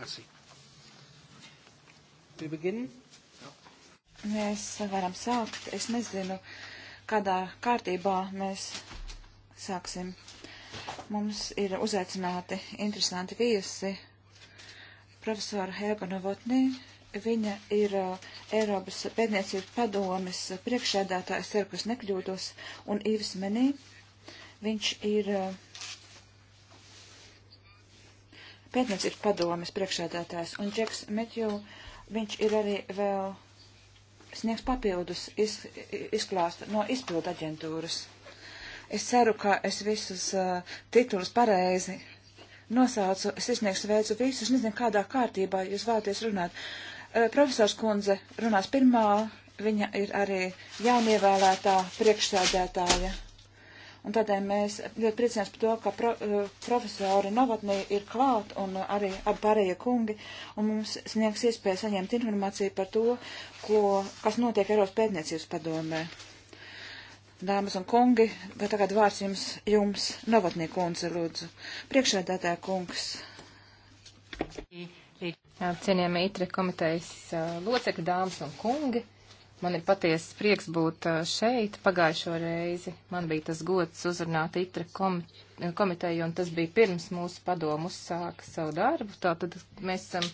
Merci. Wir beginnen? Mēs varam sākt. Es nezinu, kādā kārtībā mēs sāksim. Mums ir uzaicināti interesanti viesi. Profesora Helga Novotnī. Viņa ir uh, Eiropas pētniecības padomes priekšēdētājs, ceru, ka es nekļūdos, un Īvis Menī. Viņš ir uh, pētniecības padomes priekšēdētājs, un Džeks Metju, viņš ir arī vēl sniegs papildus iz, izklāstu no izpildu aģentūras. Es ceru, ka es visus uh, titulus pareizi nosaucu, es izsniegšu veicu visus, es nezinu, kādā kārtībā jūs vēlaties runāt. Uh, profesors Kunze runās pirmā, viņa ir arī jaunievēlētā priekšsēdētāja Un tādēļ mēs ļoti priecājamies par to, ka pro, eh, profesori Novotnī ir klāt un arī abi pārējie kungi, un mums sniegs iespēja saņemt informāciju par to, ko, kas notiek Eiropas pētniecības padomē. Dāmas un kungi, vai tagad vārds jums, jums Novotnī kundze, lūdzu. Priekšēdētā kungs. Cienījamie itri komitejas eh, locekļi, dāmas un kungi. Man ir patiesas prieks būt uh, šeit. Pagājušo reizi man bija tas gods uzrunāt ITRA uh, komiteju, un tas bija pirms mūsu padomu uzsāka savu darbu. Tātad mēs esam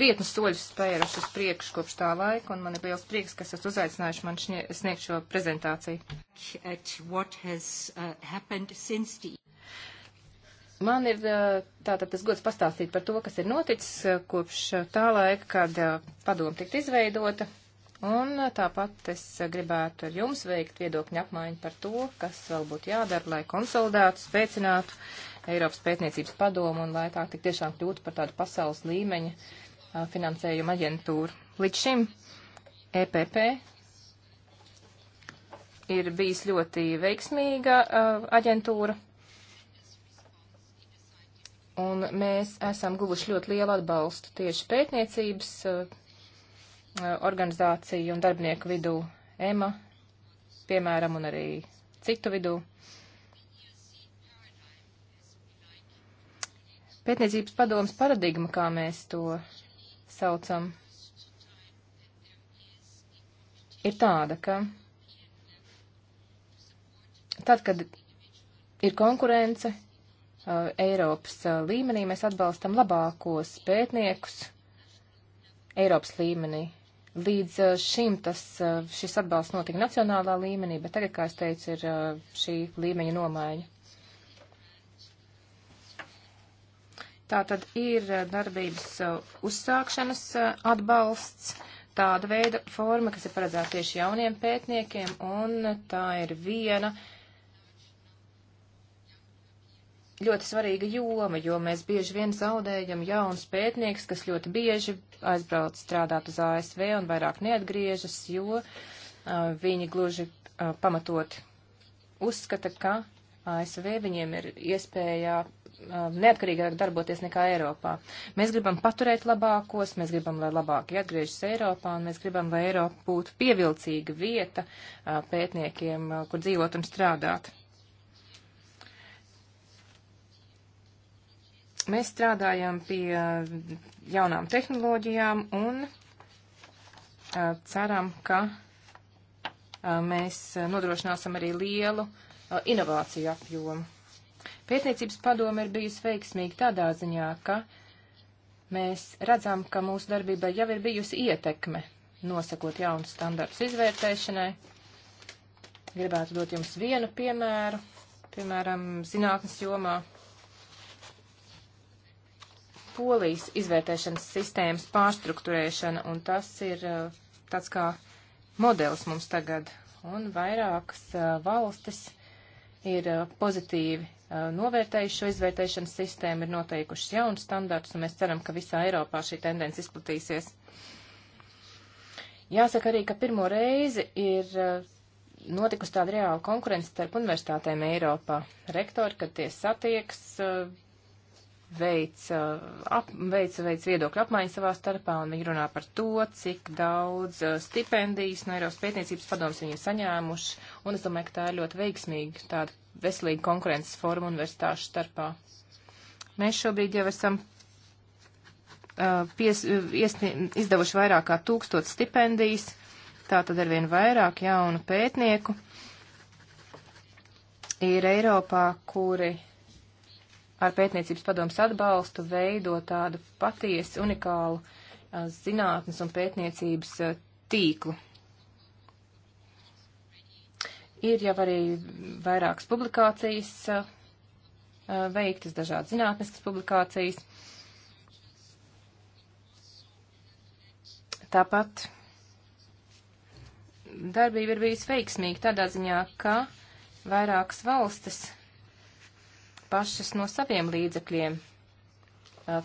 krietni soļus spēruši uz priekšu kopš tā laika, un man ir liels prieks, ka esat uzaicinājuši man sniegt šo prezentāciju. Has, uh, the... Man ir uh, tātad tas gods pastāstīt par to, kas ir noticis kopš tā laika, kad padomu tika izveidota Un tāpat es gribētu ar jums veikt viedokļu apmaiņu par to, kas vēl būtu jādara, lai konsolidētu, spēcinātu Eiropas pētniecības padomu un lai tā tik tiešām kļūtu par tādu pasaules līmeņa a, finansējuma aģentūru. Līdz šim EPP ir bijis ļoti veiksmīga a, aģentūra. Un mēs esam guvuši ļoti lielu atbalstu tieši pētniecības uh, Eh, organizāciju un darbinieku vidū, EMA, piemēram, un arī citu vidū. Pētniecības padomas paradigma, kā mēs to saucam, ir tāda, ka tad, kad ir konkurence eh, Eiropas eh, līmenī, mēs atbalstam labākos pētniekus Eiropas līmenī. Līdz eh, šim tas, eh, šis atbalsts notika nacionālā līmenī, bet tagad, kā es teicu, ir eh, šī līmeņa nomaiņa. Tā tad ir darbības uzsākšanas atbalsts, tāda veida forma, kas ir paredzēta tieši jauniem pētniekiem, un tā ir viena uh, ļoti svarīga joma, jo mēs bieži vien zaudējam jaunus pētniekus, kas ļoti bieži aizbrauc strādāt uz ASV un vairāk neatgriežas, jo uh, viņi gluži uh, pamatot uzskata, ka ASV viņiem ir iespējā neatkarīgāk darboties nekā Eiropā. Mēs gribam paturēt labākos, mēs gribam, lai labākie atgriežas Eiropā, un mēs gribam, lai Eiropa būtu pievilcīga vieta pētniekiem, kur dzīvot un strādāt. Mēs strādājam pie jaunām tehnoloģijām un ceram, ka mēs nodrošināsim arī lielu inovāciju apjomu. Pētniecības padome ir bijusi veiksmīga tādā ziņā, ka mēs redzam, ka mūsu darbībai jau ir bijusi ietekme, nosakot jaunus standartus izvērtēšanai. Gribētu dot jums vienu piemēru, piemēram, zinātnes jomā. Polijas izvērtēšanas sistēmas pārstruktūrēšana, un tas ir uh, tāds kā modelis mums tagad. Un vairākas uh, valstis ir uh, pozitīvi novērtējuši šo izvērtēšanas sistēmu, ir noteikušas jaunus standartus, un mēs ceram, ka visā Eiropā šī tendence izplatīsies. Jāsaka arī, ka pirmo reizi ir notikusi tāda reāla konkurence starp universitātēm Eiropā. Rektori, kad tie satieks, veids, uh, ap, veids, veids viedokļu apmaiņu savā starpā, un viņi runā par to, cik daudz uh, stipendijas no Eiropas pētniecības padomas viņi ir saņēmuši, un es domāju, ka tā ir ļoti veiksmīga tāda veselīga konkurences forma universitāšu starpā. Mēs šobrīd jau esam uh, pies, uh, iesni, izdevuši vairāk kā tūkstot stipendijas, tā tad arvien vairāk jaunu pētnieku ir Eiropā, kuri ar pētniecības padomus atbalstu veido tādu patiesi unikālu a, zinātnes un pētniecības a, tīklu. Ir jau arī vairākas publikācijas a, veiktas, dažādas zinātniskas publikācijas. Tāpat darbība ir bijusi veiksmīga tādā ziņā, ka vairākas valstis pašas no saviem līdzekļiem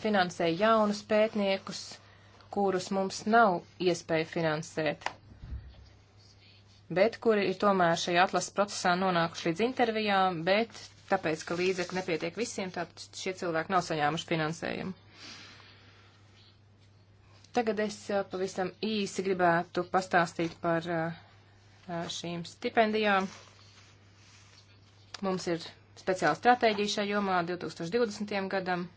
finansē jaunus pētniekus, kurus mums nav iespēja finansēt, bet kuri ir tomēr šajā atlases procesā nonākuši līdz intervijām, bet tāpēc, ka līdzekļi nepietiek visiem, tad šie cilvēki nav saņēmuši finansējumu. Tagad es pavisam īsi gribētu pastāstīt par šīm stipendijām. Mums ir speciāla stratēģija šajā jomā 2020. gadam.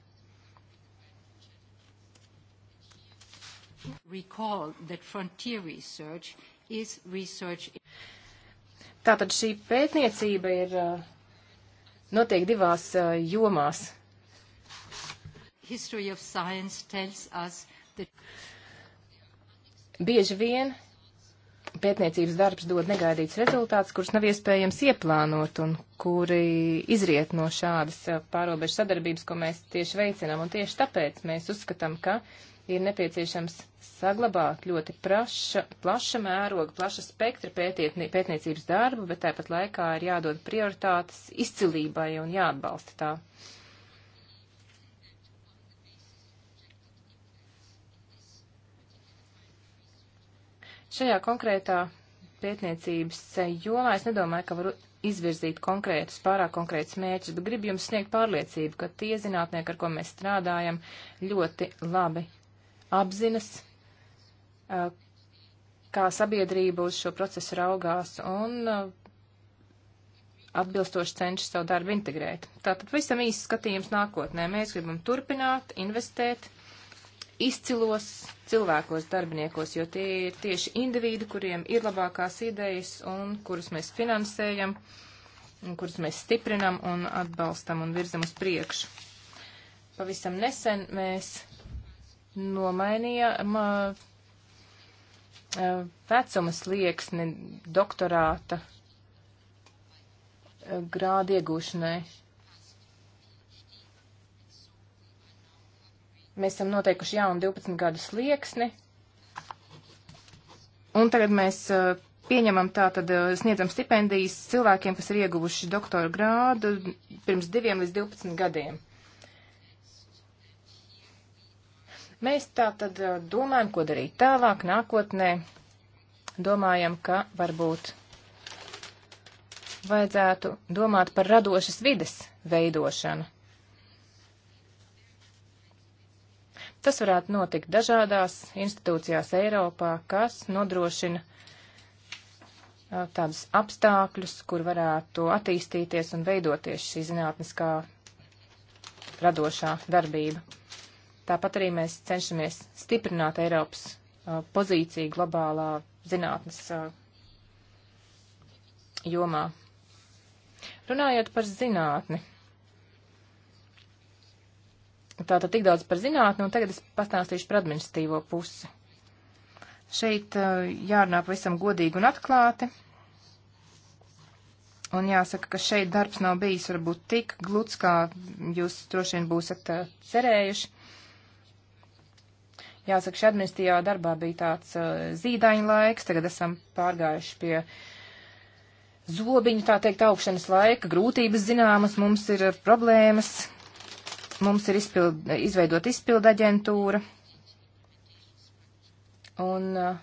Recall that frontier research is research. Tātad šī pētniecība ir uh, notiek divās uh, jomās. History of science tells us that. Bieži vien pētniecības darbs dod negaidīts rezultāts, kurus nav iespējams ieplānot un kuri izriet no šādas eh, pārobežu sadarbības, ko mēs tieši veicinām. Un tieši tāpēc mēs uzskatām, ka ir nepieciešams saglabāt ļoti praša, plaša mēroga, plaša spektra pētietni, pētniecības darbu, bet tāpat laikā ir jādod prioritātes izcilībai un jāatbalsta tā. Šajā konkrētā pētniecības jomā es nedomāju, ka varu izvirzīt konkrētus, pārāk konkrētus mērķus, bet gribu jums sniegt pārliecību, ka tie zinātnieki, ar ko mēs strādājam, ļoti labi apzinas, kā sabiedrība uz šo procesu raugās un atbilstoši cenšas savu darbu integrēt. Tātad visam īsts skatījums nākotnē. Mēs gribam turpināt, investēt izcilos cilvēkos, darbiniekos, jo tie ir tieši individi, kuriem ir labākās idejas un kurus mēs finansējam, un kurus mēs stiprinam un atbalstam un virzam uz priekšu. Pavisam nesen mēs nomainījām vecuma slieksni doktorāta grādu iegūšanai Mēs esam noteikuši jaunu 12 gadu slieksni. Un tagad mēs eh, pieņemam tā tad eh, sniedzam stipendijas cilvēkiem, kas ir ieguvuši doktoru grādu pirms 2 līdz 12 gadiem. Mēs tā tad eh, domājam, ko darīt tālāk nākotnē. Domājam, ka varbūt vajadzētu domāt par radošas vides veidošanu. Tas varētu notikt dažādās institūcijās Eiropā, kas nodrošina tādus apstākļus, kur varētu attīstīties un veidoties šī zinātniskā radošā darbība. Tāpat arī mēs cenšamies stiprināt Eiropas pozīciju globālā zinātnes jomā. Runājot par zinātni, Tātad tik daudz par zinātni, un tagad es pastāstīšu par administratīvo pusi. Šeit eh, jārunā pavisam godīgi un atklāti. Un jāsaka, ka šeit darbs nav bijis varbūt tik gluds, kā jūs droši vien būsat eh, cerējuši. Jāsaka, šī administratīvā darbā bija tāds eh, zīdaiņa laiks, tagad esam pārgājuši pie zobiņu, tā teikt, augšanas laika, grūtības zināmas, mums ir problēmas, Mums ir izpild, izveidot izpilda aģentūra. Un uh,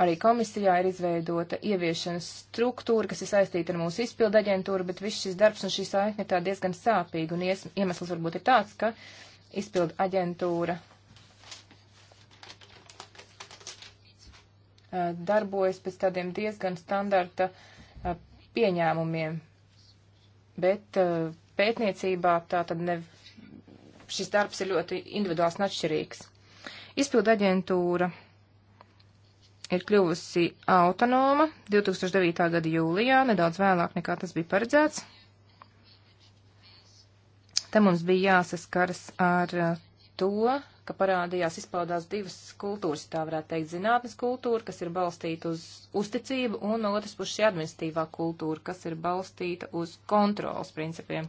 arī komisijā ir izveidota ieviešanas struktūra, kas ir saistīta ar mūsu izpilda aģentūru, bet viss šis darbs un šī saikne tā diezgan sāpīga. Un ies, iemesls varbūt ir tāds, ka izpilda aģentūra uh, darbojas pēc tādiem diezgan standarta uh, pieņēmumiem, bet pētniecībā, tātad ne, šis darbs ir ļoti individuāls un atšķirīgs. Izpildu aģentūra ir kļuvusi autonoma 2009. gada jūlijā, nedaudz vēlāk nekā tas bija paredzēts. Te mums bija jāsaskaras ar uh, to, ka parādījās, izpaudās divas kultūras, tā varētu teikt, zinātnes kultūra, kas ir balstīta uz uzticību, un no otras puses šī administīvā kultūra, kas ir balstīta uz kontrolas principiem.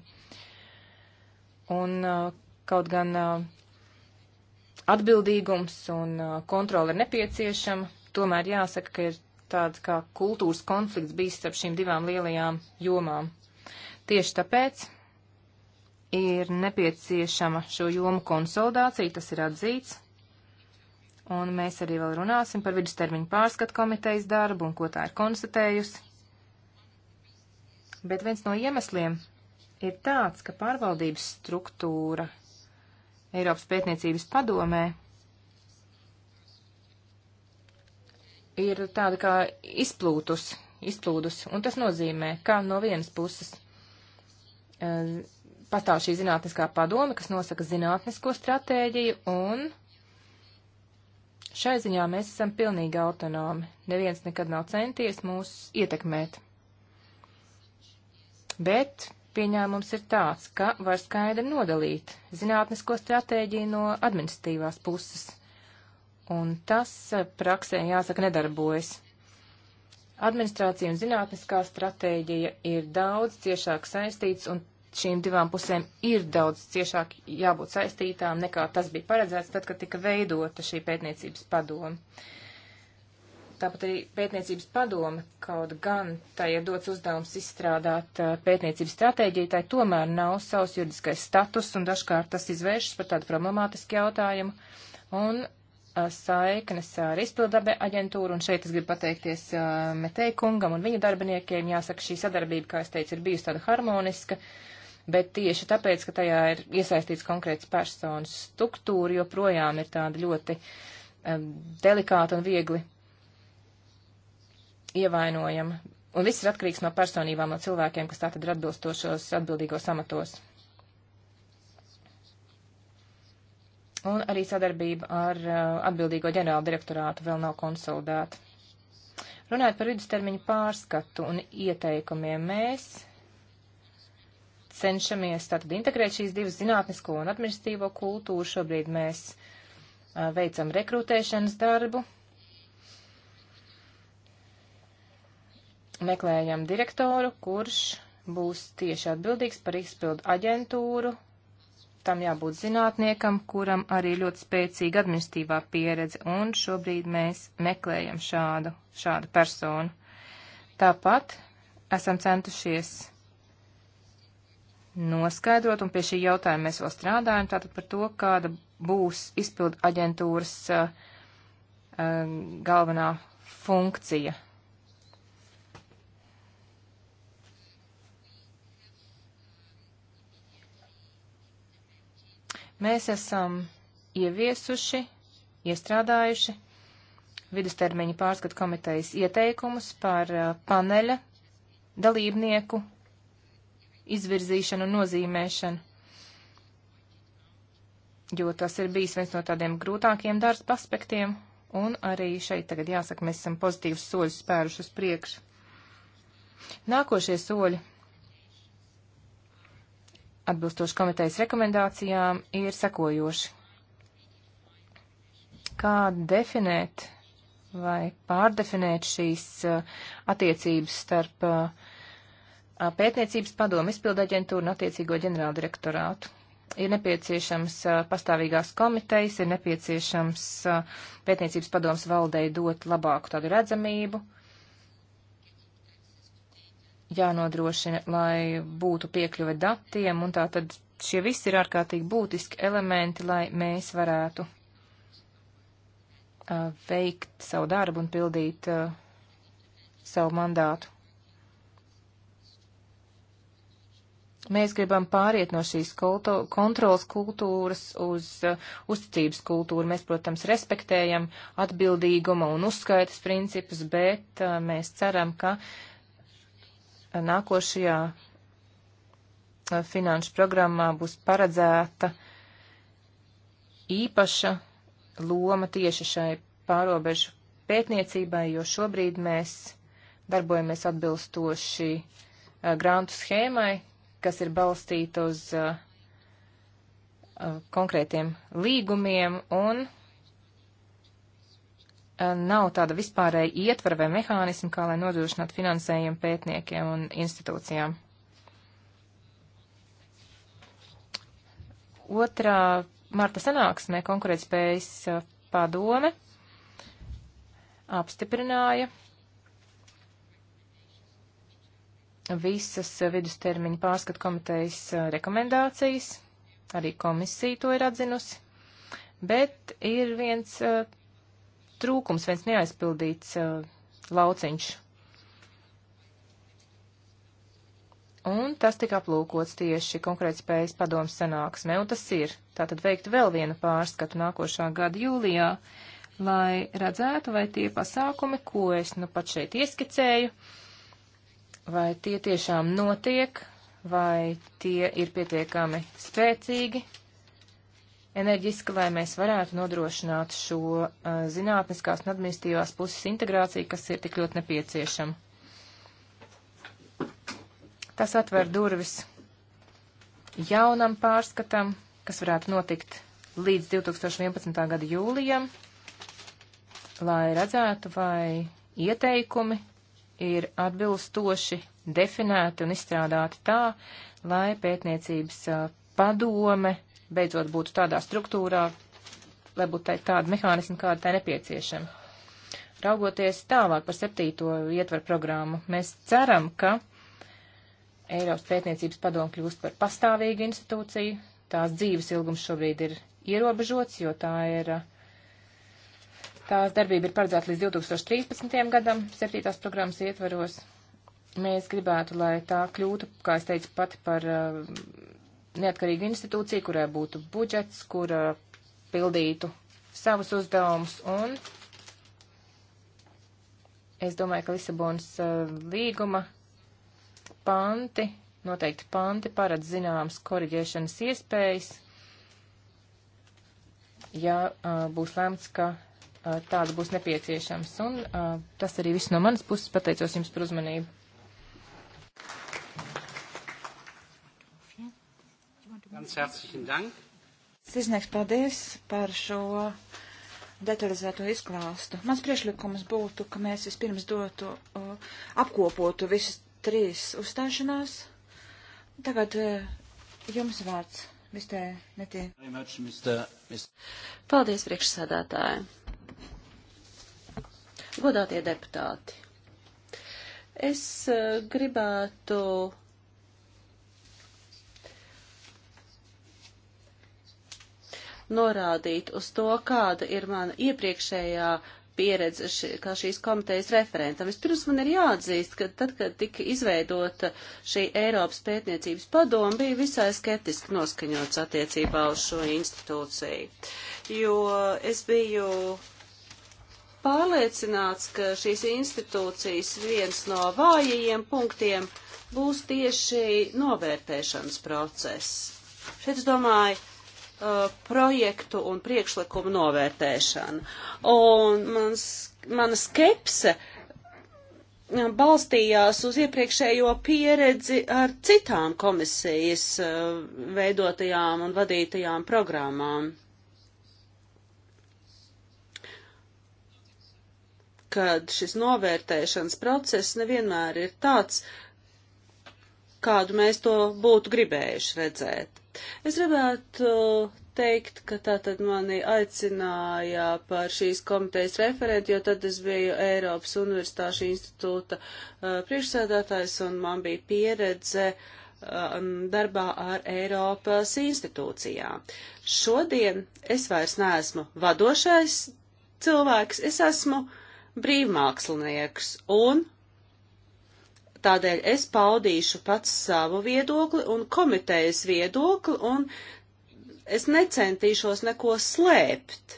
Un uh, kaut gan uh, atbildīgums un uh, kontrola ir nepieciešama, tomēr jāsaka, ka ir tāds kā kultūras konflikts bijis starp šīm divām lielajām jomām. Tieši tāpēc ir nepieciešama šo jomu konsolidācija, tas ir atzīts. Un mēs arī vēl runāsim par vidustermiņu pārskatu komitejas darbu un ko tā ir konstatējusi. Bet viens no iemesliem ir tāds, ka pārvaldības struktūra Eiropas pētniecības padomē ir tāda kā izplūtus, izplūdus, un tas nozīmē, ka no vienas puses eh, pastāv šī zinātniskā padome, kas nosaka zinātnisko stratēģiju, un šai ziņā mēs esam pilnīgi autonomi. Neviens nekad nav centies mūs ietekmēt. Bet pieņēmums ir tāds, ka var skaidri nodalīt zinātnisko stratēģiju no administratīvās puses. Un tas eh, praksē, jāsaka, nedarbojas. Administrācija un zinātniskā stratēģija ir daudz ciešāk saistīts, un šīm divām pusēm ir daudz ciešāk jābūt saistītām nekā tas bija paredzēts tad, kad tika veidota šī pētniecības padoma. Tāpat arī pētniecības padoma, kaut gan tā ir dots uzdevums izstrādāt pētniecības stratēģiju, tai tomēr nav savs juridiskais status un dažkārt tas izvēršas par tādu problemātisku jautājumu. Un saiknes ar izpildabe aģentūru, un šeit es gribu pateikties Metei kungam un viņa darbiniekiem. Jāsaka, šī sadarbība, kā es teicu, ir bijusi tāda harmoniska. Uh, bet tieši tāpēc, ka tajā ir iesaistīts konkrēts personas struktūra, joprojām ir tāda ļoti um, delikāta un viegli ievainojama. Un viss ir atkarīgs no personībām, no cilvēkiem, kas tātad ir atbilstošos atbildīgos amatos. Un arī sadarbība ar uh, atbildīgo ģenerālu direktorātu vēl nav konsolidēta. Runājot par vidustermiņu pārskatu un ieteikumiem, mēs cenšamies tātad integrēt šīs divas zinātnisko un administratīvo kultūru. Šobrīd mēs a, veicam rekrutēšanas darbu, meklējam direktoru, kurš būs tieši atbildīgs par izpildu aģentūru. Tam jābūt zinātniekam, kuram arī ļoti spēcīga administratīvā pieredze, un šobrīd mēs meklējam šādu, šādu personu. Tāpat esam centušies noskaidrot, un pie šī jautājuma mēs vēl strādājam, tātad par to, kāda būs izpildu aģentūras uh, uh, galvenā funkcija. Mēs esam ieviesuši, iestrādājuši vidustermiņa pārskatu komitejas ieteikumus par uh, paneļa dalībnieku izvirzīšanu un nozīmēšanu, jo tas ir bijis viens no tādiem grūtākiem darba aspektiem, un arī šeit tagad jāsaka, mēs esam pozitīvus soļus spēruši uz priekšu. Nākošie soļi, atbilstoši komitejas rekomendācijām, ir sekojoši. Kā definēt vai pārdefinēt šīs uh, attiecības starp uh, pētniecības padomu izpildu aģentūru un attiecīgo ģenerāldirektorātu ir nepieciešams a, pastāvīgās komitejas, ir nepieciešams a, pētniecības padoms valdei dot labāku tādu redzamību, jānodrošina, lai būtu piekļuve datiem, un tā tad šie visi ir ārkārtīgi būtiski elementi, lai mēs varētu a, veikt savu darbu un pildīt savu mandātu. Mēs gribam pāriet no šīs kultu, kontrolas kultūras uz uh, uzticības kultūru. Mēs, protams, respektējam atbildīguma un uzskaitas principus, bet uh, mēs ceram, ka uh, nākošajā uh, finanšu programmā būs paredzēta īpaša loma tieši šai pārobežu pētniecībai, jo šobrīd mēs darbojamies atbilstoši uh, grantu schēmai, kas ir balstīta uz uh, uh konkrētiem līgumiem un uh, nav tāda vispārēja ietvara vai mehānisma, kā lai nodrošinātu finansējumu pētniekiem un institūcijām. Otrā marta sanāksmē konkurētspējas uh, padome apstiprināja visas vidustermiņa pārskatu komitejas rekomendācijas, arī komisija to ir atzinusi, bet ir viens trūkums, viens neaizpildīts lauciņš. Un tas tika aplūkots tieši konkrēt spējas padomas sanāksmē, un tas ir. Tātad veikt vēl vienu pārskatu nākošā gada jūlijā, lai redzētu, vai tie pasākumi, ko es nu pat šeit ieskicēju, uh, vai tie tiešām notiek, vai tie ir pietiekami spēcīgi, enerģiski, lai mēs varētu nodrošināt šo uh, zinātniskās un administīvās puses integrāciju, kas ir tik ļoti nepieciešama. Tas atver durvis jaunam pārskatam, kas varētu notikt līdz 2011. gada jūlijam, lai redzētu, vai ieteikumi ir atbilstoši definēti un izstrādāti tā, lai pētniecības padome beidzot būtu tādā struktūrā, lai būtu tāda mehānisma, kāda tai nepieciešama. Raugoties tālāk par septīto ietvaru programmu, mēs ceram, ka Eiropas pētniecības padomu kļūst par pastāvīgu institūciju. Tās dzīves ilgums šobrīd ir ierobežots, jo tā ir uh, Tās darbība ir paredzēta līdz 2013. gadam, septītās programmas ietvaros. Mēs gribētu, lai tā kļūtu, kā es teicu, pati par uh, neatkarīgu institūciju, kurai būtu budžets, kura uh, pildītu savus uzdevumus. Un es domāju, ka Lisabonas uh, līguma panti, noteikti panti paredz zināmas koriģēšanas iespējas, ja uh, būs lēmts, ka tāds būs nepieciešams. Un tas arī viss no manas puses. Pateicos jums par uzmanību. Sirsnieks, paldies par šo detalizēto izklāstu. Mans priekšlikums būtu, ka mēs vispirms dotu, uh, apkopotu visas trīs uzstāšanās. Tagad uh, jums vārds. Mistē, netie. Paldies, priekšsēdētāji. Godātie deputāti, es eh, gribētu norādīt uz to, kāda ir mana iepriekšējā pieredze ši, kā šīs komitejas referentam. Vispirms man ir jāatzīst, ka tad, kad tika izveidota šī Eiropas pētniecības padoma, bija visai skeptiski noskaņots attiecībā uz šo institūciju, jo es biju pārliecināts, ka šīs institūcijas viens no vājajiem punktiem būs tieši novērtēšanas process. Šeit es domāju uh, projektu un priekšlikumu novērtēšana. Un mans, mana skepse um, balstījās uz iepriekšējo pieredzi ar citām komisijas uh, veidotajām un vadītajām programmām. kad šis novērtēšanas process nevienmēr ir tāds, kādu mēs to būtu gribējuši redzēt. Es gribētu teikt, ka tātad mani aicināja par šīs komitejas referenti, jo tad es biju Eiropas Universitāšu institūta priekšsēdētājs un man bija pieredze darbā ar Eiropas institūcijām. Šodien es vairs neesmu vadošais cilvēks, es esmu uh, brīvmākslinieks, un tādēļ es paudīšu pats savu viedokli un komitejas viedokli, un es necentīšos neko slēpt,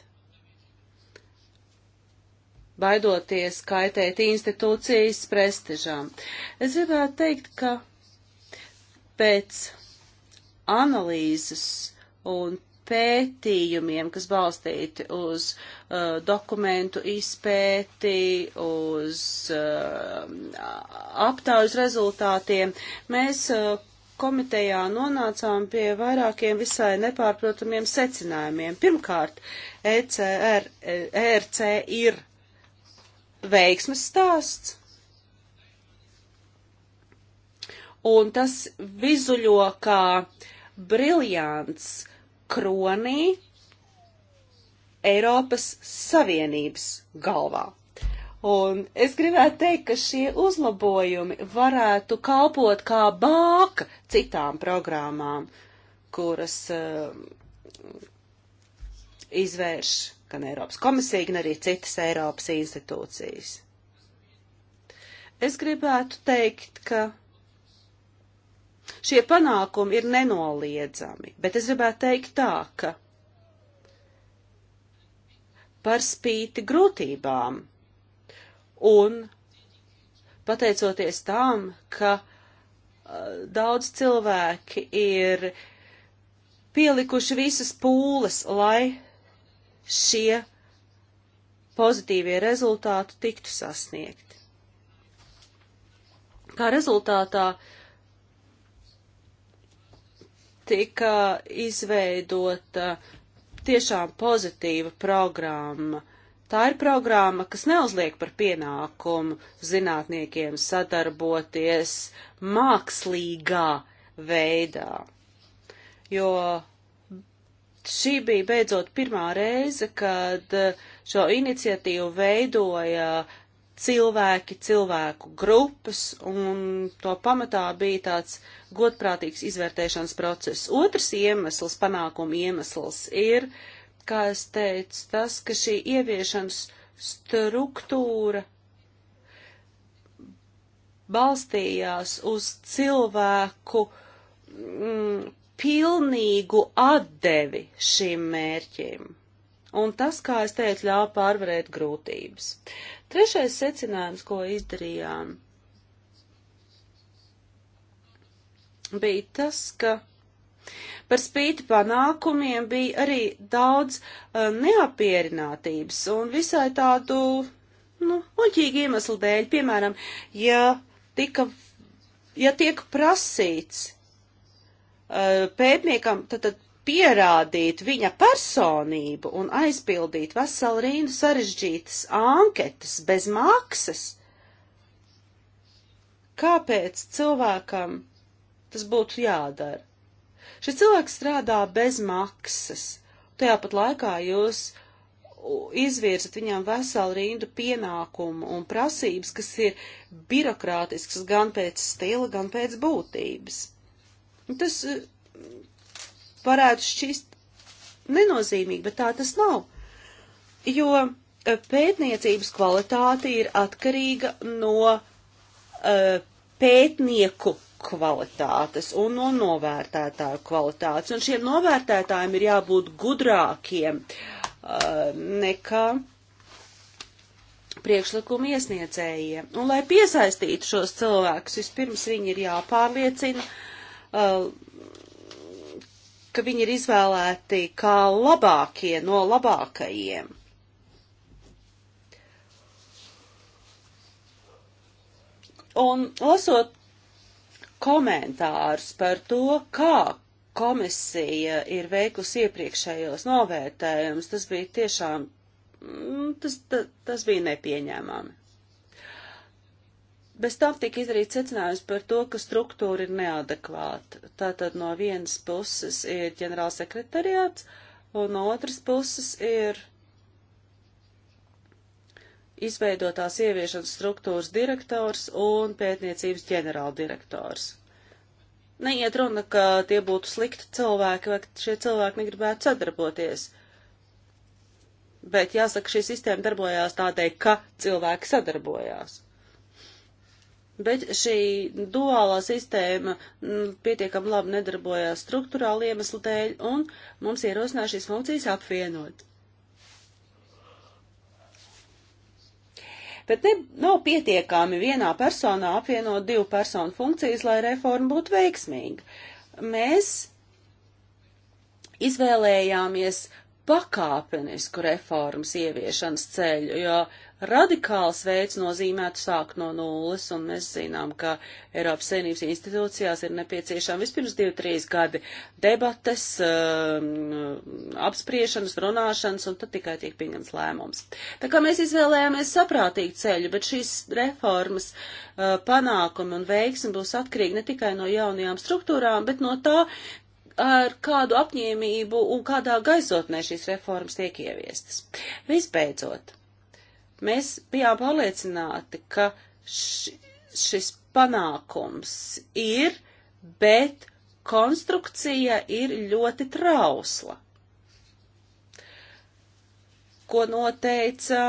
baidoties kaitēt institūcijas prestižām. Es gribētu teikt, ka pēc analīzes un pētījumiem, kas balstīti uz uh, uh, dokumentu izpēti, uz uh, aptaujas rezultātiem, mēs uh, komitejā nonācām pie vairākiem visai nepārprotamiem secinājumiem. Pirmkārt, ECR, ERC ir veiksmes stāsts, un tas vizuļo kā briljants kronī, Eiropas Savienības galvā. Un es gribētu teikt, ka šie uzlabojumi varētu kalpot kā bāka citām programmām, kuras uh, izvērš gan Eiropas komisija, gan arī citas Eiropas institūcijas. Es gribētu teikt, ka šie panākumi ir nenoliedzami, bet es gribētu teikt tā, ka par spīti grūtībām. Un pateicoties tam, ka uh, daudz cilvēki ir pielikuši visas pūles, lai šie pozitīvie rezultāti tiktu sasniegti. Kā rezultātā tika izveidota uh, tiešām pozitīva programma. Tā ir programma, kas neuzliek par pienākumu zinātniekiem sadarboties mākslīgā veidā. Jo šī bija beidzot pirmā reize, kad šo iniciatīvu veidoja cilvēki, cilvēku grupas, un to pamatā bija tāds godprātīgs izvērtēšanas process. Otrs iemesls, panākuma iemesls ir, kā es teicu, tas, ka šī ieviešanas struktūra balstījās uz cilvēku mm, pilnīgu atdevi šim mērķim un tas, kā es teicu, ļāva pārvarēt grūtības. Trešais secinājums, ko izdarījām, bija tas, ka par spīti panākumiem bija arī daudz uh, neapierinātības un visai tādu, nu, muļķīgu iemeslu dēļ, piemēram, ja tika, ja tiek prasīts uh, pētniekam, tad, tad pierādīt viņa personību un aizpildīt veselu rindu sarežģītas anketas bez maksas, kāpēc cilvēkam tas būtu jādara? Šis cilvēks strādā bez maksas, tajā pat laikā jūs izvirzat viņam veselu rindu pienākumu un prasības, kas ir birokrātisks gan pēc stila, gan pēc būtības. Tas varētu šķist nenozīmīgi, bet tā tas nav. Jo e, pētniecības kvalitāte ir atkarīga no uh, pētnieku kvalitātes un no novērtētāju kvalitātes. Un šiem novērtētājiem ir jābūt gudrākiem uh, nekā priekšlikumu iesniedzējiem. Un, lai piesaistītu šos cilvēkus, vispirms viņi ir jāpārliecina, uh, ka viņi ir izvēlēti kā labākie no labākajiem. Un lasot komentārus par to, kā komisija ir veikusi iepriekšējos novērtējumus, tas bija tiešām, mm, tas, tas, tas bija nepieņēmami. Bez tam tika izdarīts secinājums par to, ka struktūra ir neadekvāta. Tātad no vienas puses ir ģenerālsekretariāts, un no otras puses ir izveidotās ieviešanas struktūras direktors un pētniecības ģenerāldirektors. Neiet runa, ka tie būtu slikti cilvēki vai ka šie cilvēki negribētu sadarboties. Bet jāsaka, šī sistēma darbojās tādēļ, ka cilvēki sadarbojās. Bet šī duālā sistēma mm, pietiekami labi nedarbojās struktūrāli iemeslu dēļ, un mums ierosināja šīs funkcijas apvienot. Bet ne, nav pietiekami vienā personā apvienot divu personu funkcijas, lai reforma būtu veiksmīga. Mēs izvēlējāmies pakāpenisku reformas ieviešanas ceļu, jo radikāls veids nozīmētu sākt no nulles, un mēs zinām, ka Eiropas Savienības institūcijās ir nepieciešām vispirms 2-3 gadi debates, um, apspriešanas, runāšanas, un tad tikai tiek pieņems lēmums. Tā kā mēs izvēlējāmies saprātīgu ceļu, bet šīs reformas uh, panākumi un veiksmi būs atkarīgi ne tikai no jaunajām struktūrām, bet no tā, ar kādu apņēmību un kādā gaisotnē šīs reformas tiek ieviestas. Visbeidzot, Mēs bijām pārliecināti, ka š, šis panākums ir, bet konstrukcija ir ļoti trausla. Ko noteica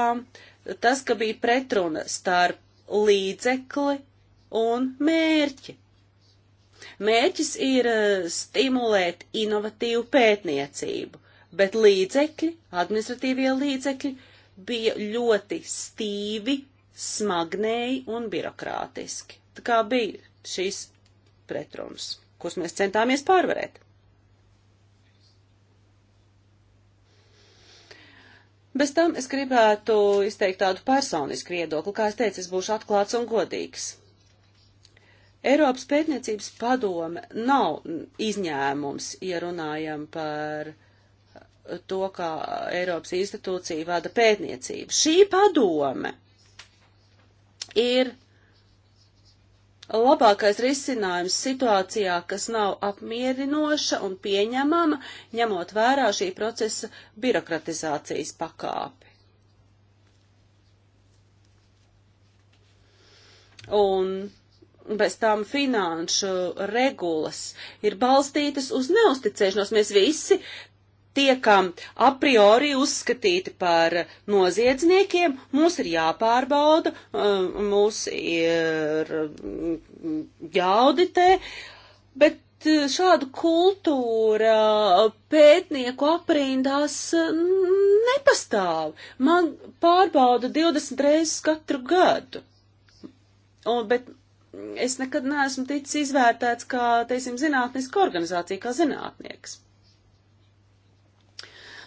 tas, ka bija pretruna starp līdzekli un mērķi. Mērķis ir e, stimulēt inovatīvu pētniecību, bet līdzekļi, administratīvie līdzekļi, bija ļoti stīvi, smagnēji un birokrātiski. Tā kā bija šīs pretrums, kurus mēs centāmies pārvarēt. Bez tam es gribētu izteikt tādu personisku viedokli, kā es teicu, es būšu atklāts un godīgs. Eiropas pētniecības padome nav izņēmums, ja runājam par uh, to, kā Eiropas institūcija vada pētniecību. Šī padome ir labākais risinājums situācijā, kas nav apmierinoša un pieņemama, ņemot vērā šī procesa birokratizācijas pakāpi. Un bez tām finanšu regulas ir balstītas uz neusticēšanos. Mēs visi tiekam a priori uzskatīti par noziedzniekiem, mūs ir jāpārbauda, eh, mūs ir mm, jāauditē, bet eh, šādu kultūra pētnieku aprindās mm, nepastāv. Man pārbauda 20 reizes katru gadu. Un, bet es nekad neesmu ticis izvērtēts kā, teiksim, zinātniska organizācija, kā zinātnieks.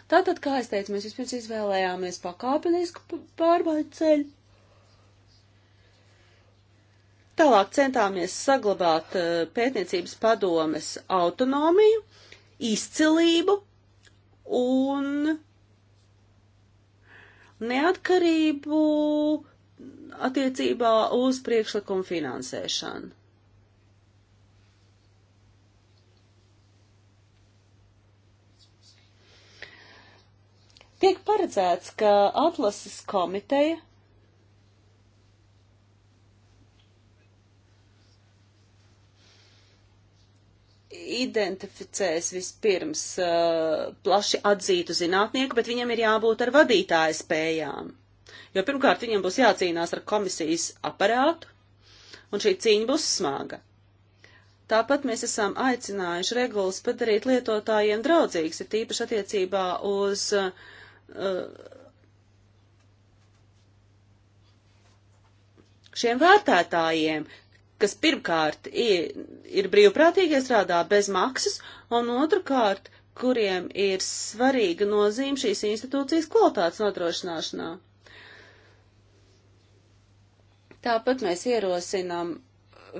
Tātad, kā es teicu, mēs vispirms izvēlējāmies pakāpenisku pārbaudu ceļu. Tālāk centāmies saglabāt eh, pētniecības padomes autonomiju, izcilību un neatkarību attiecībā uz priekšlikumu finansēšanu. Tiek paredzēts, ka atlases komiteja identificēs vispirms uh, plaši atzītu zinātnieku, bet viņam ir jābūt ar vadītāja spējām. Jo pirmkārt viņam būs jācīnās ar komisijas aparātu, un šī cīņa būs smaga. Tāpat mēs esam aicinājuši regulas padarīt lietotājiem draudzīgas, ir tīpaši attiecībā uz uh, Uh, šiem vērtētājiem, kas pirmkārt ir, ir brīvprātīgi strādā bez maksas, un otrkārt, kuriem ir svarīga nozīme šīs institūcijas kvalitātes nodrošināšanā. Tāpat mēs ierosinām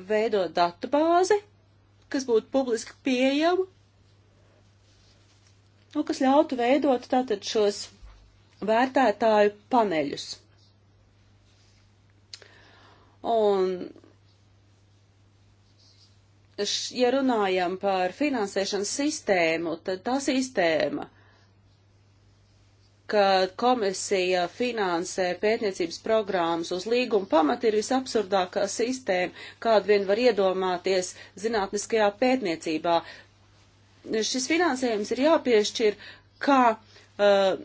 veidot datu bāzi, kas būtu publiski pieejama, un nu, kas ļautu veidot tātad šos vērtētāju paneļus. Un, ja runājam par finansēšanas sistēmu, tad tā sistēma, ka komisija finansē pētniecības programmas uz līguma pamata, ir visabsurdākā sistēma, kādu vien var iedomāties zinātniskajā pētniecībā. Šis finansējums ir jāpiešķir kā uh,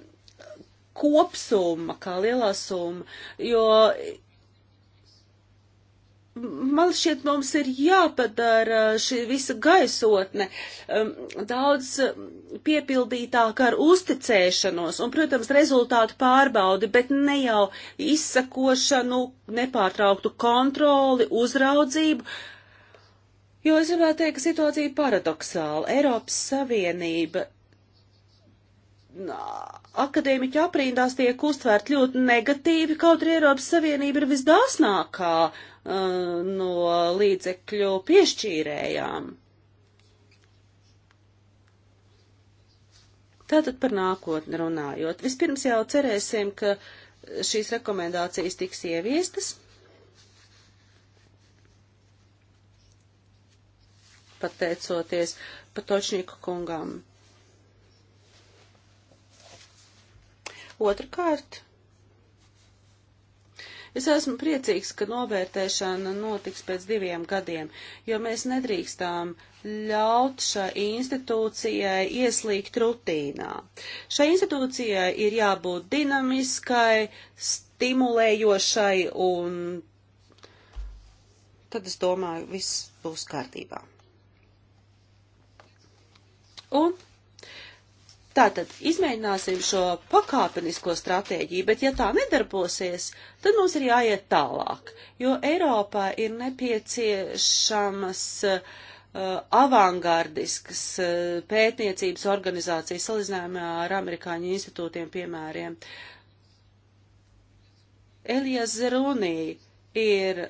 kopsumma, kā lielā summa, jo man šķiet, mums ir jāpadara šī visa gaisotne um, daudz um, piepildītāk ar uzticēšanos un, protams, rezultātu pārbaudi, bet ne jau izsakošanu, nepārtrauktu kontroli, uzraudzību. Jo es gribētu teikt, ka situācija paradoxāla. Eiropas Savienība akadēmiķi aprindās tiek uztvērt ļoti negatīvi, kaut arī Eiropas Savienība ir visdāsnākā uh, no līdzekļu piešķīrējām. Tātad par nākotni runājot. Vispirms jau cerēsim, ka šīs rekomendācijas tiks ieviestas. Pateicoties Patočnieku kungam. Otrakārt, es esmu priecīgs, ka novērtēšana notiks pēc diviem gadiem, jo mēs nedrīkstām ļaut šai institūcijai ieslīgt rutīnā. Šai institūcijai ir jābūt dinamiskai, stimulējošai un tad es domāju, viss būs kārtībā. Un Tātad izmēģināsim šo pakāpenisko stratēģiju, bet ja tā nedarbosies, tad mums ir jāiet tālāk, jo Eiropā ir nepieciešamas uh, avangardiskas uh, pētniecības organizācijas salīdzinājumā ar amerikāņu institūtiem piemēriem. Elijas Zerunī ir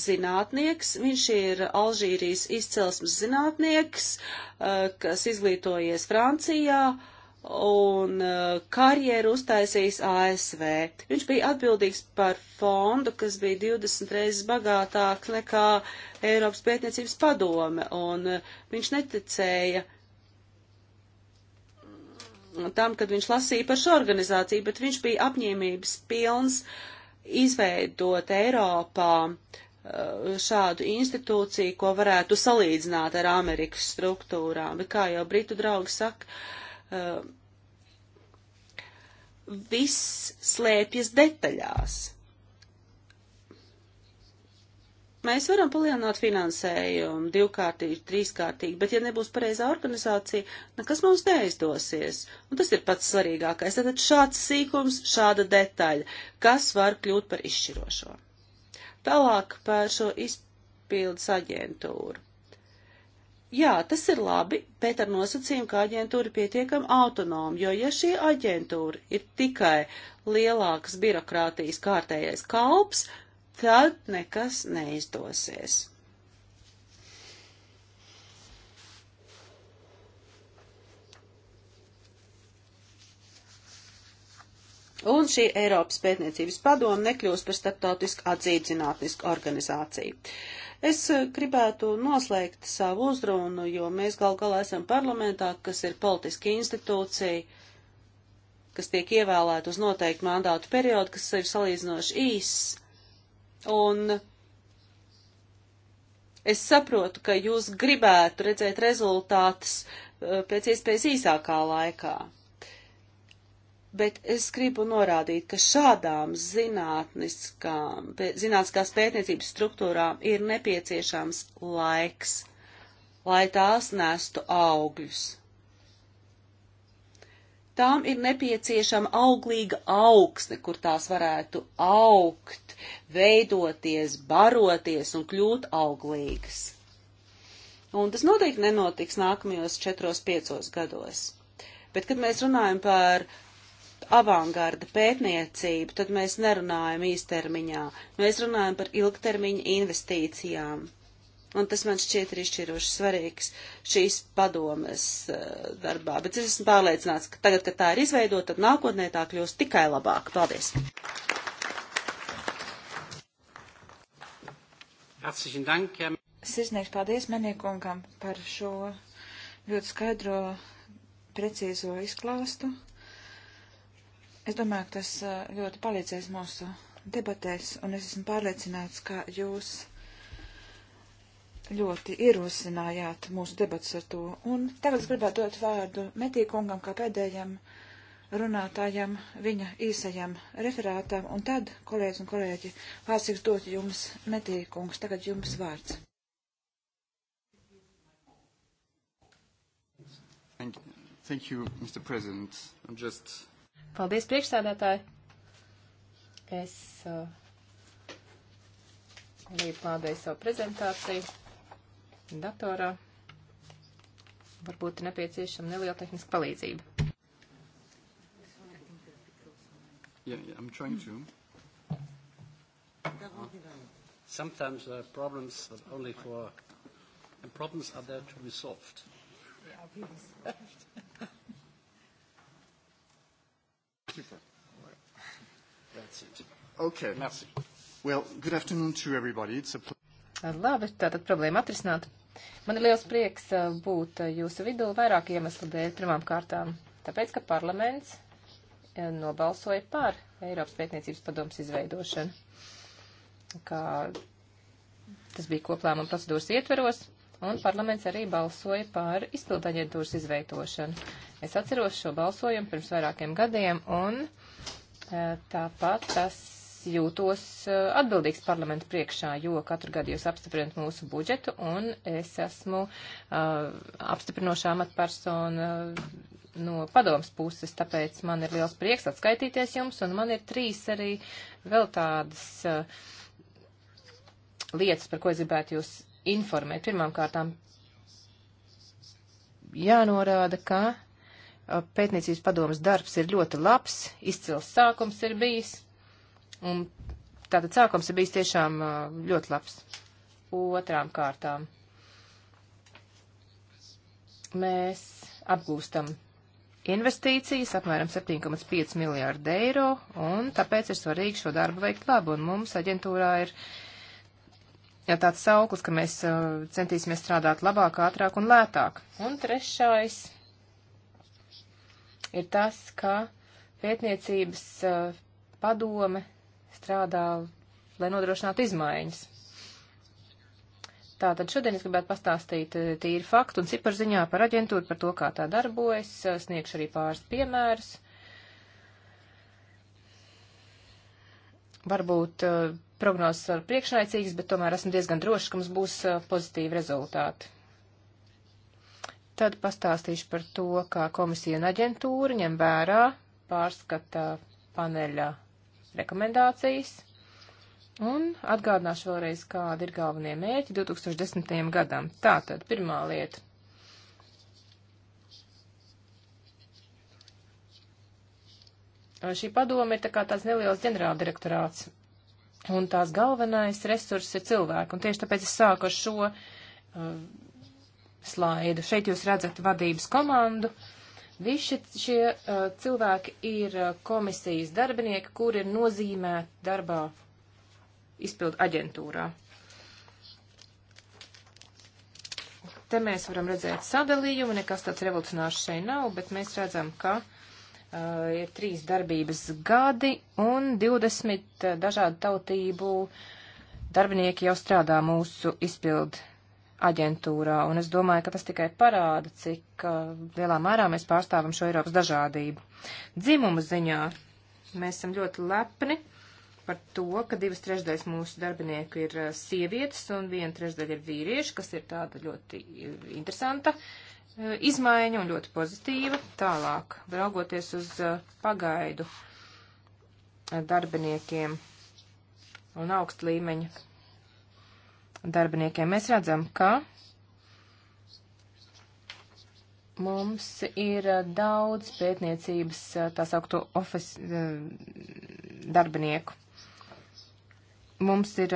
zinātnieks, viņš ir Alžīrijas izcelsmes zinātnieks, uh, kas izglītojies Francijā, uh, un uh, karjeru uztaisījis ASV. Viņš bija atbildīgs par fondu, kas bija 20 reizes bagātāks nekā Eiropas pētniecības padome, un uh, viņš neticēja tam, kad viņš lasīja par šo organizāciju, bet viņš bija apņēmības pilns izveidot Eiropā uh, šādu institūciju, ko varētu salīdzināt ar Amerikas struktūrām. Bet kā jau Britu draugi saka, uh, Um, viss slēpjas detaļās. Mēs varam palielināt finansējumu divkārtīgi, trīskārtīgi, bet ja nebūs pareizā organizācija, nekas mums neizdosies. Un tas ir pats svarīgākais. Tātad šāds sīkums, šāda detaļa, kas var kļūt par izšķirošo. Tālāk par šo izpildes aģentūru. Jā, tas ir labi, bet ar nosacījumu, ka aģentūra pietiekam autonomi, jo ja šī aģentūra ir tikai lielākas birokrātijas kārtējais kalps, tad nekas neizdosies. un šī Eiropas pētniecības padoma nekļūs par starptautisku atzītu zinātnisku organizāciju. Es eh, gribētu noslēgt savu uzrunu, jo mēs gal galā esam parlamentā, kas ir politiski institūcija, kas tiek ievēlēta uz noteiktu mandātu periodu, kas ir salīdzinoši īss. Un es saprotu, ka jūs gribētu redzēt rezultātus eh, pēc iespējas īsākā laikā bet es gribu norādīt, ka šādām zinātniskām, zinātniskās pētniecības struktūrām ir nepieciešams laiks, lai tās nestu augļus. Tām ir nepieciešama auglīga augsne, kur tās varētu augt, veidoties, baroties un kļūt auglīgas. Un tas noteikti nenotiks nākamajos četros, piecos gados. Bet, kad mēs runājam par uh, avangarda pētniecību, tad mēs nerunājam īstermiņā. Mēs runājam par ilgtermiņa investīcijām. Un tas man šķiet ir izšķiroši svarīgs šīs padomes eh, darbā. Bet es esmu pārliecināts, ka tagad, kad tā ir izveidota, tad nākotnē tā kļūs tikai labāk. Paldies! Sirsnieks, paldies Meniekungam par šo ļoti skaidro, precīzo izklāstu. Es domāju, ka tas ļoti palīdzēs mūsu debatēs, un es esmu pārliecināts, ka jūs ļoti ierosinājāt mūsu debatas ar to. Un tagad es gribētu dot vārdu Metīkungam kā pēdējam runātājam, viņa īsajam referātam, un tad, kolēģis un kolēģi, vārds tiks dot jums Metīkungs. Tagad jums vārds. Thank you, Mr. President. I'm just Paldies, priekšstādātāji. Es uh, līdzlādēju savu prezentāciju datorā. Varbūt nepieciešama neliela tehniska palīdzība. Yeah, yeah, I'm trying to. Sometimes there uh, are problems that only for, and problems are there to be solved. They are really solved. Super. That's it. Okay. Merci. Well, good afternoon to everybody. It's a Labi, tātad problēma atrisināta. Man ir liels prieks uh, būt uh, jūsu vidū vairāk iemeslu dēļ pirmām kārtām. Tāpēc, ka parlaments uh, nobalsoja par Eiropas pētniecības padomas izveidošanu. Kā tas bija koplēmuma procedūras ietveros, un parlaments arī balsoja par izpildaģentūras izveidošanu. Es atceros šo balsojumu pirms vairākiem gadiem, un e, tāpat tas jūtos e, atbildīgs parlamentu priekšā, jo katru gadu jūs apstiprinat mūsu budžetu, un es esmu e, apstiprinošā amatpersona no padomas puses, tāpēc man ir liels prieks atskaitīties jums, un man ir trīs arī vēl tādas lietas, par ko es gribētu jūs informēt. Pirmām kārtām jānorāda, ka Uh, pētniecības padomas darbs ir ļoti labs, izcils sākums ir bijis, un tātad sākums ir bijis tiešām uh, ļoti labs. Otrām kārtām mēs apgūstam investīcijas apmēram 7,5 miljārdu eiro, un tāpēc ir svarīgi šo darbu veikt labi, un mums aģentūrā ir jā, tāds sauklis, ka mēs uh, centīsimies strādāt labāk, ātrāk un lētāk. Un trešais ir tas, ka pētniecības uh, padome strādā, lai nodrošinātu izmaiņas. Tātad šodien es gribētu pastāstīt eh, tīri faktu un ciparu ziņā par aģentūru, par to, kā tā darbojas, eh, sniegšu arī pāris piemērus. Varbūt uh, prognozes var priekšlaicīgas, bet tomēr esmu diezgan drošs, ka mums būs uh, pozitīvi rezultāti. Tad pastāstīšu par to, kā komisija un aģentūra ņem vērā pārskata paneļa rekomendācijas. Un atgādināšu vēlreiz, kādi ir galvenie mērķi 2010. gadam. Tātad, pirmā lieta. Šī padoma ir tā kā tāds neliels ģenerāldirektorāts, un tās galvenais resurss ir cilvēki, un tieši tāpēc es sāku ar šo uh, slaidu. Šeit jūs redzat vadības komandu. Visi šie uh, cilvēki ir uh, komisijas darbinieki, kuri ir nozīmēti darbā izpildu aģentūrā. Te mēs varam redzēt sadalījumu, nekas tāds revolucionārs šeit nav, bet mēs redzam, ka uh, Uh, ir trīs darbības gadi un 20 uh, dažādu tautību darbinieki jau strādā mūsu izpildu aģentūrā, un es domāju, ka tas tikai parāda, cik uh, lielā mērā mēs pārstāvam šo Eiropas dažādību. Dzimumu ziņā mēs esam ļoti lepni par to, ka divas trešdaļas mūsu darbinieku ir uh, sievietes un viena trešdaļa ir vīrieši, kas ir tāda ļoti uh, interesanta uh, izmaiņa un ļoti pozitīva. Tālāk, raugoties uz uh, pagaidu uh, darbiniekiem un augstu līmeņu darbiniekiem. Mēs redzam, ka mums ir eh, daudz pētniecības eh, tā saukto ofes eh, darbinieku. Mums ir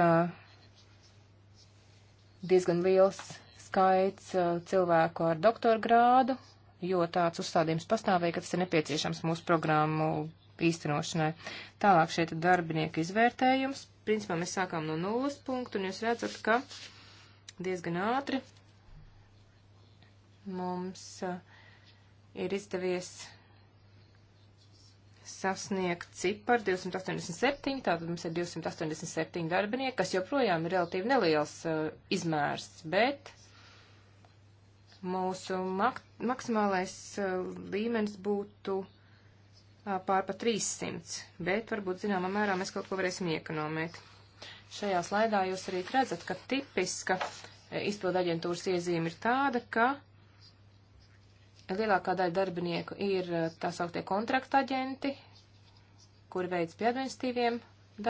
diezgan liels skaits cilvēku ar doktora grādu, jo tāds uzstādījums pastāvēja, ka tas ir nepieciešams mūsu programmu īstenošanai. Tālāk šeit ir darbinieku izvērtējums principā mēs sākām no nulles punktu, un jūs redzat, ka diezgan ātri mums eh, ir izdevies sasniegt ciparu 287, tātad mums ir 287 darbinieki, kas joprojām ir relatīvi neliels uh, izmērs, bet mūsu mak maksimālais uh, līmenis būtu uh, pār pa 300, bet varbūt zināmā mērā mēs kaut ko varēsim iekonomēt. Šajā slaidā jūs arī redzat, ka tipiska izpildu aģentūras iezīme ir tāda, ka lielākā daļa darbinieku ir tā sauktie kontrakta aģenti, kuri veids pie administratīviem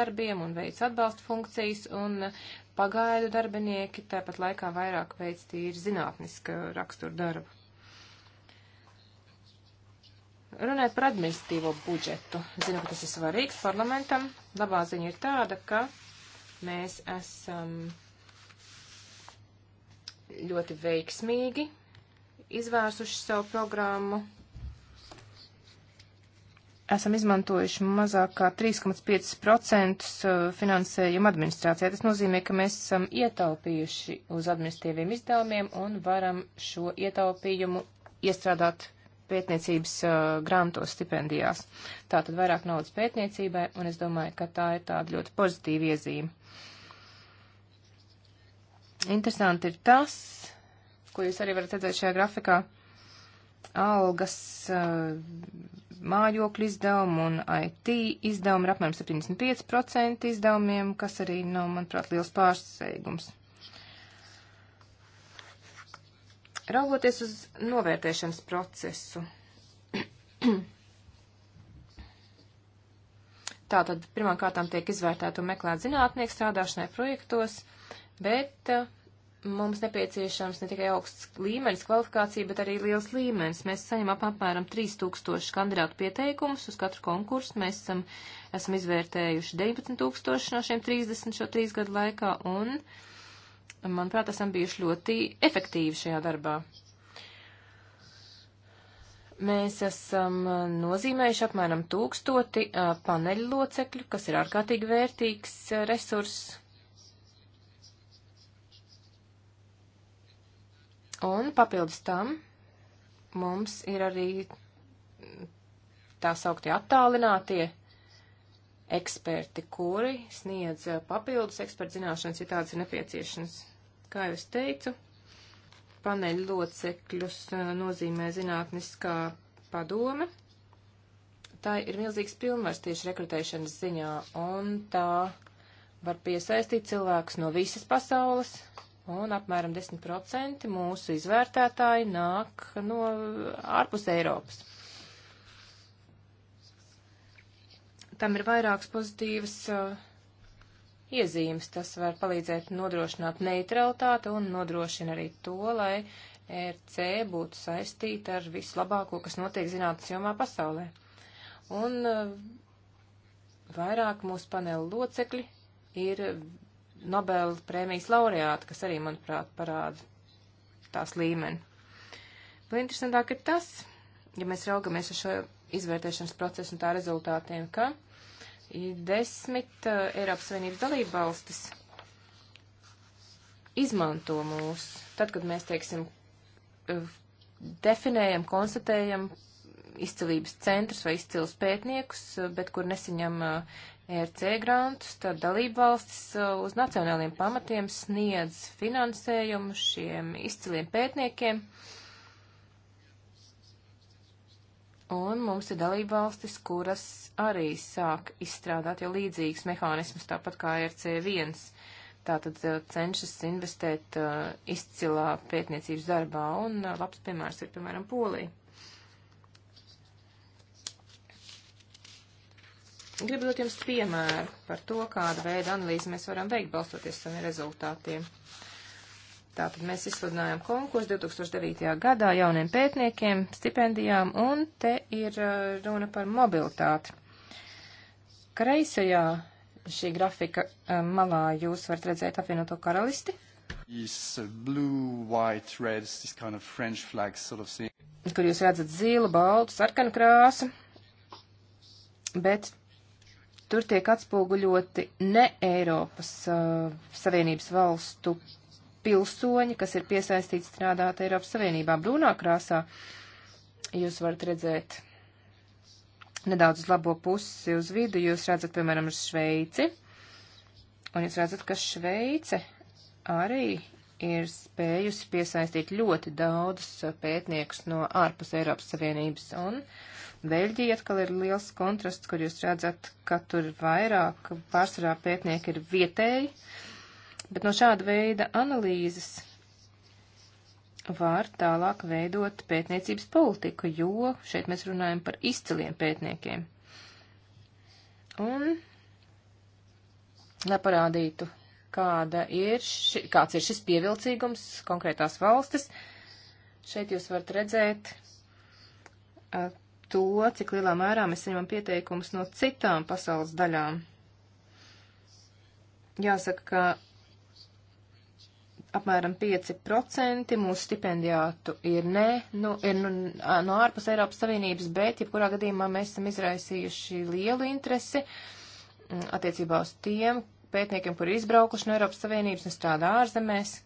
darbiem un veids atbalsta funkcijas, un pagaidu darbinieki tāpat laikā vairāk veids tīri zinātniska rakstura darbu. Runājot par administratīvo budžetu, zinu, ka tas ir svarīgs parlamentam. Labā ziņa ir tāda, ka mēs esam ļoti veiksmīgi izvērsuši savu programmu. Esam izmantojuši mazāk kā 3,5% uh, finansējuma administrācijā. Tas nozīmē, ka mēs esam ietaupījuši uz administratīviem izdevumiem un varam šo ietaupījumu iestrādāt pētniecības uh, grantos stipendijās. Tā tad vairāk naudas pētniecībai, un es domāju, ka tā ir tāda ļoti pozitīva iezīme. Interesanti ir tas, ko jūs arī varat redzēt šajā grafikā, algas, uh, mājokļu izdevumu un IT izdevumu ir apmēram 75% izdevumiem, kas arī nav, manuprāt, liels pārsteigums. Raugoties uz novērtēšanas procesu. Tātad pirmām kārtām tiek izvērtēta un meklēt zinātnieki strādāšanai projektos, bet eh, mums nepieciešams ne tikai augsts līmenis kvalifikācija, bet arī liels līmenis. Mēs saņemam apmēram 3000 kandidātu pieteikumus uz katru konkursu. Mēs esam, esam izvērtējuši 19 tūkstoši no šiem 30 šo trīs gadu laikā un uh, manuprāt, esam bijuši ļoti efektīvi šajā darbā. Mēs esam nozīmējuši apmēram tūkstoti paneļu locekļu, kas ir ārkārtīgi vērtīgs resurss. Un papildus tam mums ir arī tā sauktie attālinātie eksperti, kuri sniedz papildus ekspertu zināšanas, ja tādas ir nepieciešams. Kā jau es teicu, paneļu locekļus uh, nozīmē zinātniskā padome. Tā ir milzīgs pilnvars tieši rekrutēšanas ziņā, un tā var piesaistīt cilvēkus no visas pasaules, un apmēram 10% mūsu izvērtētāji nāk no ārpus Eiropas. Tam ir vairākas pozitīvas uh, iezīmes. Tas var palīdzēt nodrošināt neutralitāti un nodrošina arī to, lai ERC būtu saistīta ar vislabāko, kas notiek zinātnes jomā pasaulē. Un uh, vairāk mūsu panela locekļi ir Nobel prēmijas laureāti, kas arī, manuprāt, parāda tās līmeni. Vēl interesantāk ir tas, ja mēs raugamies uz šo izvērtēšanas procesu un tā rezultātiem, ka Desmit uh, Eiropas Savienības dalība valstis izmanto mūs. Tad, kad mēs, teiksim, uh, definējam, konstatējam izcilības centrus vai izcilus pētniekus, uh, bet kur nesaņem uh, ERC grantus, tad dalība valstis uh, uz nacionāliem pamatiem sniedz finansējumu šiem izciliem pētniekiem. Uh, Un mums ir dalībvalstis, kuras arī sāk izstrādāt jau līdzīgas mehānismus, tāpat kā RC1. Tātad eh, cenšas investēt uh, izcilā pētniecības darbā, un uh, labs piemērs ir, piemēram, Polija. Gribu dot jums piemēru par to, kādu veidu analīzi mēs varam veikt, balstoties saviem rezultātiem. Uh, Tātad mēs izsludinājām konkursu 2009. gadā jauniem pētniekiem, stipendijām, un te ir uh, runa par mobilitāti. Kreisajā šī grafika uh, malā jūs varat redzēt apvienoto karalisti. Yes, uh, blue, white, red, this kind of French flag sort of thing. Kur jūs redzat zilu, baltu, sarkanu krāsu, bet tur tiek atspoguļoti ne Eiropas uh, Savienības valstu pilsoņi, kas ir piesaistīti strādāt Eiropas Savienībā brūnā krāsā. Jūs varat redzēt nedaudz uz labo pusi uz vidu, jūs redzat, piemēram, uz Šveici, un jūs redzat, ka Šveice arī ir spējusi piesaistīt ļoti daudzus pētniekus no ārpus Eiropas Savienības, un Beļģija atkal ir liels kontrasts, kur jūs redzat, ka tur vairāk pārsvarā pētnieki ir vietēji, uh, Bet no šāda veida analīzes var tālāk veidot pētniecības politiku, jo šeit mēs runājam par izciliem pētniekiem. Un, lai parādītu, kāda ir ši, kāds ir šis pievilcīgums konkrētās valstis, šeit jūs varat redzēt uh, to, cik lielā mērā mēs saņemam pieteikumus no citām pasaules daļām. Jāsaka, ka apmēram 5% mūsu stipendijātu ir, ne, nu, ir nu, no ārpus Eiropas Savienības, bet jebkurā gadījumā mēs esam izraisījuši lielu interesi mm, attiecībā uz tiem pētniekiem, kuri ir izbraukuši no Eiropas Savienības un strādā ārzemēs.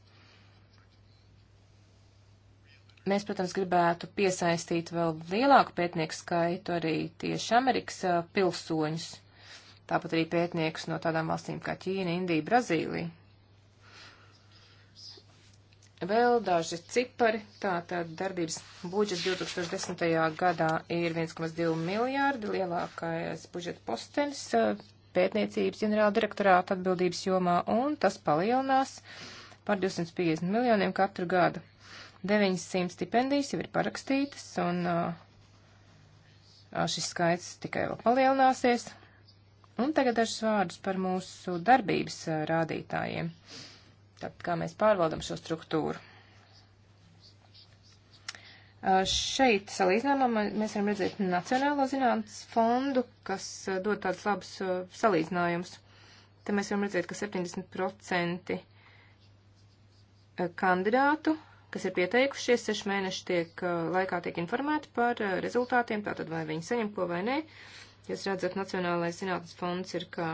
Mēs, protams, gribētu piesaistīt vēl lielāku pētnieku skaitu arī tieši Amerikas pilsoņus, tāpat arī pētniekus no tādām valstīm kā Ķīna, Indija, Brazīlija. Vēl daži cipari, tātad darbības budžets 2010. gadā ir 1,2 miljārdi, lielākais budžeta postenis pētniecības ģenerāla direktorāta atbildības jomā, un tas palielinās par 250 miljoniem katru gadu. 900 stipendijas jau ir parakstītas, un šis skaits tikai vēl palielināsies. Un tagad dažus vārdus par mūsu darbības rādītājiem. Uh, Tad kā mēs pārvaldam šo struktūru. Šeit salīdzinājumā mēs varam redzēt Nacionālo zinātnes fondu, kas dod tādus labus salīdzinājumus. Te mēs varam redzēt, ka 70% kandidātu, kas ir pieteikušies, sešu mēnešu tiek, laikā tiek informēti par rezultātiem, tātad vai viņi saņem ko vai nē. Jūs redzat, Nacionālais zinātnes fonds ir kā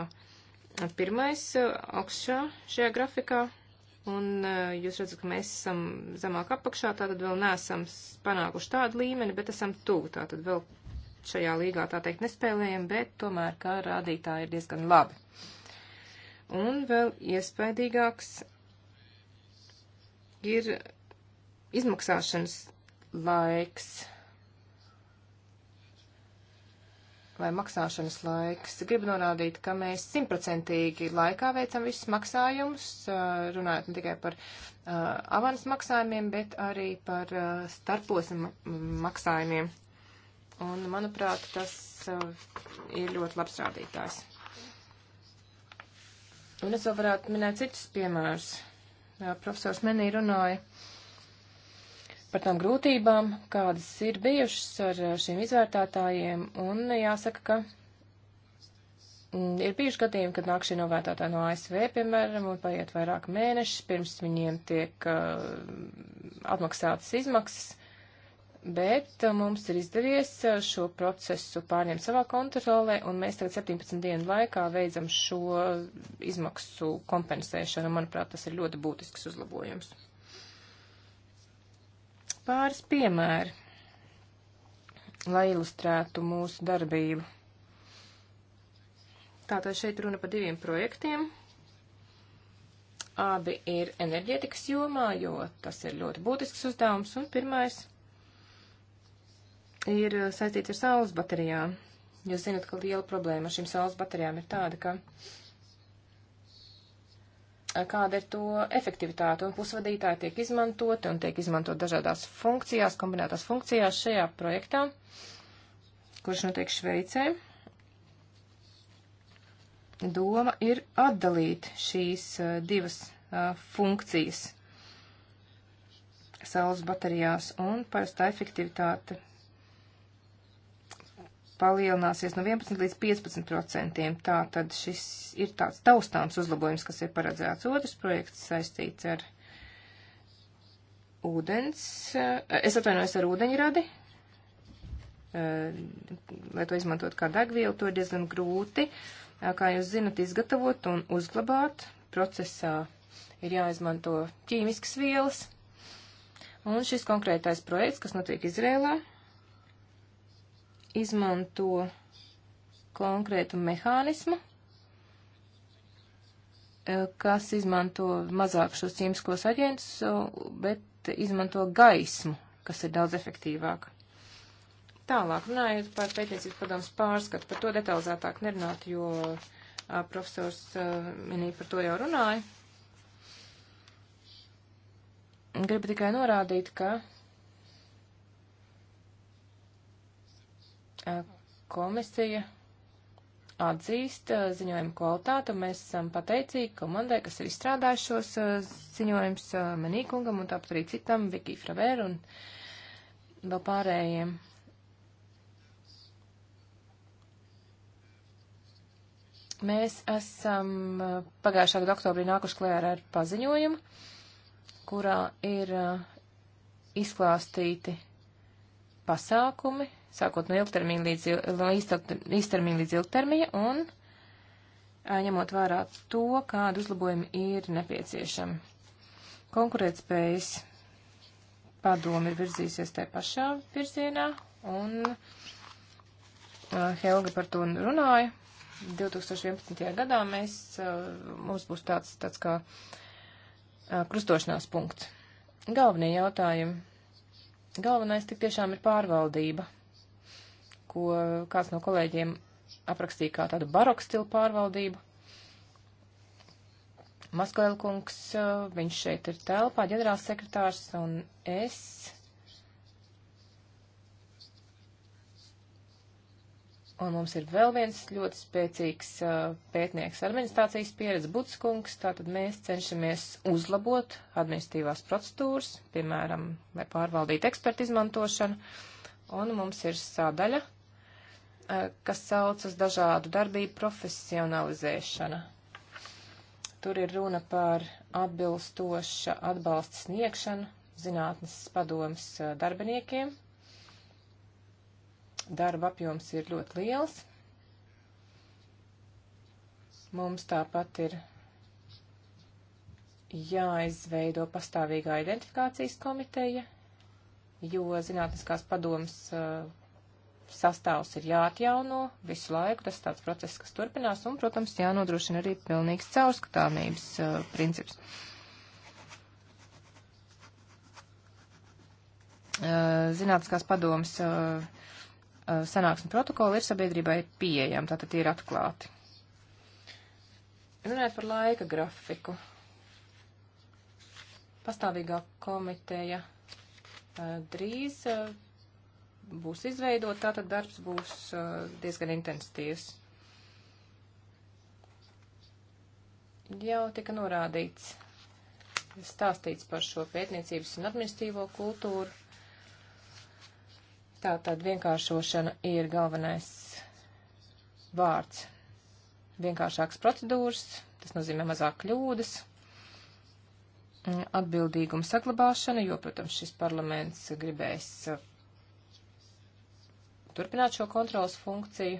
pirmais augšā šajā grafikā, Un eh, jūs redzat, ka mēs esam zemāk apakšā, tātad vēl neesam panākuši tādu līmeni, bet esam tuvu, tātad vēl šajā līgā tā teikt nespēlējam, bet tomēr kā rādītāji ir diezgan labi. Un vēl iespaidīgāks ir izmaksāšanas laiks. vai maksāšanas laiks. Gribu norādīt, ka mēs simtprocentīgi laikā veicam visus maksājumus, runājot ne tikai par avans maksājumiem, bet arī par starposma maksājumiem. Un, manuprāt, tas ir ļoti labs rādītājs. Un es vēl varētu minēt citus piemērus. Profesors Menī runāja par tām grūtībām, kādas ir bijušas ar šiem izvērtētājiem, un jāsaka, ka mm, ir bijuši gadījumi, kad nāk šie novērtētāji no ASV, piemēram, un paiet vairāk mēnešus, pirms viņiem tiek uh, atmaksātas izmaksas, bet uh, mums ir izdevies uh, šo procesu pārņemt savā kontrolē, un mēs tagad 17 dienu laikā veidzam šo izmaksu kompensēšanu. Manuprāt, tas ir ļoti būtisks uzlabojums. Pāris piemēri, lai ilustrētu mūsu darbību. Tātad šeit runa par diviem projektiem. Abi ir enerģētikas jomā, jo tas ir ļoti būtisks uzdevums. Un pirmais ir saistīts ar saules baterijām. Jūs zinat, ka liela problēma ar šīm saules baterijām ir tāda, ka kāda ir to efektivitāte, un pusvadītāji tiek izmantoti un tiek izmantot dažādās funkcijās, kombinētās funkcijās šajā projektā, kurš notiek Šveicē. Doma ir atdalīt šīs divas uh, funkcijas saules baterijās, un parastā efektivitāte palielināsies no 11 līdz 15 procentiem. Tā tad šis ir tāds taustāms uzlabojums, kas ir paredzēts. Otrs projekts saistīts ar ūdens, eh, es atvainojos ar ūdeņradi, eh, lai to izmantot kā degvielu, to ir diezgan grūti, eh, kā jūs zinat, izgatavot un uzglabāt procesā. Ir jāizmanto ķīmiskas vielas, un šis konkrētais projekts, kas notiek Izrēlā, izmanto konkrētu mehānismu, e, kas izmanto mazāk šos ķīmiskos aģentus, e, bet izmanto gaismu, kas ir daudz efektīvāk. Tālāk runājot par pētniecības padomus pārskatu, par to detalizētāk nerunāt, jo a, e, profesors Minī par to jau runāja. Gribu tikai norādīt, ka Komisija atzīst ziņojumu kvalitāti, un mēs esam pateicīgi komandai, kas ir izstrādājuši šos ziņojumus Manīkungam un tāpat arī citam, Viki Fraver un vēl pārējiem. Mēs esam pagājušā gada oktobrī nākuši klējā ar paziņojumu, kurā ir izklāstīti pasākumi, sākot no, ilgtermiņa līdz, no īstermiņa līdz ilgtermiņa un ņemot vērā to, kādu uzlabojumu ir nepieciešami. Konkurētspējas padomi ir virzīsies tajā pašā virzienā, un Helga par to runāja. 2011. gadā mēs, mums būs tāds, tāds kā krustošanās punkts. Galvenie jautājumi. Galvenais tik tiešām ir pārvaldība ko kāds no kolēģiem aprakstīja kā tādu baroku stilu pārvaldību. Maskvēl kungs, viņš šeit ir telpā, ģenerāls sekretārs, un es. Un mums ir vēl viens ļoti spēcīgs pētnieks administrācijas pieredze Butskungs, tātad mēs cenšamies uzlabot administratīvās procedūras, piemēram, lai pārvaldītu ekspertu izmantošanu, un mums ir sādaļa Eh, kas sauc uz dažādu darbību profesionalizēšana. Tur ir runa par atbilstoša atbalsta sniegšanu zinātnes padomas eh, darbiniekiem. Darba apjoms ir ļoti liels. Mums tāpat ir jāizveido pastāvīgā identifikācijas komiteja, jo zinātniskās padomas uh, sastāvs ir jāatjauno visu laiku, tas tāds process, kas turpinās, un, protams, jānodrošina arī pilnīgs caurskatāmības uh, princips. Uh, zinātniskās padomas uh, uh, sanāksmi protokoli ir sabiedrībai pieejami, tātad tie ir atklāti. Runājot par laika grafiku. Pastāvīgā komiteja uh, drīz uh, būs izveidot, tātad darbs būs uh, diezgan intensīvs. Jau tika norādīts, stāstīts par šo pētniecības un administīvo kultūru. Tātad vienkāršošana ir galvenais vārds. Vienkāršāks procedūras, tas nozīmē mazāk kļūdas, mm, atbildīguma saglabāšana, jo, protams, šis parlaments gribēs uh, turpināt šo kontrolas funkciju.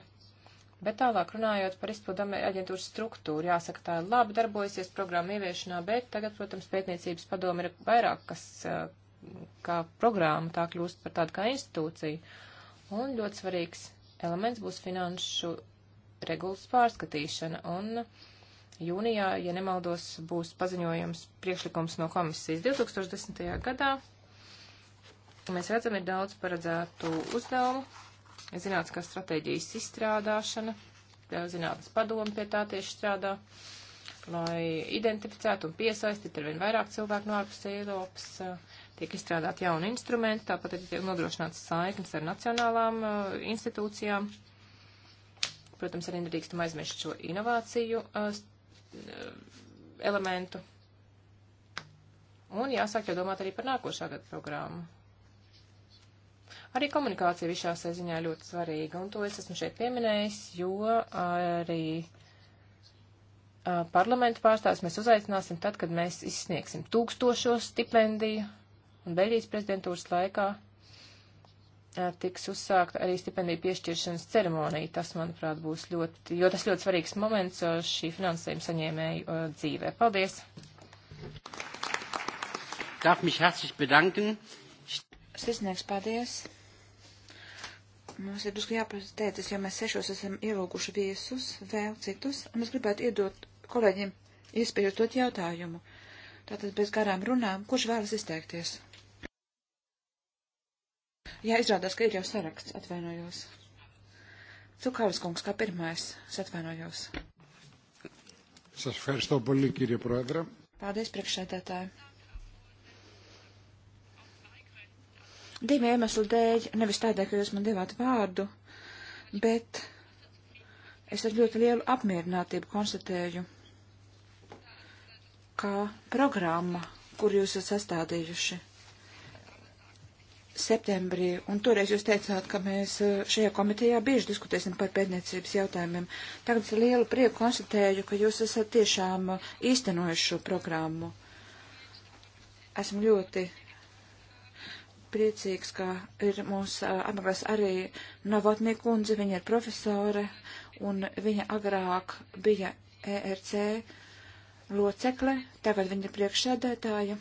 Bet tālāk runājot par izpildāmē aģentūras struktūru, jāsaka, tā ir labi darbojusies programma ieviešanā, bet tagad, protams, pētniecības padomi ir vairāk, kas eh, kā programma tā kļūst par tādu kā institūciju. Un ļoti svarīgs elements būs finanšu regulas pārskatīšana. Un jūnijā, ja nemaldos, būs paziņojums priekšlikums no komisijas 2010. gadā. Mēs redzam, ir daudz paredzētu uzdevumu zinātniskās stratēģijas izstrādāšana, zinātnes padomu pie tā tieši strādā, lai identificētu un piesaistītu ar vien vairāk cilvēku no ārpus Eiropas, tiek izstrādāt jauni instrumenti, tāpat arī tiek nodrošināts saiknes ar nacionālām uh, institūcijām. Protams, arī nedrīkstam aizmirst šo inovāciju uh, elementu. Un jāsāk jau domāt arī par nākošā gada programmu. Arī komunikācija visā ziņā ļoti svarīga, un to es esmu šeit pieminējis, jo arī uh, parlamentu pārstāvis mēs uzaicināsim tad, kad mēs izsniegsim tūkstošo stipendiju, un Beļģijas prezidentūras laikā uh, tiks uzsākta arī stipendiju piešķiršanas ceremonija. Tas, manuprāt, būs ļoti, jo tas ļoti svarīgs moments uh, šī finansējuma saņēmēju dzīvē. Paldies! Darf mich herzlich bedanken. Sisnieks, paldies! Mums ir drusku jāpasteidzas, jo mēs sešos esam ielūguši viesus, vēl citus, un es gribētu iedot kolēģiem iespēju dot jautājumu. Tātad bez garām runām, kurš vēlas izteikties? Jā, izrādās, ka ir jau saraksts, atvainojos. Cukāvis kungs, kā pirmais, es atvainojos. Σας ευχαριστώ πολύ, κύριε Πρόεδρε. Paldies, priekšsēdētāji. Divu iemeslu dēļ, nevis tādēļ, ka jūs man devāt vārdu, bet es ar ļoti lielu apmierinātību konstatēju, ka programma, kur jūs esat sastādījuši septembrī, un toreiz jūs teicāt, ka mēs eh, šajā komitejā bieži diskutēsim par pētniecības jautājumiem. Tagad ar lielu prieku konstatēju, ka jūs esat tiešām eh, īstenojuši šo programmu. Esmu ļoti priecīgs, ka ir mūs apmeklēs arī Novotnie kundze, viņa ir profesore, un viņa agrāk bija ERC locekle, tagad viņa ir priekšsēdētāja.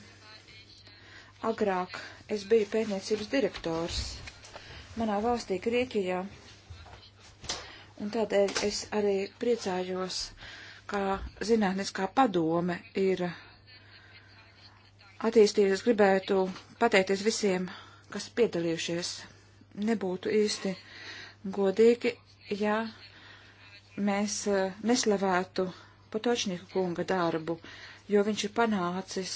Agrāk es biju pētniecības direktors manā valstī Grieķijā, un tādēļ es arī priecājos, ka zinātniskā padome ir attīstīties, gribētu pateikties visiem, kas piedalījušies. Nebūtu īsti godīgi, ja mēs eh, neslavētu Potočnika kunga darbu, jo viņš ir panācis,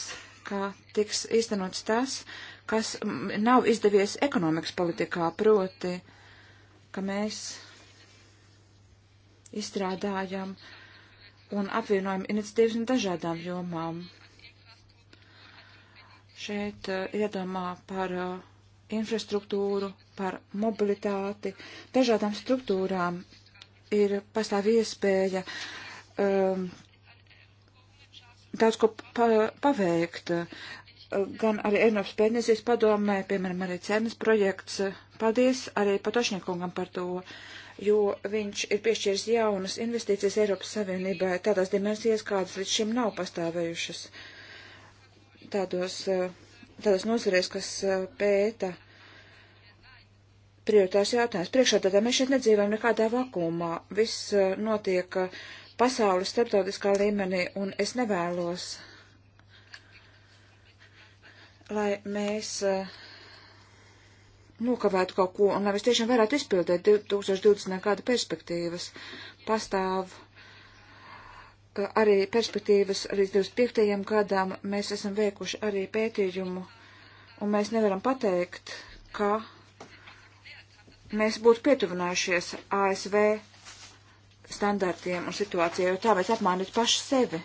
ka tiks īstenots tas, kas nav izdevies ekonomikas politikā, proti, ka mēs izstrādājam un apvienojam iniciatīvas no dažādām jomām šeit eh, iedomā par eh, infrastruktūru, par mobilitāti. Dažādām struktūrām ir pastāv iespēja um, daudz ko pa, paveikt. Eh, gan arī Eiropas pētniecības padomē, piemēram, arī Cernas projekts. Paldies arī Patošņiekungam par to, jo viņš ir piešķīris jaunas investīcijas Eiropas Savienībai tādās dimensijās, kādas līdz šim nav pastāvējušas. Uh, tādos, tādos nozarēs, kas pēta prioritārs jautājums. Priekšā tādā mēs šeit nedzīvojam nekādā vakumā. Viss notiek pasaules starptautiskā līmenī, un es nevēlos, lai mēs nokavētu kaut ko, un lai mēs tiešām varētu izpildīt 2020. gada perspektīvas. Pastāv arī perspektīvas līdz 25. gadām mēs esam veikuši arī pētījumu, un mēs nevaram pateikt, ka mēs būtu pietuvinājušies ASV standartiem un situācijai, jo tā mēs apmānīt paši sevi.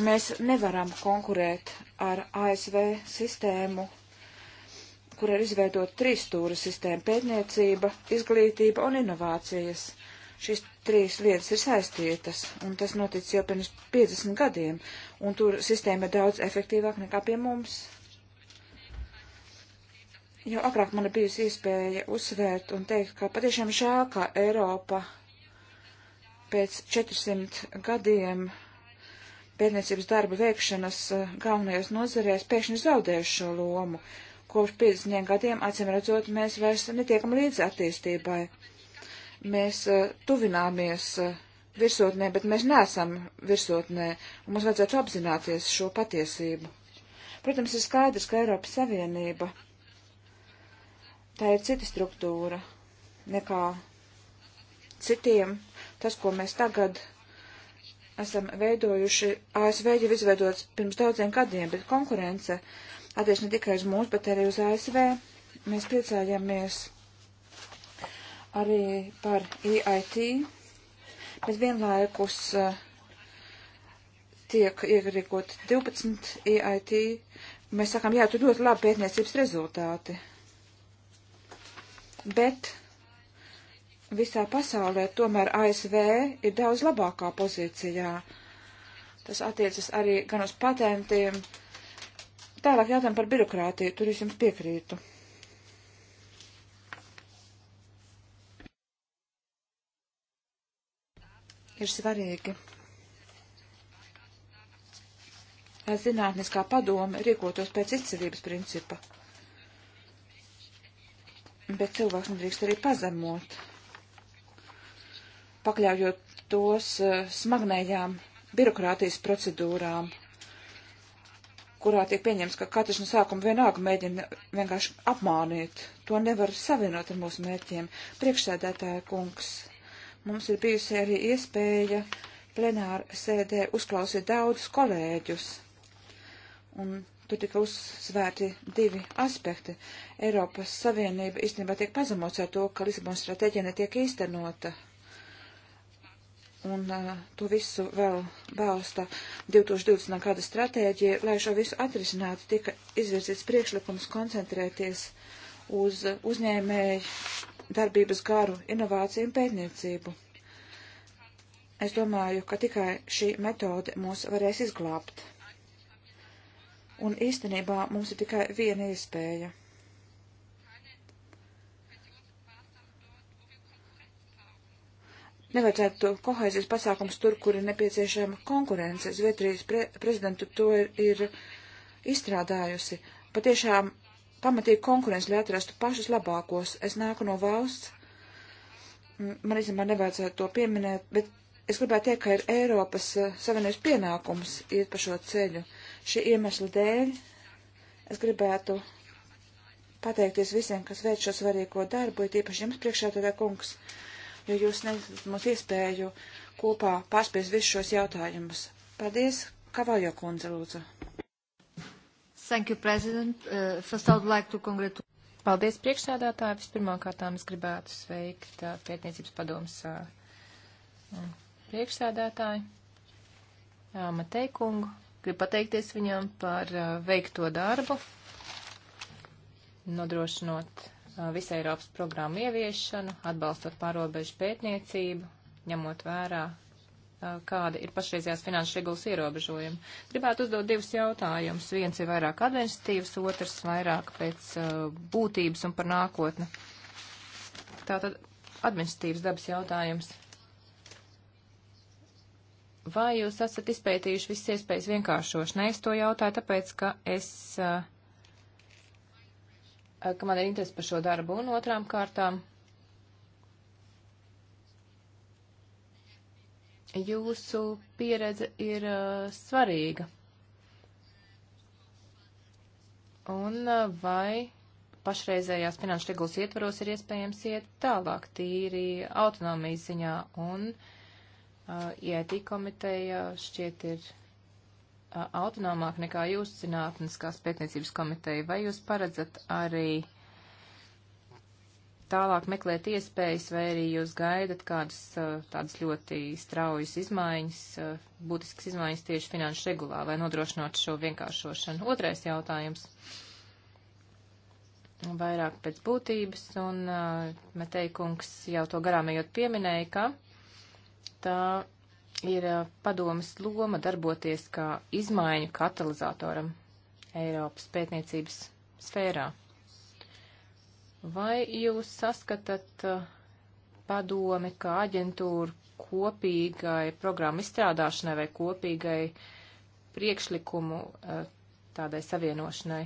Mēs nevaram konkurēt ar ASV sistēmu, kur ir izveidot trīs stūra sistēma - pētniecība, izglītība un inovācijas. Šīs trīs lietas ir saistītas, un tas noticis jau pirms 50 gadiem, un tur sistēma ir daudz efektīvāka nekā pie mums. Jau agrāk man ir bijusi iespēja uzsvērt un teikt, ka patiešām žēl, ka Eiropa pēc 400 gadiem pētniecības darba veikšanas eh, galvenajos nozarēs pēkšņi zaudējuši šo lomu. Kopš 50 gadiem, acīm redzot, mēs vairs netiekam līdz attīstībai. Mēs e, tuvināmies e, virsotnē, bet mēs neesam virsotnē, un mums vajadzētu apzināties šo patiesību. Protams, ir skaidrs, ka Eiropas Savienība tā ir cita struktūra nekā citiem. Tas, ko mēs tagad esam veidojuši, ASV jau izveidots pirms daudziem gadiem, bet konkurence attiec ne tikai uz mūs, bet arī uz ASV. Mēs priecājāmies arī par EIT, bet vienlaikus eh, tiek iegrīkot 12 EIT. E Mēs sakām, jā, tur ļoti labi pētniecības rezultāti. Bet visā pasaulē tomēr ASV ir daudz labākā pozīcijā. Tas attiecas arī gan uz patentiem. Tālāk jautājumu par birokrātiju, tur es jums piekrītu. ir svarīgi. Lai zinātniskā padome rīkotos pēc izcīnības principa. Bet cilvēks nedrīkst arī pazemot, pakļaujot tos uh, smagnējām birokrātijas procedūrām, kurā tiek pieņems, ka katrs no sākuma vienalga mēģina vienkārši apmānīt. To nevar savienot ar mūsu mērķiem. Priekšsēdētāja kungs, Mums ir bijusi arī iespēja plenāra sēdē uzklausīt daudzus kolēģus. Un tur tika uzsvērti divi aspekti. Eiropas Savienība īstenībā tiek pazemots ar to, ka Lisabonas stratēģija netiek īstenota. Un uh, to visu vēl balsta 2020. gada stratēģija, lai šo visu atrisinātu, tika izvirzīts priekšlikums koncentrēties uz uzņēmēju darbības garu, inovāciju un pētniecību. Es domāju, ka tikai šī metode mūs varēs izglābt. Un īstenībā mums ir tikai viena iespēja. Nevajadzētu kohēzijas pasākums tur, kur ir nepieciešama konkurence. Zviedrijas pre prezidenta to ir, ir izstrādājusi. Patiešām pamatīgi konkurence, lai atrastu pašus labākos. Es nāku no valsts, man īstenībā nevajadzētu to pieminēt, bet es gribētu teikt, ka ir Eiropas eh, Savienības pienākums iet pa šo ceļu. Šī iemesla dēļ es gribētu pateikties visiem, kas veic šo svarīgo darbu, ir īpaši jums priekšētādā kungs, jo jūs nesat mums iespēju kopā pārspies visus šos jautājumus. Paldies, Kavaljo kundze, lūdzu. Thank you, President. Uh, first, I would like to congratulate. Paldies priekšsādātāji. Vispirmkārtām es gribētu sveikt uh, pētniecības padomus uh, mm, priekšsādātāju uh, Mateikungu. Gribu pateikties viņam par uh, veikto darbu, nodrošinot uh, visu Eiropas programmu ieviešanu, atbalstot pārobežu pētniecību, ņemot vērā kāda ir pašreizējās finanšu regulas ierobežojuma. Gribētu uzdot divus jautājumus. Viens ir vairāk administratīvs, otrs vairāk pēc uh, būtības un par nākotni. Tātad administratīvs dabas jautājums. Vai jūs esat izpētījuši visas iespējas vienkāršošanai? Es to jautāju, tāpēc, ka es, uh, ka man ir interesi par šo darbu un otrām kārtām Jūsu pieredze ir uh, svarīga. Un uh, vai pašreizējās finanšu regulas ietvaros ir iespējams iet tālāk tīri autonomijas ziņā un uh, IET komiteja šķiet ir uh, autonomāk nekā jūsu zinātniskās pētniecības komiteja. Vai jūs paredzat arī uh, tālāk meklēt iespējas, vai arī jūs gaidat kādas tādas ļoti straujas izmaiņas, būtiskas izmaiņas tieši finanšu regulā, lai nodrošinātu šo vienkāršošanu? Otrais jautājums. Vairāk pēc būtības, un Meteikungs jau to garām ejot pieminēja, ka tā ir padomas loma darboties kā izmaiņu katalizatoram Eiropas pētniecības sfērā. Vai jūs saskatat uh, padomi kā aģentūru kopīgai programmu izstrādāšanai vai kopīgai priekšlikumu uh, tādai savienošanai?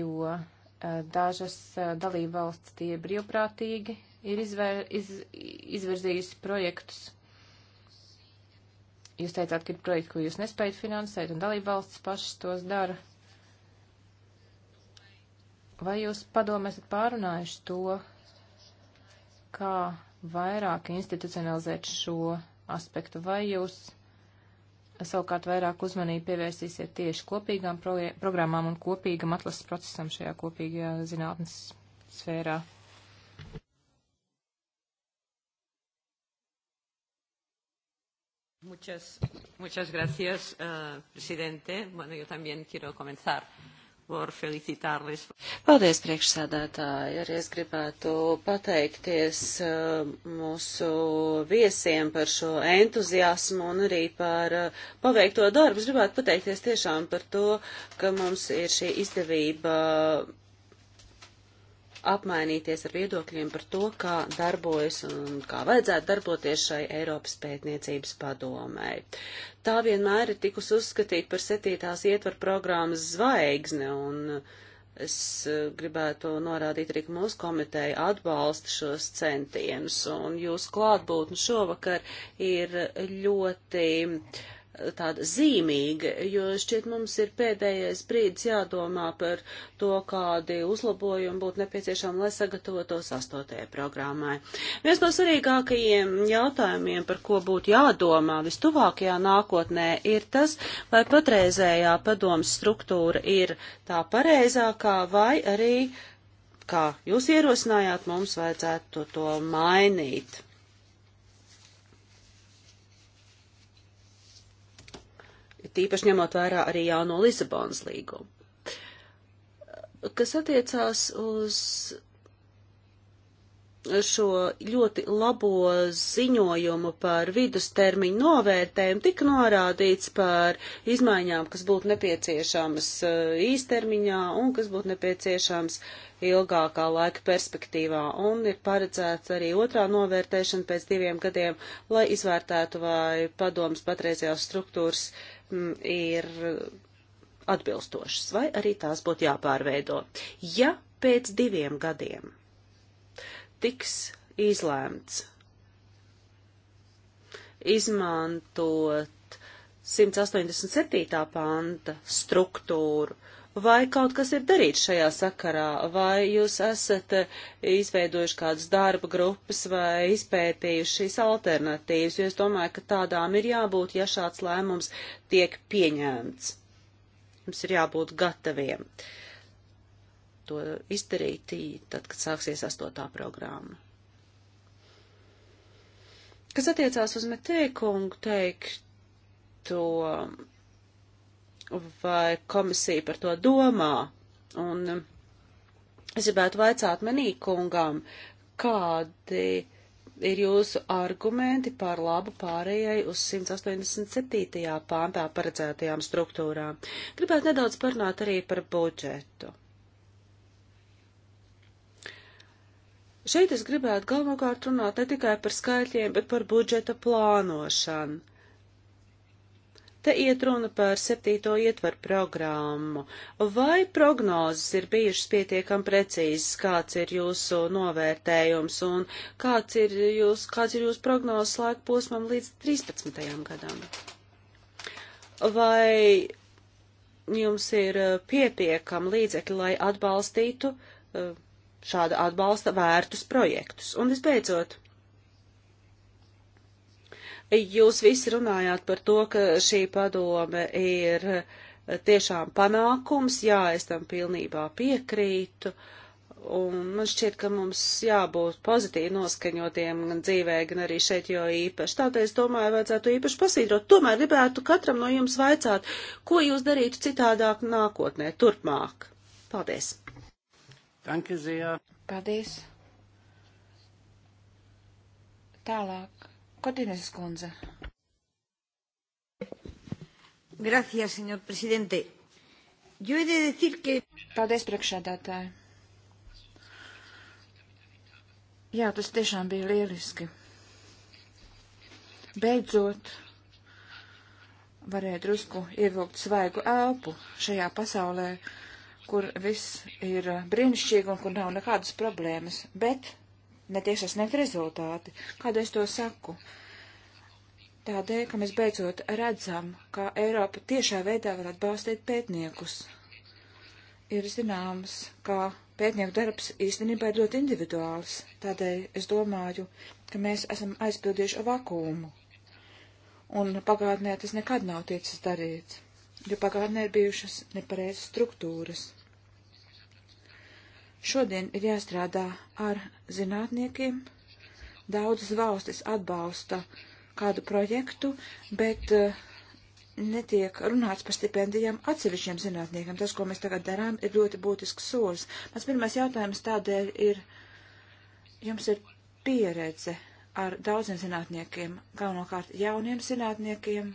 Jo uh, dažas dalībvalsts tie brīvprātīgi ir izvēr, iz, izvirzījusi projektus. Jūs teicāt, ka ir projekti, ko jūs nespējat finansēt, un dalībvalsts pašas tos dara. Uh, Vai jūs padomē esat pārunājuši to, kā vairāk institucionalizēt šo aspektu, vai jūs savukārt vairāk uzmanību pievērsīsiet tieši kopīgām programmām un kopīgam atlases procesam šajā kopīgajā zinātnes sfērā? Muchas, muchas gracias, uh, presidente. Bueno, yo también quiero comenzar. Uh, Varu felicitāris. Paldies, priekšsēdētāji. Arī es gribētu pateikties uh, mūsu viesiem par šo entuziasmu un arī par uh, paveikto darbu. Es gribētu pateikties tiešām par to, ka mums ir šī izdevība apmainīties ar viedokļiem par to, kā darbojas un kā vajadzētu darboties šai Eiropas pētniecības padomai. Tā vienmēr ir tikus uzskatīt par setītās ietvaru programmas zvaigzne, un es gribētu norādīt arī, ka mūsu komiteja atbalsta šos centienus, un jūsu klātbūtni šovakar ir ļoti uh, tāda zīmīga, jo šķiet mums ir pēdējais brīdis jādomā par to, kādi uzlabojumi būtu nepieciešami, lai sagatavotos astotajai programmai. Viens no svarīgākajiem jautājumiem, par ko būtu jādomā vistuvākajā nākotnē, ir tas, vai patreizējā padomas struktūra ir tā pareizākā vai arī, kā jūs ierosinājāt, mums vajadzētu to, to mainīt. tīpaši ņemot vērā arī jauno Lisabonas līgumu. Kas attiecās uz šo ļoti labo ziņojumu par vidustermiņu novērtējumu tika norādīts par izmaiņām, kas būtu nepieciešamas e, īstermiņā un kas būtu nepieciešams ilgākā laika perspektīvā. Un ir paredzēts arī otrā novērtēšana pēc diviem gadiem, lai izvērtētu, vai padomas patreizējās struktūras uh, Mm, ir atbilstošas, vai arī tās būtu jāpārveido. Ja pēc diviem gadiem tiks izlēmts izmantot 187. panta struktūru, Vai kaut kas ir darīts šajā sakarā, vai jūs esat izveidojuši kādas darba grupas vai izpētījuši šīs alternatīvas, jo es domāju, ka tādām ir jābūt, ja šāds lēmums tiek pieņemts. Jums ir jābūt gataviem to izdarīt, tad, kad sāksies astotā programma. Kas attiecās uz Metēkungu teikto, vai komisija par to domā. Un um, es gribētu vaicāt manīkungam, kādi ir jūsu argumenti par labu pārējai uz 187. pāntā paredzētajām struktūrām. Gribētu nedaudz parunāt arī par budžetu. Šeit es gribētu galvenokārt runāt ne tikai par skaitļiem, bet par budžeta plānošanu. Te iet runa par septīto ietvaru programmu. Vai prognozes ir bijušas pietiekam precīzes, kāds ir jūsu novērtējums un kāds ir, jūs, kāds ir jūsu prognozes laika posmam līdz 13. gadam? Vai jums ir eh, pietiekam līdzekļi, lai atbalstītu eh, šāda atbalsta vērtus projektus? Un visbeidzot, Jūs visi runājāt par to, ka šī padome ir tiešām panākums, jā, es tam pilnībā piekrītu, un man šķiet, ka mums jābūt pozitīvi noskaņotiem gan dzīvē, gan arī šeit jau īpaši. Tātad es domāju, vajadzētu īpaši pasīdrot. Tomēr gribētu katram no jums vaicāt, ko jūs darītu citādāk nākotnē, turpmāk. Paldies! Danke sehr. Paldies. Tālāk Kordinas kundze. Gracias, señor presidente. Jo he de decir que... Paldies, priekšādātāji. Jā, tas tiešām bija lieliski. Beidzot, varēja drusku ievilkt svaigu elpu šajā pasaulē, kur viss ir brīnišķīgi un kur nav nekādas problēmas, bet netiek sasniegt rezultāti. Kādēļ es to saku? Tādēļ, ka mēs beidzot redzam, ka Eiropa tiešā veidā var atbalstīt pētniekus. Ir zināms, ka pētnieku darbs īstenībā ir ļoti individuāls, tādēļ es domāju, ka mēs esam aizpildījuši vakumu. Un pagātnē tas nekad nav ticis darīts, jo pagātnē ir bijušas nepareizas struktūras. Šodien ir jāstrādā ar zinātniekiem. Daudzas valstis atbalsta kādu projektu, bet uh, netiek runāts par stipendijām atsevišķiem zinātniekiem. Tas, ko mēs tagad darām, ir ļoti būtisks solis. Mans pirmais jautājums tādēļ ir, jums ir pieredze ar daudziem zinātniekiem, galvenokārt jauniem zinātniekiem,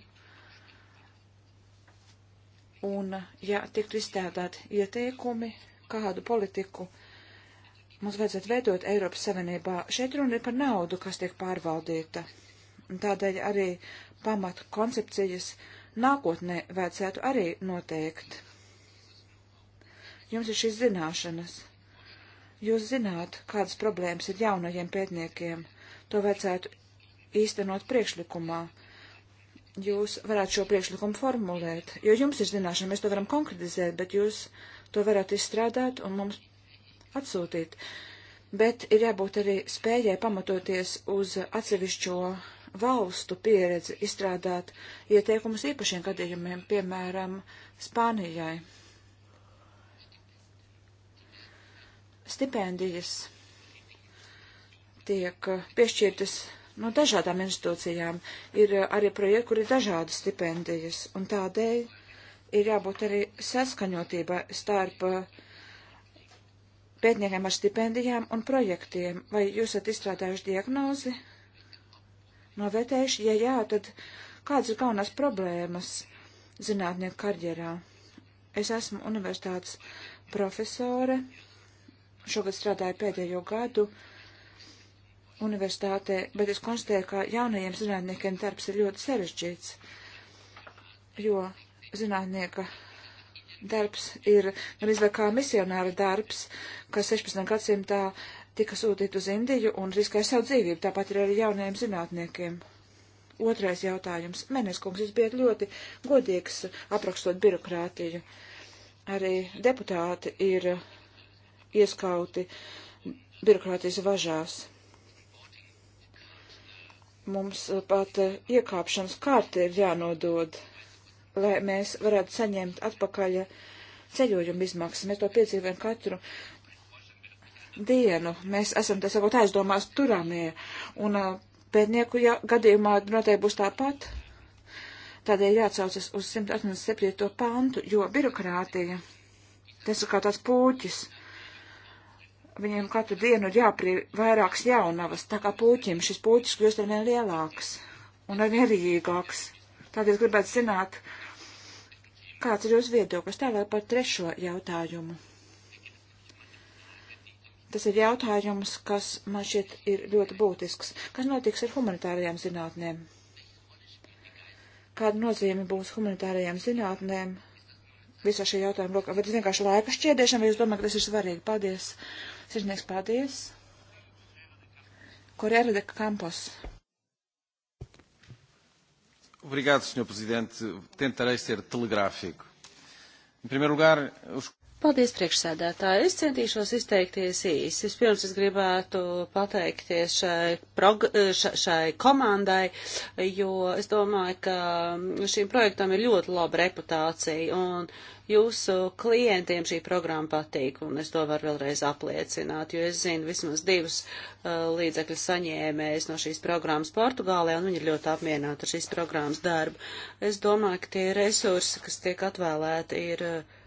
un, ja tiktu izstrādāt ieteikumi, ja kādu politiku mums vajadzētu veidot Eiropas Savienībā. Šeit runa ir par naudu, kas tiek pārvaldīta. Tādēļ arī pamatu koncepcijas nākotnē vajadzētu arī noteikt. Jums ir šīs zināšanas. Jūs zināt, kādas problēmas ir jaunajiem pētniekiem. To vajadzētu īstenot priekšlikumā. Jūs varētu šo priekšlikumu formulēt, jo jums ir zināšana, mēs to varam konkretizēt, bet jūs to varētu izstrādāt un mums atsūtīt. Bet ir jābūt arī spējai pamatoties uz atsevišķo valstu pieredzi izstrādāt ieteikumus īpašiem gadījumiem, piemēram, Spānijai. Stipendijas tiek piešķirtas no dažādām institūcijām. Ir arī projekti, kur ir dažādas stipendijas, un tādēļ ir jābūt arī saskaņotībai starp uh, pētniekiem ar stipendijām un projektiem. Vai jūs esat izstrādājuši diagnozi? Novērtējuši, ja jā, tad kādas ir galvenās problēmas zinātnieku karjerā? Es esmu universitātes profesore. Šogad strādāju pēdējo gadu universitātē, bet es konstatēju, ka jaunajiem zinātniekiem darbs ir ļoti sarežģīts, jo zinātnieka darbs ir gandrīz vai kā misionāra darbs, kas 16. gadsimtā tika sūtīta uz Indiju un riskēja savu dzīvību, tāpat ir arī jaunajiem zinātniekiem. Otrais jautājums. Meneskungs, jūs bijat ļoti godīgs aprakstot birokrātiju. Arī deputāti ir ieskauti birokrātijas važās. Mums pat iekāpšanas kārta ir jānodod lai mēs varētu saņemt atpakaļ ceļojuma izmaksas. Mēs to piedzīvojam katru dienu. Mēs esam, tā sakot, aizdomās turāmie. Un uh, pētnieku ja, gadījumā noteikti būs tāpat. Tādēļ jāatsaucas uz 187. pantu, jo birokrātija, tas ir kā tāds pūķis. Viņiem katru dienu ir jāprīv vairākas jaunavas, tā kā pūķim šis pūķis kļūst arvien lielāks un arvien rīgāks. Tādēļ gribētu zināt, uh, Kāds ir jūsu viedoklis tālāk par trešo jautājumu? Tas ir jautājums, kas man šķiet ir ļoti būtisks. Kas notiks ar humanitārajām zinātnēm? Kāda nozīme būs humanitārajām zinātnēm visā šī jautājuma lokā? Vai tas vienkārši laika šķiedēšana, vai jūs domājat, ka tas ir svarīgi? Paldies! Sirdnieks, paldies! Korēra de Campos. Obrigado, Sr. Presidente. Tentarei ser telegráfico. Em primeiro lugar, os... Paldies, priekšsēdētāji. Es centīšos izteikties īsi. Vispirms es gribētu pateikties šai, prog šai komandai, jo es domāju, ka šīm projektam ir ļoti laba reputācija un jūsu klientiem šī programma patīk, un es to varu vēlreiz apliecināt, jo es zinu vismaz divus uh, līdzekļu saņēmējus no šīs programmas Portugālē, un viņi ir ļoti apmierināti ar šīs programmas darbu. Es domāju, ka tie resursi, kas tiek atvēlēti, ir. Uh,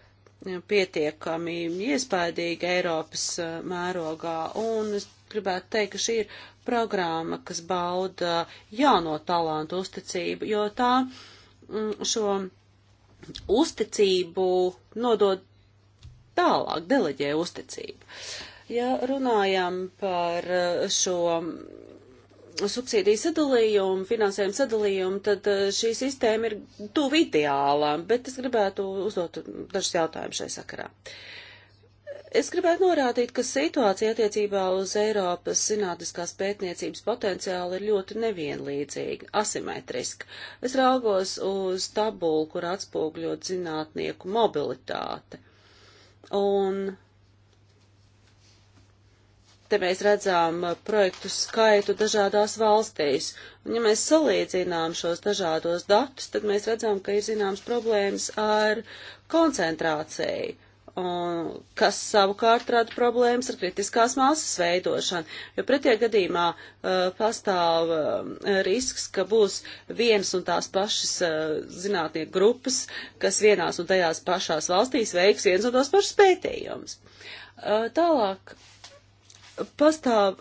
pietiekami iespaidīgi Eiropas eh, mērogā, un es gribētu teikt, ka šī ir programma, kas bauda jauno talantu uzticību, jo tā mm, šo uzticību nodod tālāk, deleģē uzticību. Ja runājam par eh, šo subsīdiju sadalījumu, finansējumu sadalījumu, tad eh, šī sistēma ir tuvu ideālām, bet es gribētu uzdot dažus jautājumus šai sakarā. Es gribētu norādīt, ka situācija attiecībā uz Eiropas zinātniskās pētniecības potenciālu ir ļoti nevienlīdzīga, asimetriska. Es raugos uz tabulu, kur atspūgļot zinātnieku mobilitāte. Un te mēs redzam uh, projektu skaitu dažādās valstīs. Un ja mēs salīdzinām šos dažādos datus, tad mēs redzam, ka ir zināms problēmas ar koncentrāciju, un, kas savukārt rada problēmas ar kritiskās masas veidošanu, jo pretie gadījumā uh, pastāv uh, risks, ka būs vienas un tās pašas uh, zinātnieku grupas, kas vienās un tajās pašās valstīs veiks viens un tos pašus pētījumus. Uh, tālāk pastāv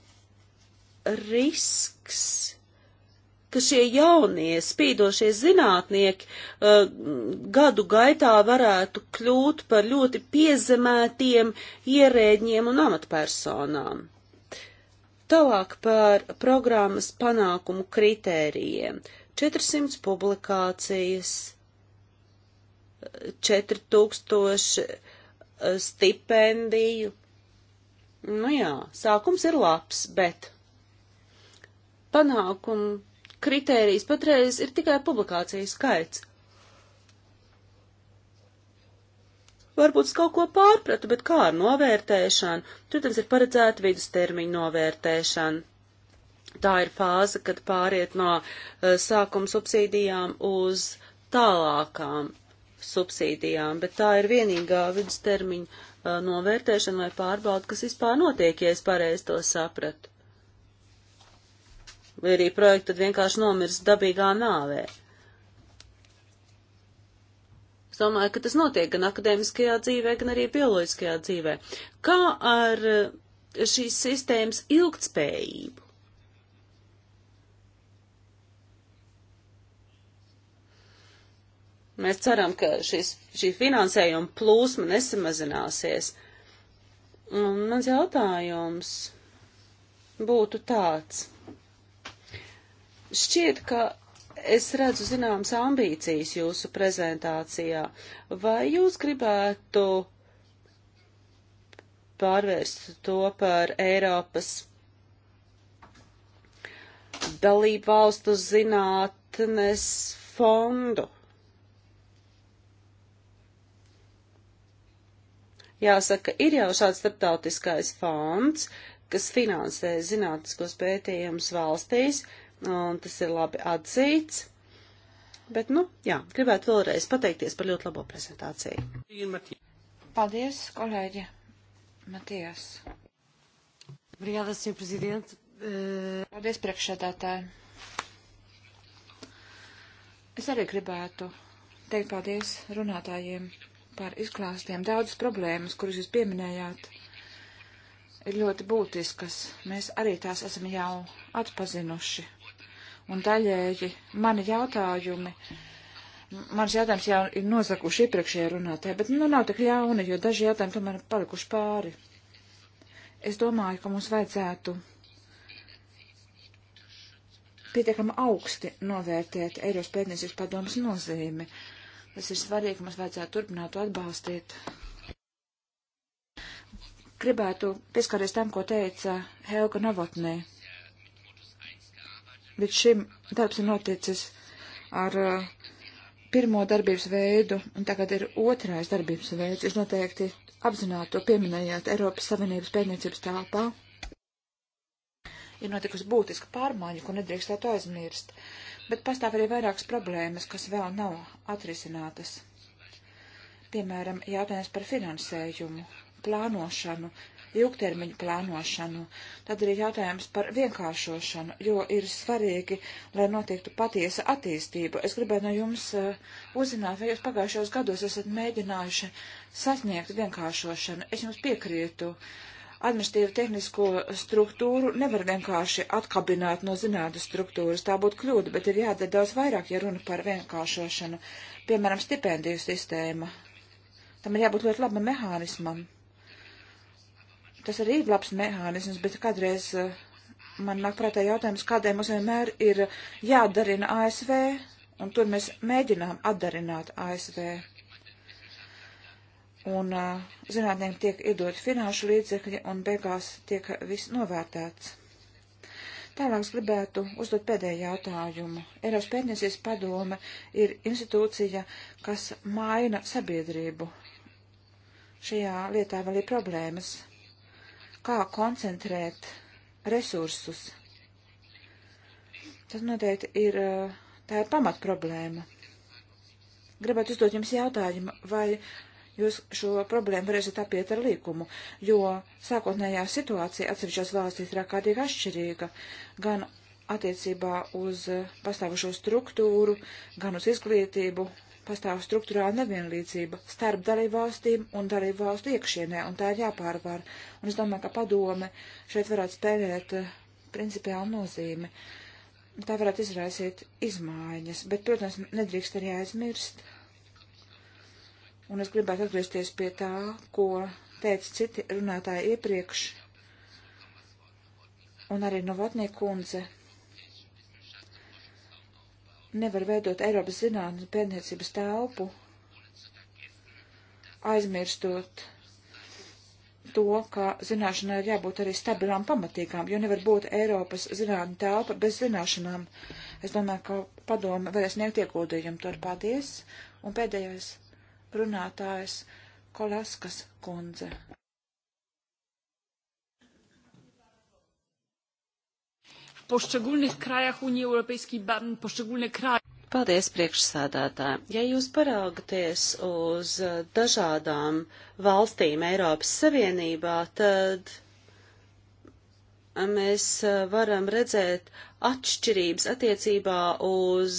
risks, ka šie jaunie spīdošie zinātnieki uh, gadu gaitā varētu kļūt par ļoti piezemētiem ierēģiem un amatpersonām. Tālāk par programmas panākumu kritērijiem. 400 publikācijas, 4000 stipendiju, Nu jā, sākums ir labs, bet panākumu kritērijs patreiz ir tikai publikāciju skaits. Varbūt es kaut ko pārpratu, bet kā ar novērtēšanu? Protams, ir paredzēta vidustermiņa novērtēšana. Tā ir fāze, kad pāriet no uh, sākuma subsīdijām uz tālākām subsīdijām, bet tā ir vienīgā vidustermiņa Uh, novērtēšanu vai pārbaudu, kas vispār notiek, ja es pareizi to sapratu. Vai arī projekti tad vienkārši nomirst dabīgā nāvē. Es domāju, ka tas notiek gan akadēmiskajā dzīvē, gan arī bioloģiskajā dzīvē. Kā ar uh, šīs sistēmas ilgtspējību? Mēs ceram, ka šis, šī finansējuma plūsma nesamazināsies. Un mans jautājums būtu tāds. Šķiet, ka es redzu zināmas ambīcijas jūsu prezentācijā. Vai jūs gribētu pārvērst to par Eiropas dalību valstu zinātnes fondu? Jāsaka, ir jau šāds starptautiskais fonds, kas finansē zinātniskos pētījumus valstīs, un tas ir labi atzīts. Bet, nu, jā, gribētu vēlreiz pateikties par ļoti labo prezentāciju. Paldies, kolēģi Matijas. Obrigada, senhor Presidente. Eh, paldies, priekšsēdētāji. Es arī gribētu teikt paldies runātājiem par izklāstiem. Daudzas problēmas, kuras jūs pieminējāt, ir ļoti būtiskas. Mēs arī tās esam jau atpazinuši. Un daļēji mani jautājumi, mans jautājums jau ir nozakuši iepriekšējā runātē, bet nu nav tik ļauni, jo daži jautājumi tomēr ir palikuši pāri. Es domāju, ka mums vajadzētu pietiekami augsti novērtēt Eiropas pētniecības padomas nozīmi Tas ir svarīgi, ka mums vajadzētu turpināt to atbalstīt. Gribētu pieskarties tam, ko teica Helga Novotnē. Līdz šim darbs ir noticis ar uh, pirmo darbības veidu, un tagad ir otrais darbības veids. Jūs noteikti apzināti to pieminējāt Eiropas Savienības pētniecības telpā ir notikusi būtiska pārmaiņa, ko nedrīkstētu aizmirst, bet pastāv arī vairākas problēmas, kas vēl nav atrisinātas. Piemēram, jautājums par finansējumu, plānošanu, ilgtermiņu plānošanu, tad arī jautājums par vienkāršošanu, jo ir svarīgi, lai notiektu patiesa attīstība. Es gribēju no jums eh, uzzināt, vai jūs pagājušajos gados esat mēģinājuši sasniegt vienkāršošanu. Es jums piekrītu. Uh, administratīvu tehnisko struktūru nevar vienkārši atkabināt no zinātnes struktūras. Tā būtu kļūda, bet ir jādara daudz vairāk, ja runa par vienkāršošanu. Piemēram, stipendiju sistēma. Tam ir jābūt ļoti labam mehānismam. Tas arī ir labs mehānisms, bet kādreiz eh, man nāk prātā jautājums, kādēļ mums vienmēr ir jādarina ASV, un tur mēs mēģinām atdarināt ASV un uh, zinātniekiem tiek iedot finanšu līdzekļi, un beigās tiek viss novērtēts. Tālāk es gribētu uzdot pēdējo jautājumu. Eiropas pētniecības padome ir institūcija, kas maina sabiedrību. Šajā lietā vēl ir problēmas. Kā koncentrēt resursus? Tas noteikti ir, tā ir pamatproblēma. Gribētu uzdot jums jautājumu, vai jūs šo problēmu varēsiet apiet ar līkumu, jo sākotnējā situācija atsevišķās valstīs ir ārkārtīgi atšķirīga, gan attiecībā uz pastāvošo struktūru, gan uz izglītību, pastāv struktūrāla nevienlīdzība starp dalībvalstīm un dalībvalstu iekšienē, un tā ir jāpārvar. Un es domāju, ka padome šeit varētu spēlēt uh, principiālu nozīmi. Tā varētu izraisīt izmaiņas, bet, protams, nedrīkst arī aizmirst, Un es gribētu atgriezties pie tā, ko teica citi runātāji iepriekš, un arī Novotnie kundze. Nevar veidot Eiropas zinātnes pētniecības telpu, aizmirstot to, ka zināšanai ir jābūt arī stabilām pamatīgām, jo nevar būt Eiropas zinātņu telpa bez zināšanām. Es domāju, ka padome varēs sniegt ieguldījumu. Tur paldies. Un pēdējais runātājs Kolaskas kundze. Pošczególnych krajach Unii Europejskiej, poszczególne kraje. Paldies, priekšsādātāji. Ja jūs paraugaties uz dažādām valstīm Eiropas Savienībā, tad mēs varam redzēt atšķirības attiecībā uz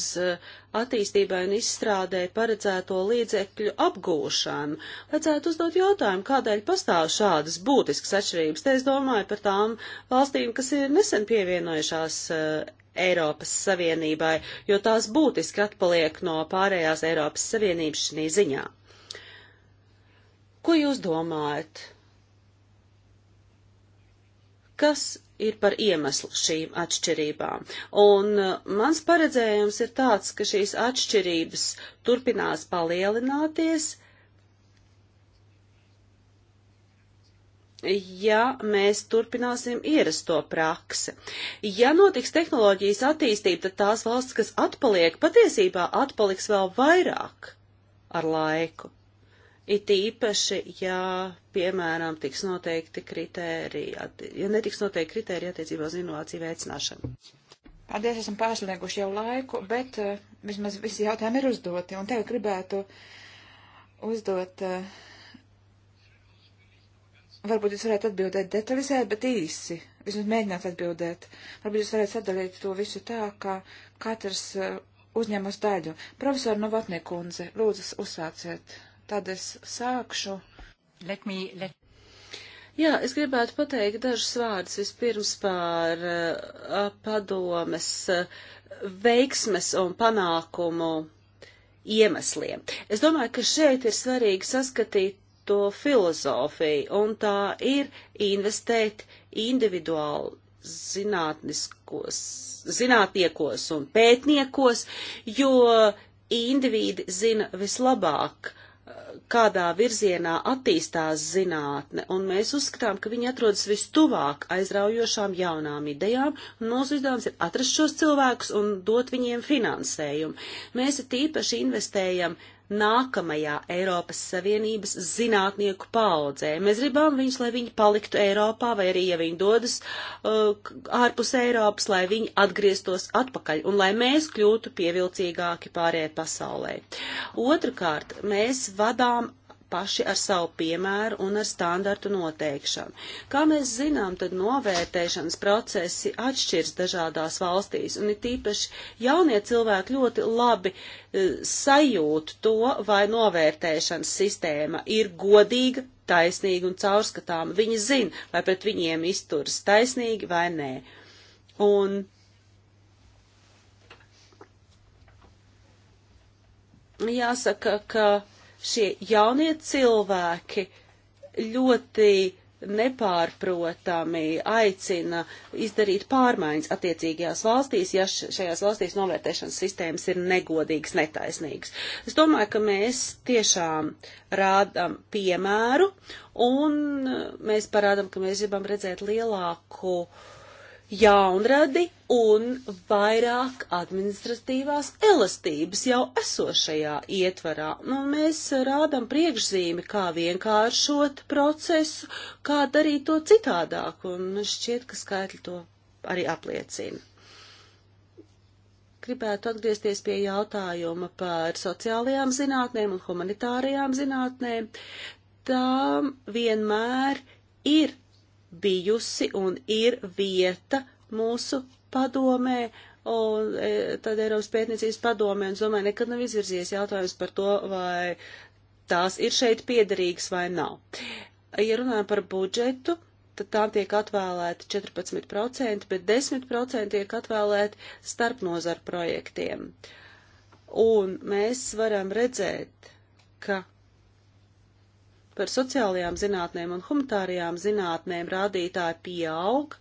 attīstībai un izstrādē paredzēto līdzekļu apgūšanu. Vajadzētu uzdot jautājumu, kādēļ pastāv šādas būtiskas atšķirības. Te es domāju par tām valstīm, kas ir nesen pievienojušās Eiropas Savienībai, jo tās būtiski atpaliek no pārējās Eiropas Savienības šī ziņā. Ko jūs domājat? Kas ir par iemeslu šīm atšķirībām. Un uh, mans paredzējums ir tāds, ka šīs atšķirības turpinās palielināties, ja mēs turpināsim ierasto praksi. Ja notiks tehnoloģijas attīstība, tad tās valsts, kas atpaliek, patiesībā atpaliks vēl vairāk ar laiku. It īpaši, ja, piemēram, tiks noteikti kritērija, ja netiks noteikti kritērija attiecībā uz inovāciju veicināšanu. Paldies, esam pārslieguši jau laiku, bet uh, vismaz visi jautājumi ir uzdoti, un tev gribētu uzdot, uh, varbūt jūs varētu atbildēt detalizēt, bet īsi, vismaz mēģināt atbildēt. Varbūt jūs varētu sadalīt to visu tā, ka katrs uh, uzņem uz daļu. Profesori Novotniekundze, lūdzu, uzsāciet. Tad es sākšu. Let me, let... Jā, es gribētu pateikt dažus vārdus vispirms par uh, padomes uh, veiksmes un panākumu iemesliem. Es domāju, ka šeit ir svarīgi saskatīt to filozofiju, un tā ir investēt individuāli zinātniskos, zinātniekos un pētniekos, jo indivīdi zina vislabāk, uh, kādā virzienā attīstās zinātne, un mēs uzskatām, ka viņi atrodas vistuvāk aizraujošām jaunām idejām, un mūsu uzdevums ir atrast šos cilvēkus un dot viņiem finansējumu. Mēs tīpaši investējam nākamajā Eiropas Savienības zinātnieku paudzē. Mēs gribam viņus, lai viņi paliktu Eiropā, vai arī, ja viņi dodas uh, ārpus Eiropas, lai viņi atgrieztos atpakaļ un lai mēs kļūtu pievilcīgāki pārējai pasaulē. Otrakārt, mēs vadām paši ar savu piemēru un ar standartu noteikšanu. Kā mēs zinām, tad novērtēšanas procesi atšķirs dažādās valstīs, un ir tīpaši jaunie cilvēki ļoti labi e, sajūt to, vai novērtēšanas sistēma ir godīga, taisnīga un caurskatāma. Viņi zina, vai pret viņiem izturas taisnīgi vai nē. Un jāsaka, ka šie jaunie cilvēki ļoti nepārprotami aicina izdarīt pārmaiņas attiecīgajās valstīs, ja šajās valstīs novērtēšanas sistēmas ir negodīgas, netaisnīgas. Es domāju, ka mēs tiešām rādam piemēru un mēs parādam, ka mēs gribam redzēt lielāku uh, jaunradi un vairāk administratīvās elastības jau esošajā ietvarā. Nu, mēs rādam priekšzīmi, kā vienkāršot procesu, kā darīt to citādāk, un šķiet, ka skaitļi to arī apliecina. Gribētu atgriezties pie jautājuma par sociālajām zinātnēm un humanitārajām zinātnēm. Tām vienmēr ir bijusi un ir vieta mūsu padomē, un e, tad Eiropas pētniecības padomē, un es domāju, nekad nav izvirzies jautājums par to, vai tās ir šeit piederīgas vai nav. Ja runājam par budžetu, tad tām tiek atvēlēti 14%, bet 10% tiek atvēlēti starp nozaru projektiem. Un mēs varam redzēt, ka par sociālajām zinātnēm un humanitārajām zinātnēm rādītāji pieaug,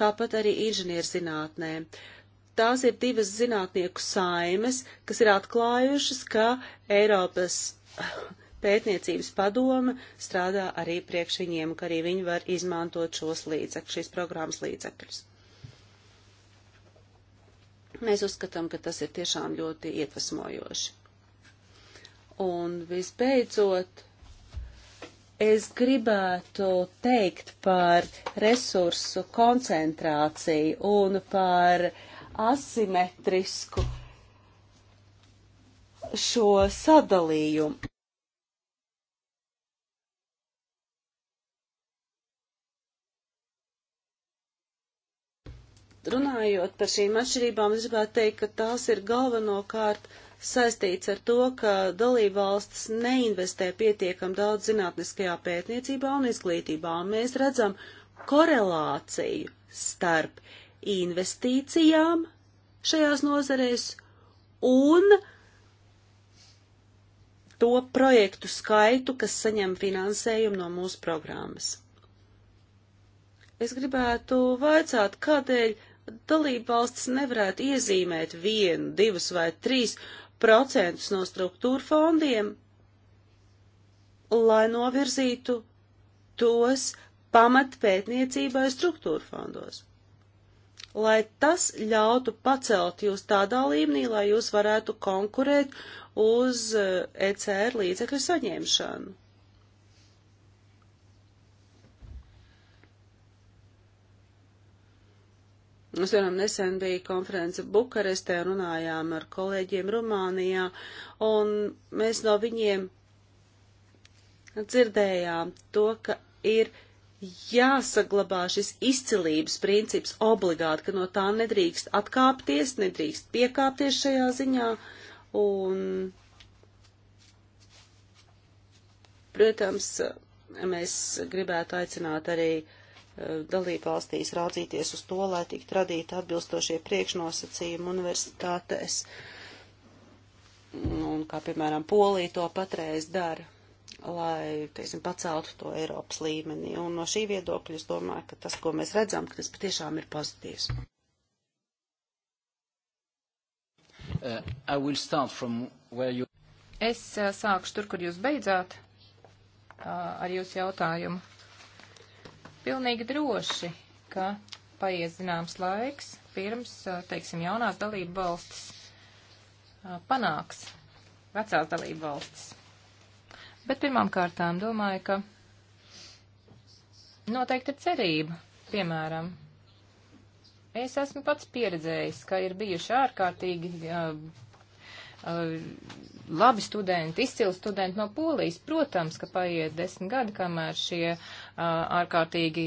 tāpat arī inženierzinātnēm. Tās ir divas zinātnieku saimes, kas ir atklājušas, ka Eiropas pētniecības padome strādā arī priekš viņiem, ka arī viņi var izmantot šos līdzekļus, šīs programmas līdzekļus. Mēs uzskatām, ka tas ir tiešām ļoti iedvesmojoši. Un visbeidzot, es gribētu teikt par resursu koncentrāciju un par asimetrisku šo sadalījumu. Runājot par šīm atšķirībām, es gribētu teikt, ka tās ir galvenokārt uh, saistīts ar to, ka dalībvalstis neinvestē pietiekam daudz zinātniskajā pētniecībā un izglītībā, un mēs redzam korelāciju starp investīcijām šajās nozarēs un to projektu skaitu, kas saņem finansējumu no mūsu programmas. Es gribētu vaicāt, kādēļ dalībvalstis nevarētu iezīmēt vienu, divus vai trīs uh, procentus no struktūra fondiem, lai novirzītu tos pamatpētniecībai struktūra fondos. Lai tas ļautu pacelt jūs tādā līmenī, lai jūs varētu konkurēt uz ECR eh, e līdzekļu saņemšanu. Mēs varam nesen bija konference Bukarestē, runājām ar kolēģiem Rumānijā, un mēs no viņiem dzirdējām to, ka ir jāsaglabā šis izcilības princips obligāti, ka no tā nedrīkst atkāpties, nedrīkst piekāpties šajā ziņā, un, protams, mēs gribētu aicināt arī uh, Eh, dalībvalstīs raudzīties uz to, lai tiktu radīti atbilstošie priekšnosacījumi universitātēs. Un kā, piemēram, Polija to patreiz dara, lai, teiksim, paceltu to Eiropas līmenī. Un no šī viedokļa es domāju, ka tas, ko mēs redzam, ka tas patiešām ir pozitīvs. Uh, you... Es uh, sākušu tur, kur jūs beidzāt uh, ar jūsu jautājumu pilnīgi droši, ka paies zināms laiks pirms, teiksim, jaunās dalību valstis panāks vecās dalību valstis. Bet pirmām kārtām domāju, ka noteikti ir cerība, piemēram. Es esmu pats pieredzējis, ka ir bijuši ārkārtīgi uh, labi studenti, izcili studenti no Polijas. Protams, ka paiet desmit gadi, kamēr šie uh, ārkārtīgi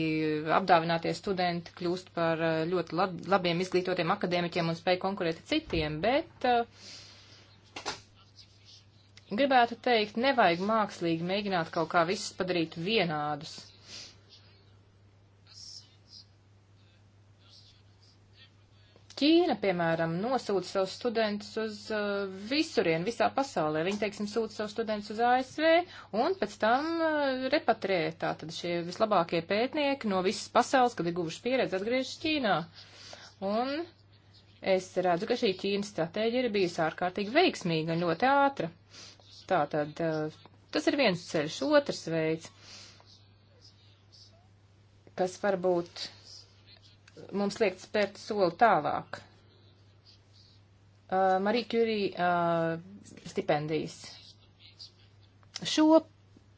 apdāvinātie studenti kļūst par uh, ļoti lab, labiem izglītotiem akadēmiķiem un spēj konkurēt ar citiem, bet. Uh, gribētu teikt, nevajag mākslīgi mēģināt kaut kā visus padarīt vienādus. Ķīna, piemēram, nosūta savus studentus uz uh, visurien, visā pasaulē. Viņi, teiksim, sūta savus studentus uz ASV un pēc tam uh, repatrē. Tātad šie vislabākie pētnieki no visas pasaules, kad ir guvuši pieredzi, atgriežas Ķīnā. Un es redzu, ka šī Ķīnas stratēģija ir bijusi ārkārtīgi veiksmīga un ļoti ātra. Tātad uh, tas ir viens ceļš, otrs veids, kas varbūt mums liek spērt soli tālāk. Uh, Marija Kurija uh, stipendijas. Šo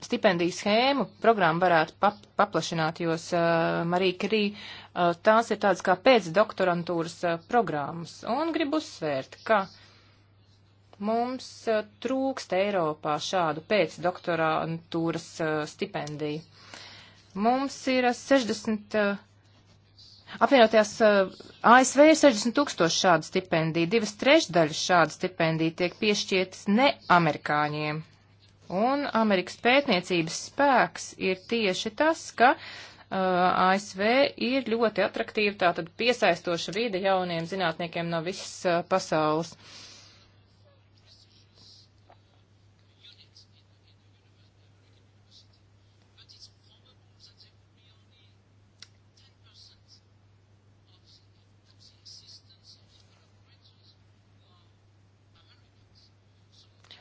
stipendiju schēmu programmu varētu pap paplašināt, jo uh, Marija Kurija uh, tās ir tādas kā pēcdoktorantūras uh, programmas. Un gribu uzsvērt, ka mums uh, trūkst Eiropā šādu pēcdoktorantūras uh, stipendiju. Mums ir uh, 60. Uh, Apvienotajās uh, eh, ASV ir 60 tūkstoši šādu stipendiju, divas trešdaļas šādu stipendiju tiek piešķietas ne amerikāņiem. Un Amerikas pētniecības spēks ir tieši tas, ka uh, eh, ASV ir ļoti atraktīva, tātad piesaistoša vide jauniem zinātniekiem no visas uh, pasaules. Uh,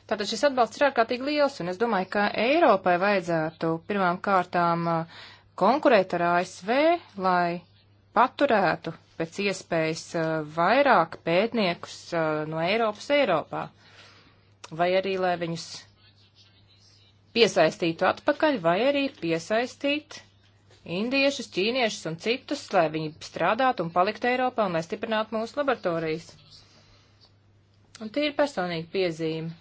Tātad šis atbalsts ir ārkārtīgi liels, un es domāju, ka Eiropai vajadzētu pirmām kārtām uh, konkurēt ar ASV, lai paturētu pēc iespējas uh, vairāk pētniekus uh, no Eiropas Eiropā, vai arī lai viņus piesaistītu atpakaļ, vai arī piesaistīt indiešus, ķīniešus un citus, lai viņi strādātu un paliktu Eiropā un lai stiprinātu mūsu laboratorijas. Un tie ir personīgi piezīme.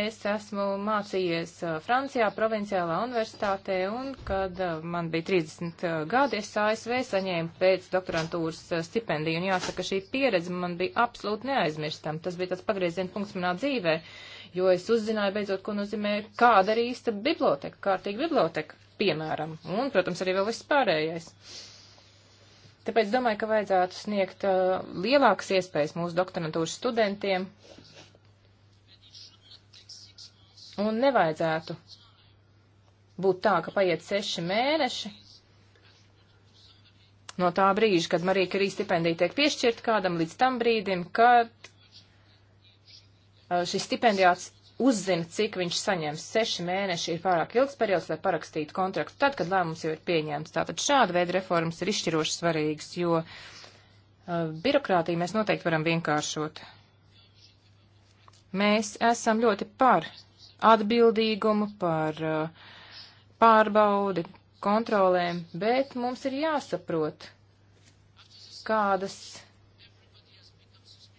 Es esmu mācījies Francijā, provinciālā universitātē, un kad man bija 30 gadi, es ASV saņēmu pēc doktorantūras stipendiju, un jāsaka, šī pieredze man bija absolūti neaizmirstam. Tas bija tāds pagrieziena punkts manā dzīvē, jo es uzzināju beidzot, ko nozīmē kāda ir īsta biblioteka, kārtīga biblioteka, piemēram, un, protams, arī vēl viss pārējais. Tāpēc domāju, ka vajadzētu sniegt uh, lielākas iespējas mūsu doktorantūras studentiem, Un nevajadzētu būt tā, ka paiet seši mēneši no tā brīža, kad Marija Kirija stipendija tiek piešķirta kādam līdz tam brīdim, kad uh, šis stipendijāts uzzina, cik viņš saņems. Seši mēneši ir pārāk ilgs periods, lai parakstītu kontraktu, tad, kad lēmums jau ir pieņemts. Tātad šāda veida reformas ir izšķiroši svarīgas, jo uh, birokrātiju mēs noteikti varam vienkāršot. Mēs esam ļoti par atbildīgumu, par eh, pārbaudi, kontrolēm, bet mums ir jāsaprot, kādas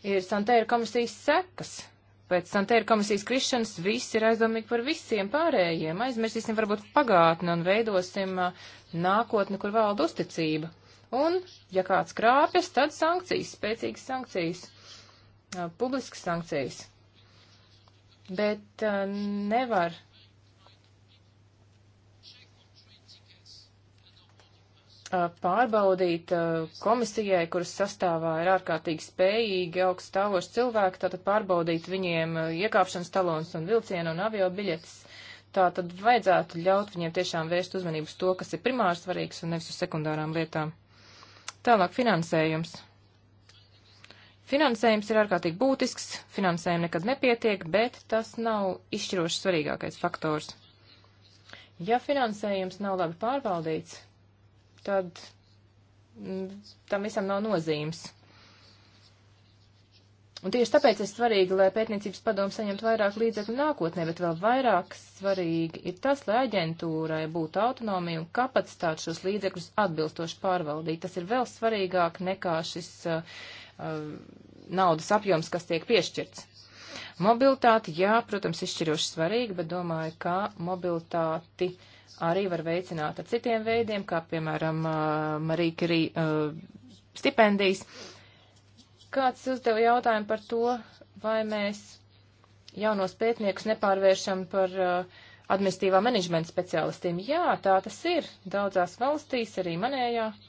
ir Santēra komisijas sekas. Pēc Santēra komisijas krišanas viss ir aizdomīgi par visiem pārējiem. Aizmirsīsim varbūt pagātni un veidosim eh, nākotni, kur valda uzticība. Un, ja kāds krāpjas, tad sankcijas, spēcīgas sankcijas, eh, publiskas sankcijas bet uh, nevar. Uh, pārbaudīt uh, komisijai, kuras sastāvā ir ārkārtīgi spējīgi augststāvoši cilvēki, tātad pārbaudīt viņiem uh, iekāpšanas talons un vilcienu un avio biļetes. Tā tad vajadzētu ļaut viņiem tiešām vērst uzmanību uz to, kas ir primārs svarīgs un nevis uz sekundārām lietām. Tālāk finansējums. Finansējums ir ārkārtīgi būtisks, finansējumi nekad nepietiek, bet tas nav izšķiroši svarīgākais faktors. Ja finansējums nav labi pārvaldīts, tad mm, tam visam nav nozīmes. Un tieši tāpēc ir svarīgi, lai pētniecības padomu saņemtu vairāk līdzekļu nākotnē, bet vēl vairāk svarīgi ir tas, lai aģentūrai būtu autonomija un kapacitāte šos līdzekļus atbilstoši pārvaldīt. Tas ir vēl svarīgāk nekā šis uh, Uh, naudas apjoms, kas tiek piešķirts. Mobiltāte, jā, protams, izšķiroši svarīga, bet domāju, ka mobiltāti arī var veicināt ar citiem veidiem, kā piemēram uh, Marija Kirija uh, stipendijas. Kāds uzdeva jautājumu par to, vai mēs jaunos pētniekus nepārvēršam par uh, administīvā menedžmenta speciālistiem. Jā, tā tas ir daudzās valstīs, arī manējā. Uh,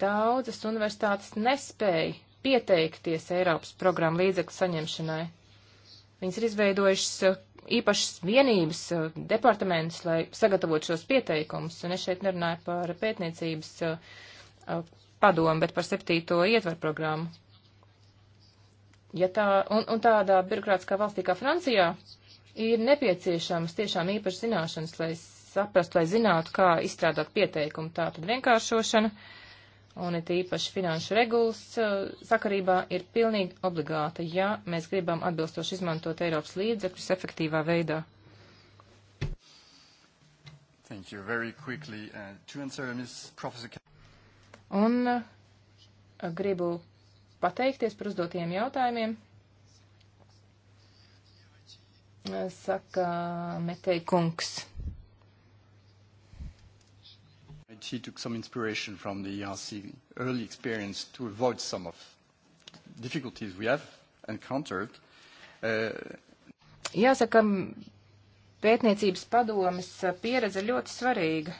Daudzas universitātes nespēja pieteikties Eiropas programmu līdzekļu saņemšanai. Viņas ir izveidojušas uh, īpašas vienības uh, departamentus, lai sagatavotu šos pieteikumus. Un es šeit nerunāju par pētniecības uh, padomu, bet par septīto ietvaru programmu. Ja tā, un, un tādā birokrātiskā valstī kā Francijā ir nepieciešams tiešām īpašas zināšanas, lai saprastu, lai zinātu, kā izstrādāt pieteikumu. Tā tad vienkāršošana. Uh, un it īpaši finanšu regulas uh, sakarībā ir pilnīgi obligāta, ja mēs gribam atbilstoši izmantot Eiropas līdzekļus efektīvā veidā. Quickly, uh, answer, uh, un uh, gribu pateikties par uzdotiem jautājumiem. Uh, saka Metei Kungs. he took some inspiration from the ERC early experience to avoid some of difficulties we have encountered. Uh, Jāsaka, pētniecības padomas uh, pieredze ļoti svarīga.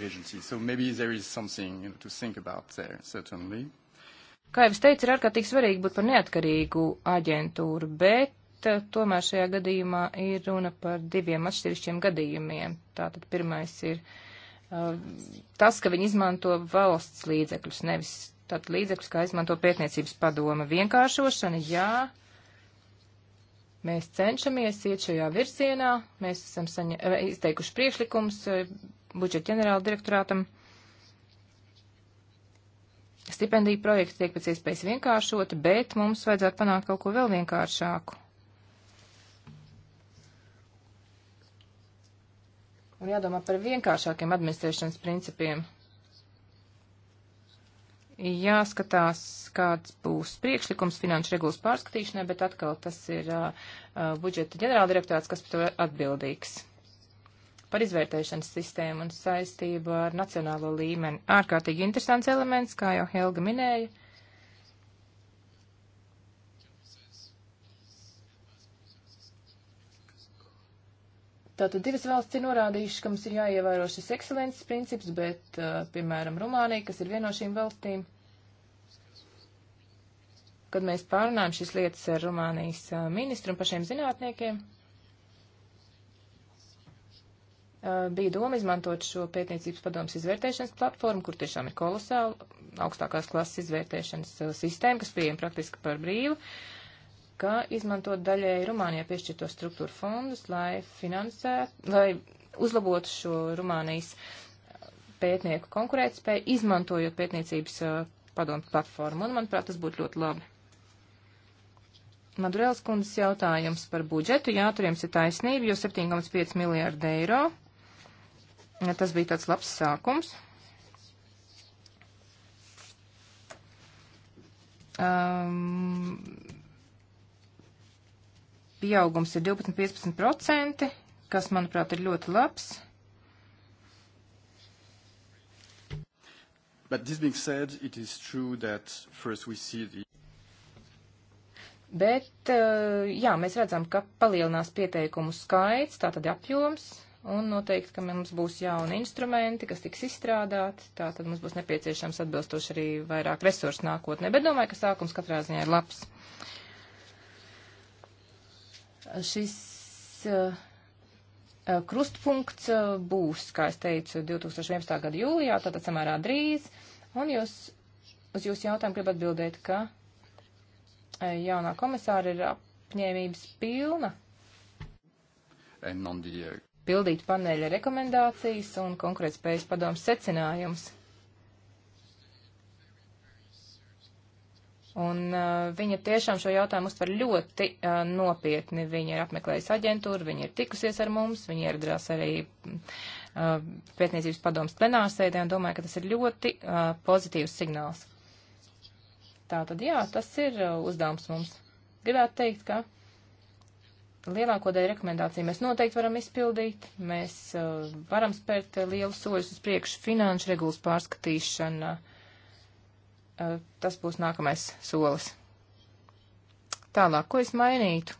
Agency. So maybe there is something you know, to think about there, certainly. Kā jau es teicu, ir ārkārtīgi svarīgi būt par neatkarīgu aģentūru, bet Eh, tomēr šajā gadījumā ir runa par diviem atšķirīšķiem gadījumiem. Tātad pirmais ir uh, tas, ka viņi izmanto valsts līdzekļus, nevis tātad līdzekļus, kā izmanto pētniecības padoma. Vienkāršošana, jā, mēs cenšamies iet šajā virzienā, mēs esam saņa, eh, izteikuši priekšlikums budžeta ģenerāla direktorātam. Stipendiju projekti tiek pēc iespējas vienkāršoti, bet mums vajadzētu panākt kaut ko vēl vienkāršāku. un jādomā par vienkāršākiem administrēšanas principiem. Jāskatās, kāds būs priekšlikums finanšu regulas pārskatīšanai, bet atkal tas ir uh, budžeta ģenerāldirektorāts, kas par to atbildīgs. Par izvērtēšanas sistēmu un saistību ar nacionālo līmeni. Ārkārtīgi interesants elements, kā jau Helga minēja. Uh, Tātad divas valsts ir norādījušas, ka mums ir jāievēro šis ekscelences princips, bet, uh, piemēram, Rumānija, kas ir viena no šīm valstīm, kad mēs pārunājam šīs lietas ar Rumānijas uh, ministru un pašiem zinātniekiem, uh, bija doma izmantot šo pētniecības padomas izvērtēšanas platformu, kur tiešām ir kolosāla augstākās klases izvērtēšanas uh, sistēma, kas pieejama praktiski par brīvu. Uh, ka izmantot daļēji Rumānijā piešķirto struktūru fondus, lai finansētu, lai uzlabotu šo Rumānijas pētnieku konkurētspēju, izmantojot pētniecības padomu platformu. Un, manuprāt, tas būtu ļoti labi. Madurēls kundzes jautājums par budžetu. Jā, tur jums ir taisnība, jo 7,5 miljārdi eiro. Tas bija tāds labs sākums. Um, pieaugums ir 12-15%, kas, manuprāt, ir ļoti labs. But this being said, it is true that first we see the Bet, eh, jā, mēs redzam, ka palielinās pieteikumu skaits, tātad apjoms, un noteikti, ka mums būs jauni instrumenti, kas tiks izstrādāti, tātad mums būs nepieciešams atbilstoši arī vairāk resursu nākotnē, bet domāju, ka sākums katrā ziņā ir labs. Uh, Šis uh, krustpunkts eh, būs, kā es teicu, 2011. gada jūlijā, tātad samērā drīz, un jūs, uz jūsu jautājumu gribu atbildēt, ka jaunā komisāra ir apņēmības pilna the... pildīt paneļa rekomendācijas un konkrētspējas padomas secinājumus. Un uh, viņa tiešām šo jautājumu uztver ļoti uh, nopietni. Viņa ir apmeklējusi aģentūru, viņa ir tikusies ar mums, viņa ieradās arī uh, pētniecības padomas plenārsēdē un domāju, ka tas ir ļoti uh, pozitīvs signāls. Tā tad jā, tas ir uh, uzdevums mums. Gribētu teikt, ka lielāko daļu rekomendāciju mēs noteikti varam izpildīt. Mēs uh, varam spērt uh, lielu soļus uz priekšu finanšu regulas pārskatīšana. Uh, Eh, tas būs nākamais solis. Tālāk, ko es mainītu?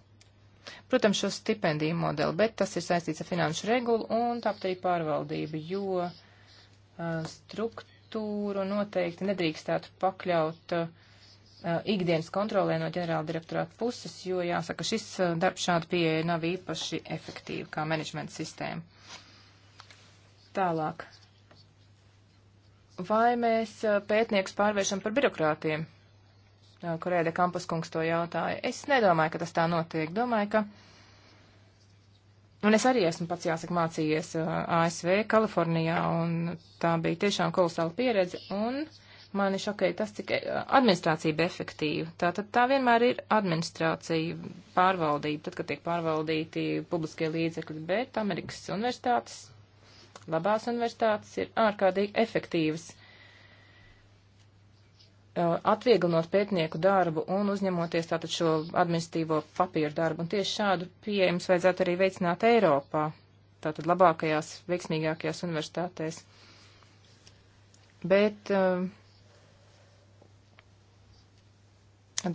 Protams, šo stipendiju modeli, bet tas ir saistīts ar finanšu regulu un tāpat arī pārvaldību, jo uh, struktūru noteikti nedrīkstētu pakļaut uh, ikdienas kontrolē no ģenerāla direktorāta puses, jo jāsaka, šis uh, darbs šāda pieeja nav īpaši efektīva kā menedžmenta sistēma. Tālāk, Vai mēs eh, pētniekus pārvēršam par birokrātiem? Korēda Kampuskungs to jautāja. Es nedomāju, ka tas tā notiek. Domāju, ka. Un es arī esmu pats, jāsaka, mācījies eh, ASV, Kalifornijā, un tā bija tiešām kolosāla pieredze. Un mani šokēja tas, cik eh, administrācija bija efektīva. Tātad tā vienmēr ir administrācija, pārvaldība, tad, kad tiek pārvaldīti publiskie līdzekļi, bet Amerikas universitātes Labās universitātes ir ārkārtīgi efektīvas, atvieglinot pētnieku darbu un uzņemoties tātad šo administratīvo papīru darbu. Un tieši šādu pieeju mums vajadzētu arī veicināt Eiropā, tātad labākajās, veiksmīgākajās universitātēs. Bet uh,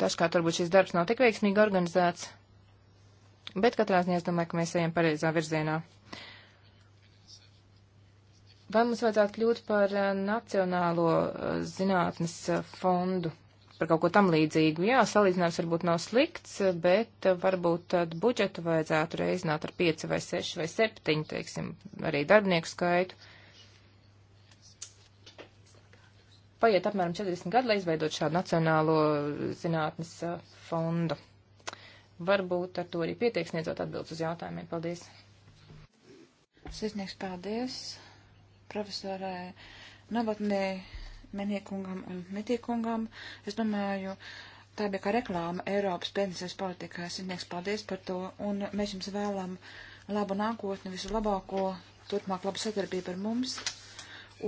dažkārt varbūt šis darbs nav tik veiksmīgi organizēts, bet katrā ziņā es domāju, ka mēs ejam pareizā virzienā. Vai mums vajadzētu kļūt par eh, Nacionālo eh, zinātnes eh, fondu, par kaut ko tam līdzīgu? Jā, salīdzinājums varbūt nav slikts, bet varbūt tad budžetu vajadzētu reizināt ar 5 vai 6 vai 7, teiksim, arī darbinieku skaitu. Paiet apmēram 40 gadu, lai izveidot šādu Nacionālo zinātnes fondu. Varbūt ar to arī pietiek sniedzot atbildes uz jautājumiem. Paldies! Sisnieks, paldies! profesorai Novotnē, Meniekungam un Metīkungam. Es domāju, tā bija kā reklāma Eiropas pēdniecības politikai. Sinieks, paldies par to, un mēs jums vēlam labu nākotni, visu labāko, turpmāk labu sadarbību ar mums,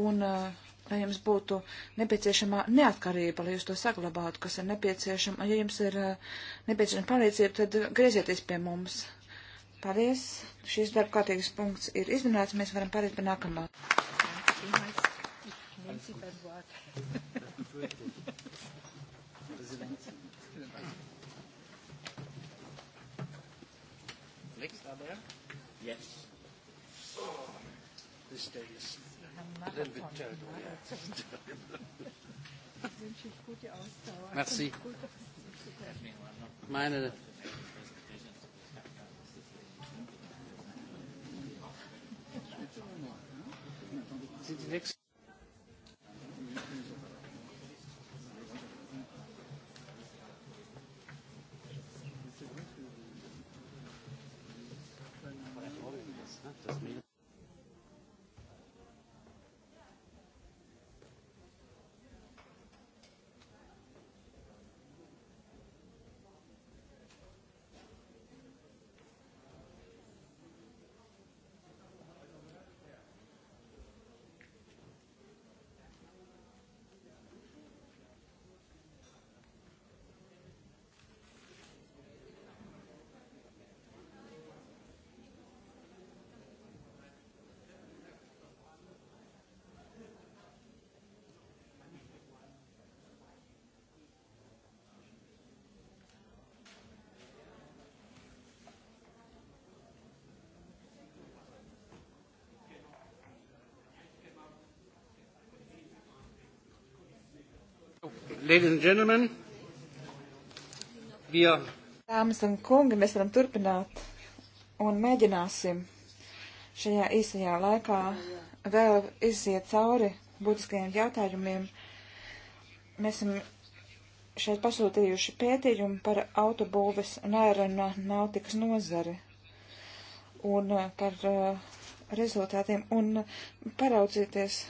un eh, lai jums būtu nepieciešamā neatkarība, lai jūs to saglabātu, kas ir nepieciešama. Ja jums ir eh, nepieciešama palīdzība, tad griezieties pie mums. Paldies. Šīs darba kārtības punkts ir izrunāts. Mēs varam pāriet pie nākamā. Yes. Oh, this day is a little bit terrible. Yeah. Merci. Meine die nächste. Das Mehl Ladies and gentlemen, wir. Dāmas un kungi, mēs varam turpināt un mēģināsim šajā īsajā laikā vēl iziet cauri būtiskajiem jautājumiem. Mēs esam šeit pasūtījuši pētījumu par autobūves un ērana nautikas nozari un par eh, rezultātiem un paraudzīties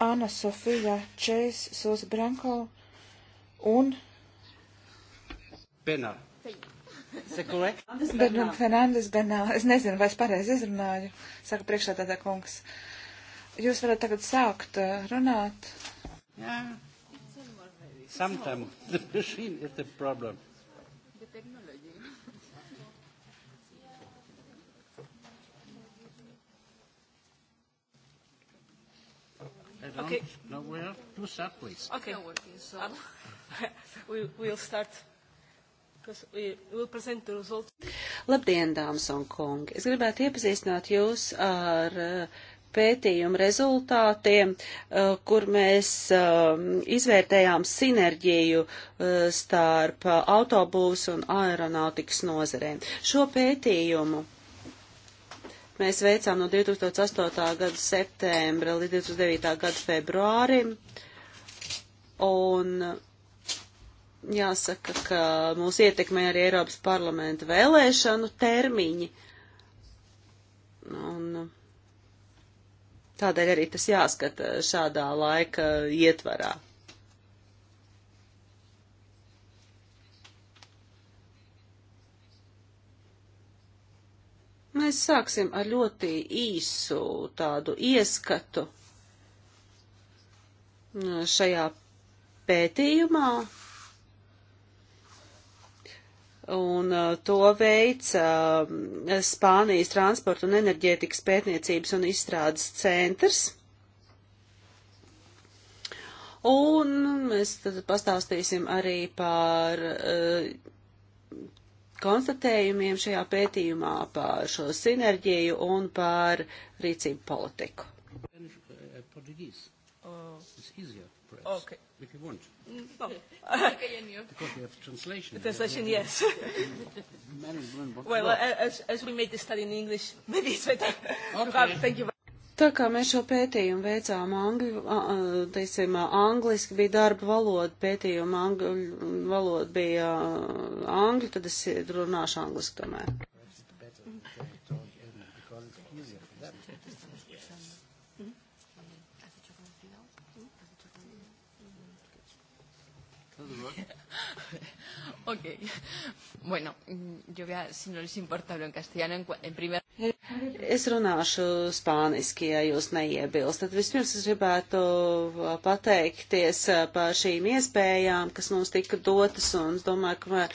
Anna Sofija Čejs, Sosa Branko un Benā. Bernard Fernandes Benā. Es nezinu, vai es pareizi izrunāju, saka priekšsādātā kungs. Jūs varat tagad sākt uh, runāt. Jā. Yeah. Sometimes the machine is the problem. I don't okay. know where to start, please. Okay. Not working, so. um, we, we'll start. We will present the results. Labdien, dāmas un kungi! Es gribētu iepazīstināt jūs ar uh, pētījumu rezultātiem, uh, kur mēs um, izvērtējām sinerģiju uh, starp autobūs un aeronautikas nozarēm. Šo pētījumu mēs veicām no 2008. gada septembra līdz 2009. gada februārim. Un jāsaka, ka mūs ietekmē arī Eiropas parlamenta vēlēšanu termiņi. Un tādēļ arī tas jāskata šādā laika ietvarā. Mēs sāksim ar ļoti īsu tādu ieskatu šajā pētījumā. Un uh, to veica uh, Spānijas transporta un enerģētikas pētniecības un izstrādes centrs. Un mēs tad pastāstīsim arī par uh, konstatējumiem šajā pētījumā par šo sinerģiju un par rīcību politiku. Okay. If you want. No. Mm, because we have translation. The translation, yes. well, uh, as, as we made the study in English, maybe it's better. Okay. But thank you. Tā kā mēs šo pētījumu veicām angļu, teiksim, angliski bija darba valoda, pētījuma angļu valoda bija angļu, tad es runāšu angliski tomēr. okay. Bueno, yo voy a, si no les importa, hablo en castellano en, en primer. Es runāšu spāniski, ja jūs neiebilst. Tad vispirms es gribētu uh, pateikties uh, par šīm iespējām, kas mums tika dotas, un es domāju, ka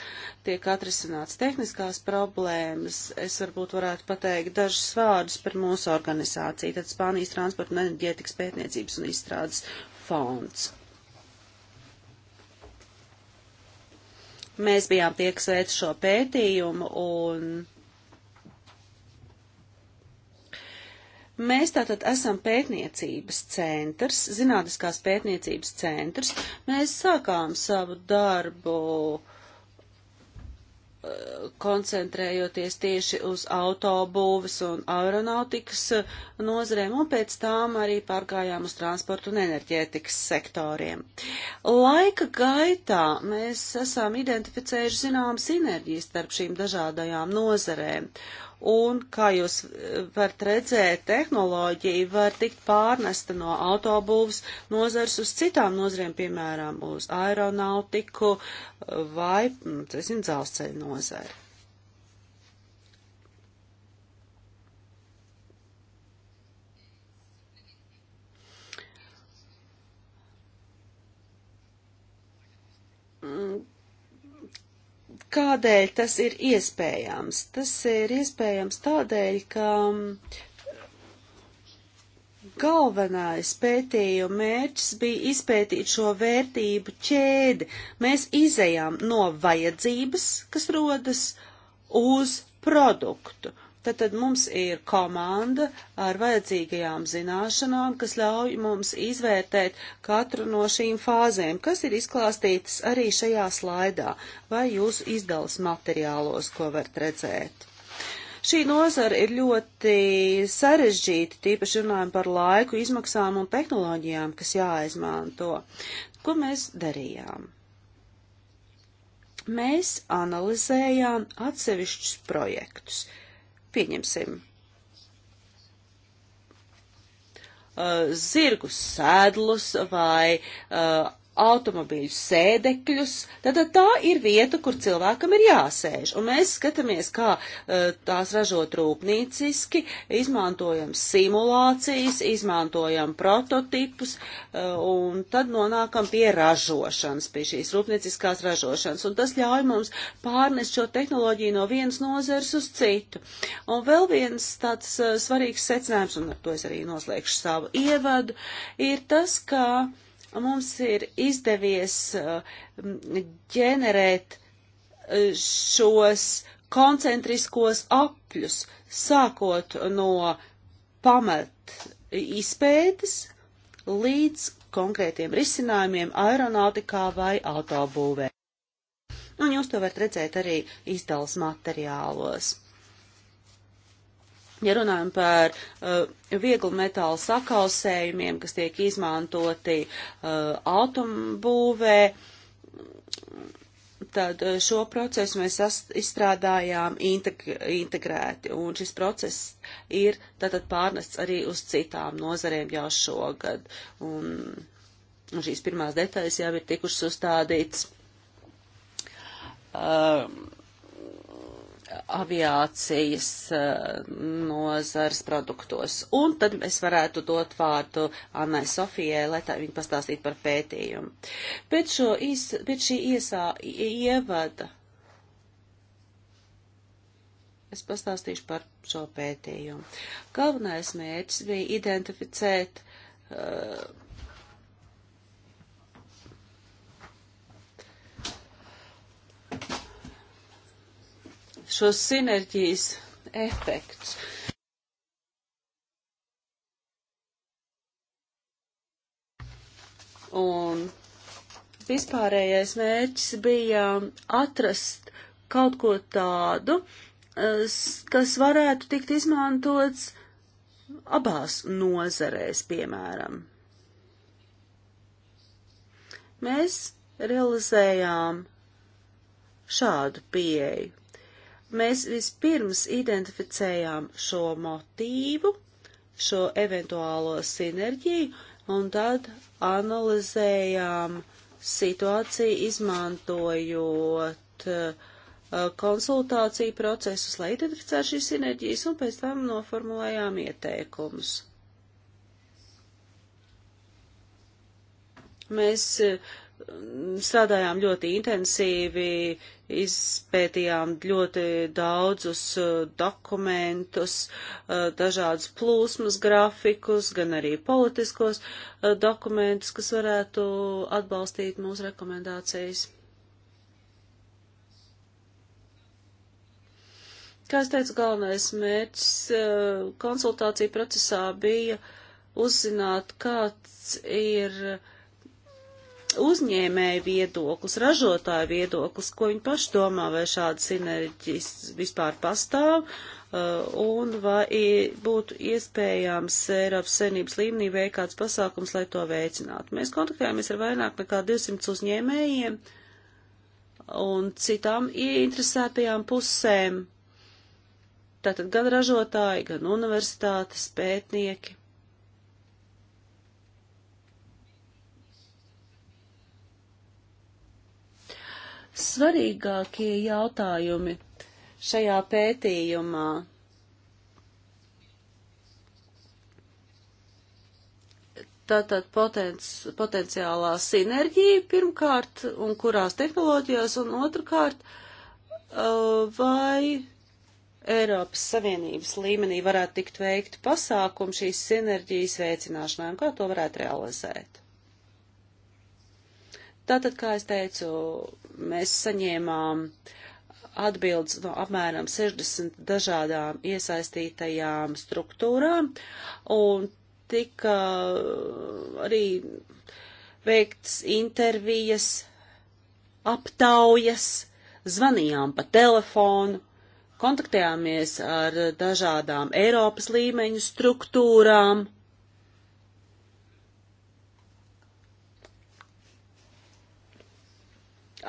tiek atrisināts tehniskās problēmas. Es varbūt varētu pateikt dažus vārdus par mūsu organizāciju. Tad Spānijas transporta un enerģētikas pētniecības un izstrādes fonds. Mēs bijām tie, kas veica šo pētījumu, un mēs tātad esam pētniecības centrs, zinātniskās pētniecības centrs. Mēs sākām savu darbu koncentrējoties tieši uz autobūves un aeronautikas e, nozarēm, un pēc tām arī pārgājām uz transportu un enerģētikas sektoriem. Laika gaitā mēs esam identificējuši zinām sinerģijas starp šīm dažādajām nozarēm, un, kā jūs eh, varat redzēt, tehnoloģija var tikt pārnesta no autobūvas nozars uz citām nozarēm, piemēram, uz aeronautiku vai, mm, teiksim, dzelzceļa nozari. Mm Kādēļ tas ir iespējams? Tas ir iespējams tādēļ, ka mm, galvenais pētījuma mērķis bija izpētīt šo vērtību ķēdi. Mēs izējām no vajadzības, kas rodas, uz produktu. Tad, tad mums ir komanda ar vajadzīgajām zināšanām, kas ļauj mums izvērtēt katru no šīm fāzēm, kas ir izklāstītas arī šajā slaidā vai jūsu izdevums materiālos, ko varat redzēt. Šī nozara ir ļoti sarežģīta, tīpaši runājam par laiku, izmaksām un tehnoloģijām, kas jāizmanto. Ko mēs darījām? Mēs analizējām atsevišķus projektus Pieņemsim. Uh, Zirgu sēdlus vai uh, automobīļu sēdekļus, tad tā ir vieta, kur cilvēkam ir jāsēž. Un mēs skatāmies, kā eh, tās ražot rūpnīciski, izmantojam simulācijas, izmantojam prototipus, eh, un tad nonākam pie ražošanas, pie šīs rūpnieciskās ražošanas. Un tas ļauj mums pārnest šo tehnoloģiju no vienas nozeres uz citu. Un vēl viens tāds eh, svarīgs secinājums, un ar to es arī noslēgšu savu ievadu, ir tas, ka mums ir izdevies uh, ģenerēt uh, šos koncentriskos apļus, sākot no pamat izpētes līdz konkrētiem risinājumiem aeronautikā vai autobūvē. Un jūs to varat redzēt arī izdals materiālos. Ja runājam par uh, vieglu metālu sakausējumiem, kas tiek izmantoti uh, autombūvē, tad uh, šo procesu mēs izstrādājām integ integrēti, un šis process ir tātad pārnests arī uz citām nozarēm jau šogad. Un, un šīs pirmās detaļas jau ir tikušas uzstādīts. Um, aviācijas eh, nozars produktos. Un tad es varētu dot vārdu Annai Sofijai, lai tā viņa pastāstītu par pētījumu. Pēc, šo, pēc šī iesā, ievada es pastāstīšu par šo pētījumu. Galvenais mērķis bija identificēt uh, šos sinerģijas efektus. Un vispārējais mērķis bija atrast kaut ko tādu, kas varētu tikt izmantots abās nozarēs, piemēram. Mēs realizējām šādu pieeju. Mēs vispirms identificējām šo motīvu, šo eventuālo sinerģiju, un tad analizējām situāciju, izmantojot uh, konsultāciju procesus, lai identificētu šīs sinerģijas, un pēc tam noformulējām ieteikumus. Mēs uh, strādājām ļoti intensīvi, izpētījām ļoti daudzus uh, dokumentus, uh, dažādus plūsmas grafikus, gan arī politiskos uh, dokumentus, kas varētu atbalstīt mūsu rekomendācijas. Kā es teicu, galvenais mērķis konsultāciju procesā bija uzzināt, kāds ir uh, uzņēmēju viedoklis, ražotāju viedoklis, ko viņi paši domā, vai šāda sinerģis vispār pastāv, uh, un vai būtu iespējams Eiropas senības līmenī veikt kāds pasākums, lai to veicinātu. Mēs kontaktējāmies ar vairāk nekā 200 uzņēmējiem un citām ieinteresētajām pusēm. Tātad gan ražotāji, gan universitātes pētnieki. svarīgākie jautājumi šajā pētījumā? Tātad potenci, potenciālā sinerģija pirmkārt, un kurās tehnoloģijās, un otrkārt, uh, vai Eiropas Savienības līmenī varētu tikt veikti pasākumi šīs sinerģijas veicināšanai, un kā to varētu realizēt? Tātad, kā es teicu, mēs saņēmām atbildes no apmēram 60 dažādām iesaistītajām struktūrām un tika uh, arī veikts intervijas, aptaujas, zvanījām pa telefonu, kontaktējāmies ar dažādām Eiropas līmeņu struktūrām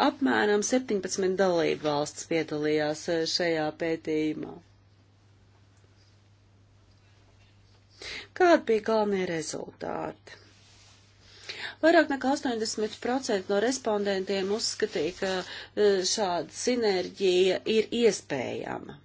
Apmēram 17 dalību valsts piedalījās eh, šajā pētījumā. Kādi bija galvenie rezultāti? Vairāk nekā 80% no respondentiem uzskatīja, ka eh, šāda sinerģija ir iespējama.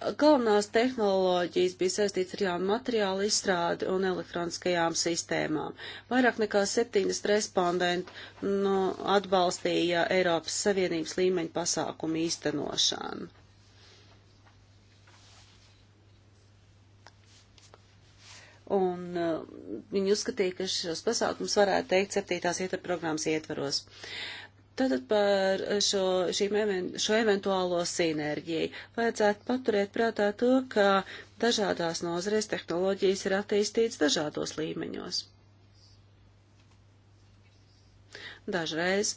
Galvenās tehnoloģijas bija saistīts ar jaunu materiālu izstrādi un elektroniskajām sistēmām. Vairāk nekā 70 respondenti nu, atbalstīja Eiropas Savienības līmeņa pasākumu īstenošanu. Un uh, viņi uzskatīja, ka šos pasākums varētu teikt septītās ietver programmas ietveros. Uh, Tātad par šo, šīm, šo eventuālo sinerģiju vajadzētu paturēt prātā to, ka dažādās nozarēs tehnoloģijas ir attīstīts dažādos līmeņos. Dažreiz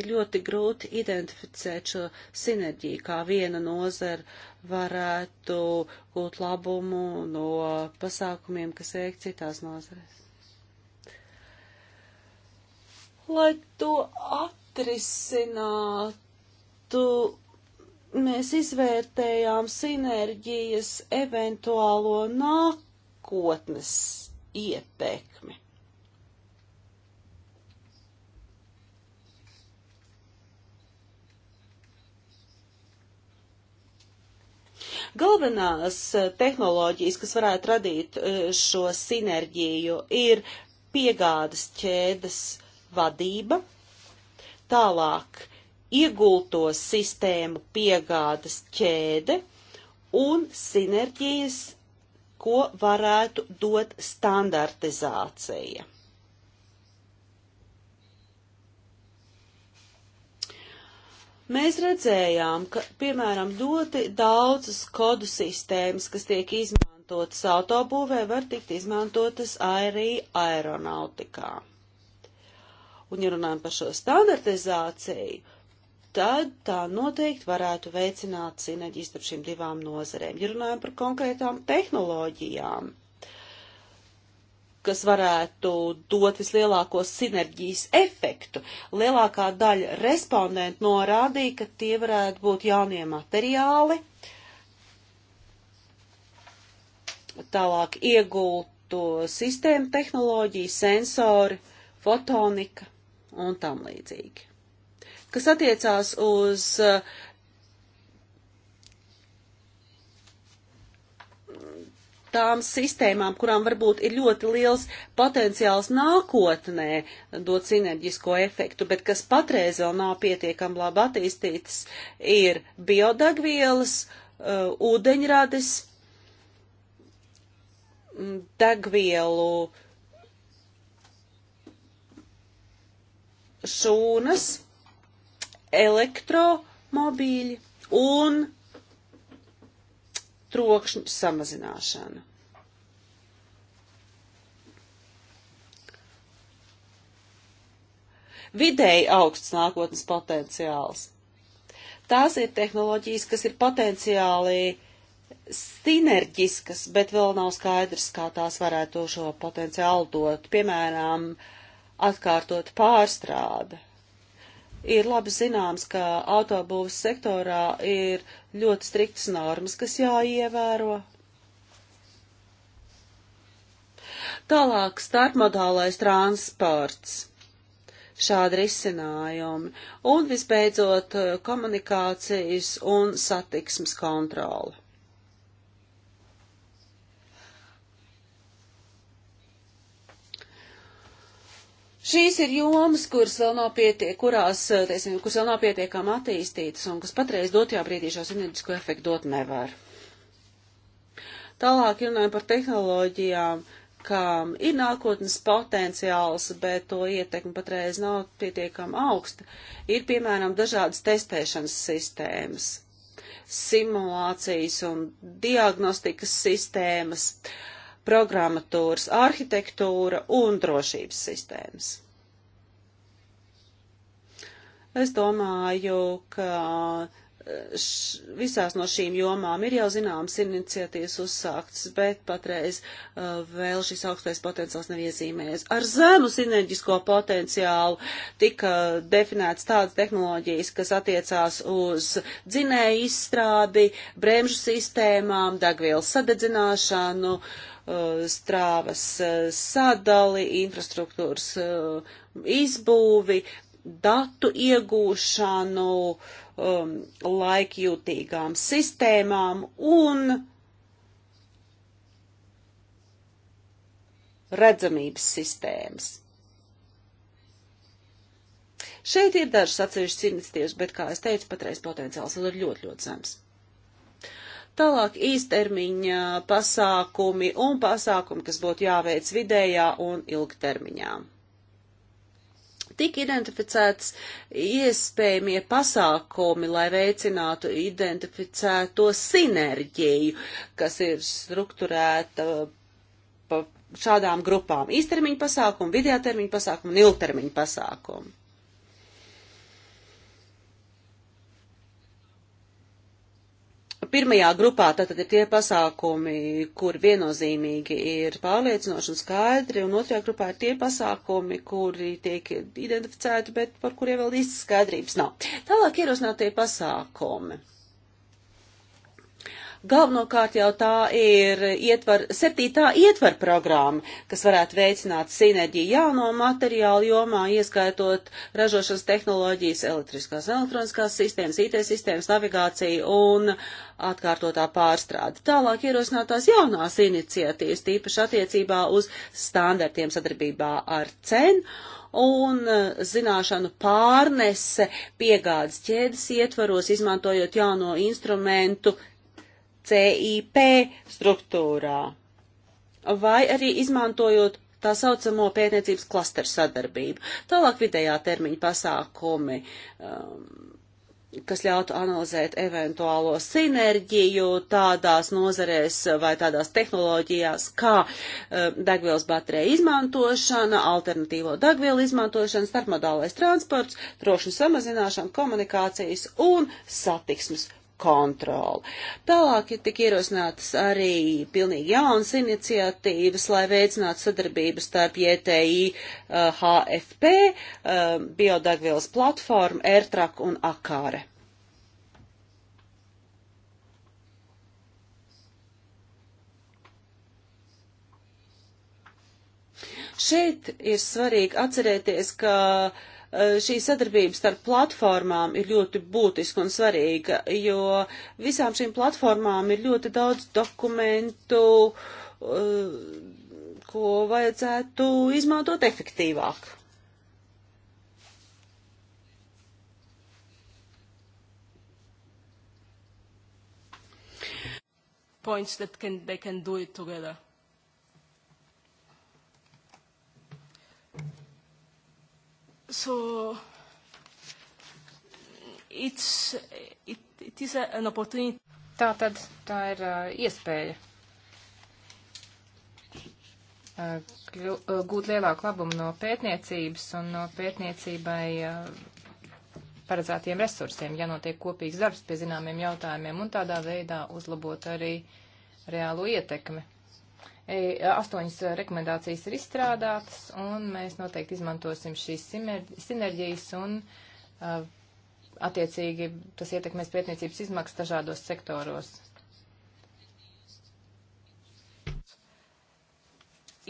ir ļoti grūti identificēt šo sinerģiju, kā viena nozara varētu gūt labumu no pasākumiem, kas veikts citās nozarēs. lai to atrisinātu, mēs izvērtējām sinerģijas eventuālo nākotnes ietekmi. Galvenās eh, tehnoloģijas, kas varētu radīt eh, šo sinerģiju, ir piegādas ķēdes vadība, tālāk iegulto sistēmu piegādas ķēde un sinerģijas, ko varētu dot standartizācija. Mēs redzējām, ka, piemēram, ļoti daudzas kodu sistēmas, kas tiek izmantotas autobūvē, var tikt izmantotas arī aeronautikā. Un, ja runājam par šo standartizāciju, tad tā noteikti varētu veicināt sinerģiju starp šīm divām nozarēm. Ja runājam par konkrētām tehnoloģijām, kas varētu dot vislielāko sinerģijas efektu. Lielākā daļa respondentu norādīja, ka tie varētu būt jaunie materiāli, tālāk iegulto sistēmu tehnoloģiju, sensori, fotonika un tam līdzīgi. Kas attiecās uz eh, tām sistēmām, kurām varbūt ir ļoti liels potenciāls nākotnē dot sinerģisko efektu, bet kas patreiz vēl nav pietiekami labi attīstītas, ir biodagvielas, eh, ūdeņrades, degvielu uh, šūnas, elektromobīļi un trokšņu samazināšana. Vidēji augsts nākotnes potenciāls. Tās ir tehnoloģijas, kas ir potenciāli sinerģiskas, bet vēl nav skaidrs, kā tās varētu šo potenciālu dot. Piemēram, uh, atkārtot pārstrāde. Ir labi zināms, ka autobūvas sektorā ir ļoti striktas normas, kas jāievēro. Tālāk starpmodālais transports šādi risinājumi, un visbeidzot komunikācijas un satiksmes kontrole. Šīs ir jomas, kuras vēl nav pietiek, kurās, eh, teiksim, kuras vēl nav pietiekām attīstītas un kas patreiz dotajā brīdī šo sinerģisko efektu dot nevar. Tālāk runājam par tehnoloģijām, kam ir nākotnes potenciāls, bet to ietekmi patreiz nav pietiekam augsta. Ir, piemēram, dažādas testēšanas sistēmas, simulācijas un diagnostikas sistēmas. Uh, programmatūras arhitektūra un drošības sistēmas. Es domāju, ka e, š, visās no šīm jomām ir jau zināmas iniciatīvas uzsāktas, bet patreiz uh, vēl šis augstais potenciāls nav iezīmējies. Ar zemu sinerģisko potenciālu tika definēts tādas tehnoloģijas, kas attiecās uz dzinēju izstrādi, bremžu sistēmām, degvielas sadedzināšanu. Uh, Uh, strāvas uh, sadali, infrastruktūras uh, izbūvi, datu iegūšanu, um, laikjūtīgām sistēmām un redzamības sistēmas. Šeit ir dažas atsevišķas iniciatīvas, bet, kā es teicu, patreiz potenciāls vēl ir ļoti, ļoti zems. Tālāk īstermiņa pasākumi un pasākumi, kas būtu jāveic vidējā un ilgtermiņā. Tik identificēts iespējamie pasākumi, lai veicinātu identificēto sinerģiju, kas ir strukturēta pa šādām grupām - īstermiņa pasākumu, vidējā termiņa pasākumu un ilgtermiņa pasākumu. Pirmajā grupā tātad ir tie pasākumi, kur viennozīmīgi ir pārliecinoši un skaidri, un otrajā grupā ir tie pasākumi, kuri tiek identificēti, bet par kuriem vēl īsti skaidrības nav. Tālāk ierosinātie pasākumi. Galvenokārt jau tā ir ietvar, septītā ietvar programma, kas varētu veicināt sinerģiju jauno materiālu jomā, ieskaitot ražošanas tehnoloģijas, elektriskās un elektroniskās sistēmas, IT sistēmas, navigāciju un atkārtotā pārstrāde. Tālāk ierosinātās jaunās iniciatīvas, tīpaši attiecībā uz standartiem sadarbībā ar CEN un eh, zināšanu pārnese piegādes ķēdes ietvaros, izmantojot jauno instrumentu CIP struktūrā, vai arī izmantojot tā saucamo pētniecības klasteru sadarbību. Tālāk vidējā termiņa pasākumi, um, kas ļautu analizēt eventuālo sinerģiju tādās nozarēs vai tādās tehnoloģijās, kā um, degvielas baterija izmantošana, alternatīvo degvielu izmantošana, starpmodālais transports, trošņu samazināšana, komunikācijas un satiksmes kontroli. Tālāk ir tik ierosinātas arī pilnīgi jaunas iniciatīvas, lai veicinātu sadarbību starp JTI, HFP, eh, eh, biodegvielas platformu, Ertrak un Akāre. Šeit ir svarīgi atcerēties, ka uh, Eh, šī sadarbība starp platformām ir ļoti būtiska un svarīga, jo visām šīm platformām ir ļoti daudz dokumentu, eh, ko vajadzētu izmantot efektīvāk. Points that can, they can do it together. so it's, it, it is an opportunity. Tā tad tā ir uh, iespēja uh, kļu, uh, gūt lielāku labumu no pētniecības un no pētniecībai uh, paredzētiem resursiem, ja notiek kopīgs darbs pie zināmiem jautājumiem un tādā veidā uzlabot arī reālo ietekmi. E, astoņas rekomendācijas ir izstrādātas, un mēs noteikti izmantosim šīs sinerģijas, un uh, attiecīgi tas ietekmēs pētniecības izmaksas dažādos sektoros.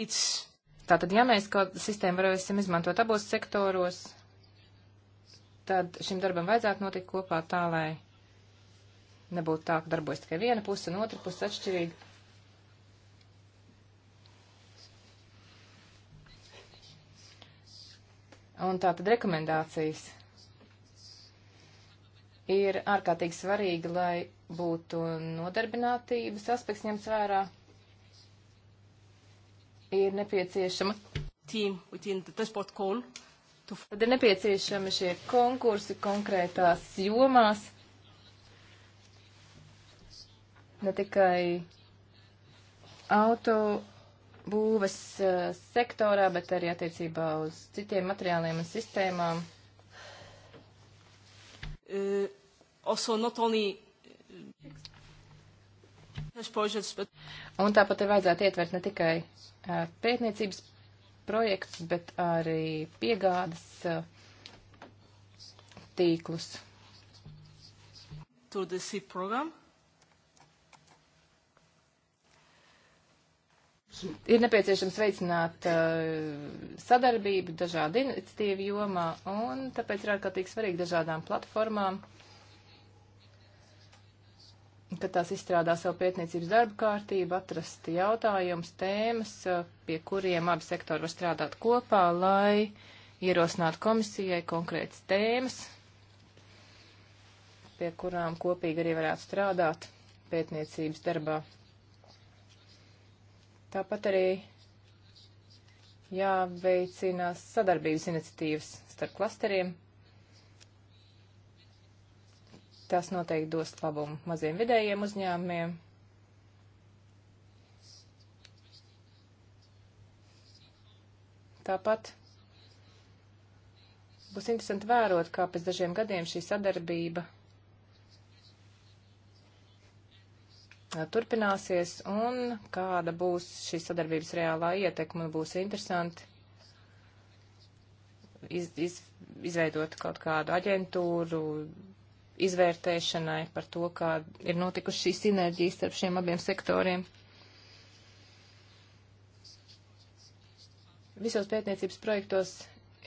It's... Tātad, ja mēs kaut sistēmu varēsim izmantot abos sektoros, tad šim darbam vajadzētu notikt kopā tā, lai nebūtu tā, ka darbojas tikai viena puse un otra puse atšķirīgi. Un tā tad rekomendācijas ir ārkārtīgi svarīgi, lai būtu nodarbinātības aspekts ņemts vērā. Ir nepieciešama. To... Tad ir nepieciešami šie konkursi konkrētās jomās. Ne tikai auto būves uh, sektorā, bet arī attiecībā uz citiem materiāliem un sistēmām. Uh, e, also not only e, projects, but... Un tāpat ir vajadzētu ietvert ne tikai uh, pētniecības projekts, bet arī piegādes uh, tīklus. To the SIP programme. ir nepieciešams veicināt uh, sadarbību dažādu iniciatīvu jomā, un tāpēc ir ārkārtīgi svarīgi dažādām platformām, kad tās izstrādā savu pētniecības darbu kārtību, atrast jautājumus, tēmas, eh, pie kuriem abi sektori var strādāt kopā, lai ierosinātu komisijai konkrētas tēmas, pie kurām kopīgi arī varētu strādāt pētniecības darbā. Tāpat arī jāveicinās sadarbības iniciatīvas starp klasteriem. Tas noteikti dos labumu maziem vidējiem uzņēmumiem. Tāpat būs interesanti vērot, kā pēc dažiem gadiem šī sadarbība turpināsies un kāda būs šīs sadarbības reālā ietekme. Būs interesanti iz, iz, izveidot kaut kādu aģentūru izvērtēšanai par to, kā ir notikuši šī sinerģija starp šiem abiem sektoriem. Visos pētniecības projektos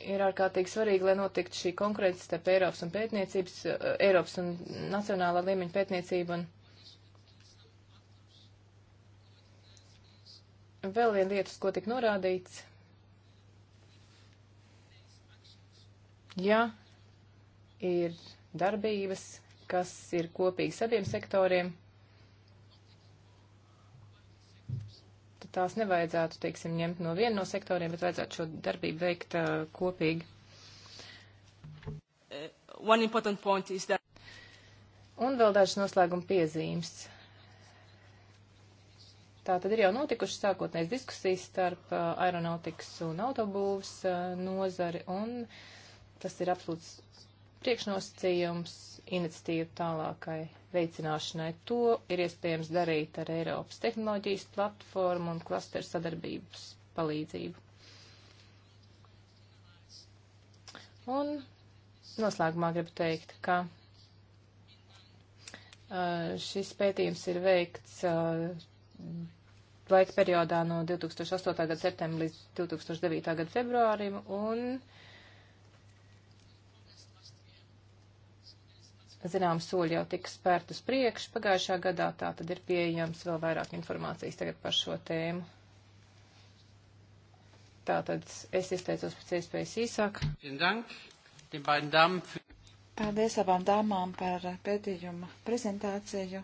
ir ārkārtīgi svarīgi, lai notiktu šī konkurence starp Eiropas un pētniecības, Eiropas un nacionālā līmeņa pētniecību un Vēl viena lieta, uz ko tik norādīts. Ja ir darbības, kas ir kopīgas abiem sektoriem, tad tās nevajadzētu, teiksim, ņemt no viena no sektoriem, bet vajadzētu šo darbību veikt uh, kopīgi. Uh, that... Un vēl dažas noslēguma piezīmes. Tā tad ir jau notikušas sākotnējas diskusijas starp uh, aeronautikas un autobūvas uh, nozari, un tas ir absolūts priekšnosacījums iniciatīvu tālākai veicināšanai. To ir iespējams darīt ar Eiropas tehnoloģijas platformu un klasteru sadarbības palīdzību. Un noslēgumā gribu teikt, ka uh, šis pētījums ir veikts uh, laika periodā no 2008. gada septembra līdz 2009. gada februārim, un zinām soļi jau tika spērt uz priekšu pagājušā gadā, tā tad ir pieejams vēl vairāk informācijas tagad par šo tēmu. Tātad es izteicos pēc iespējas īsāk. Paldies abām dāmām par pētījumu prezentāciju.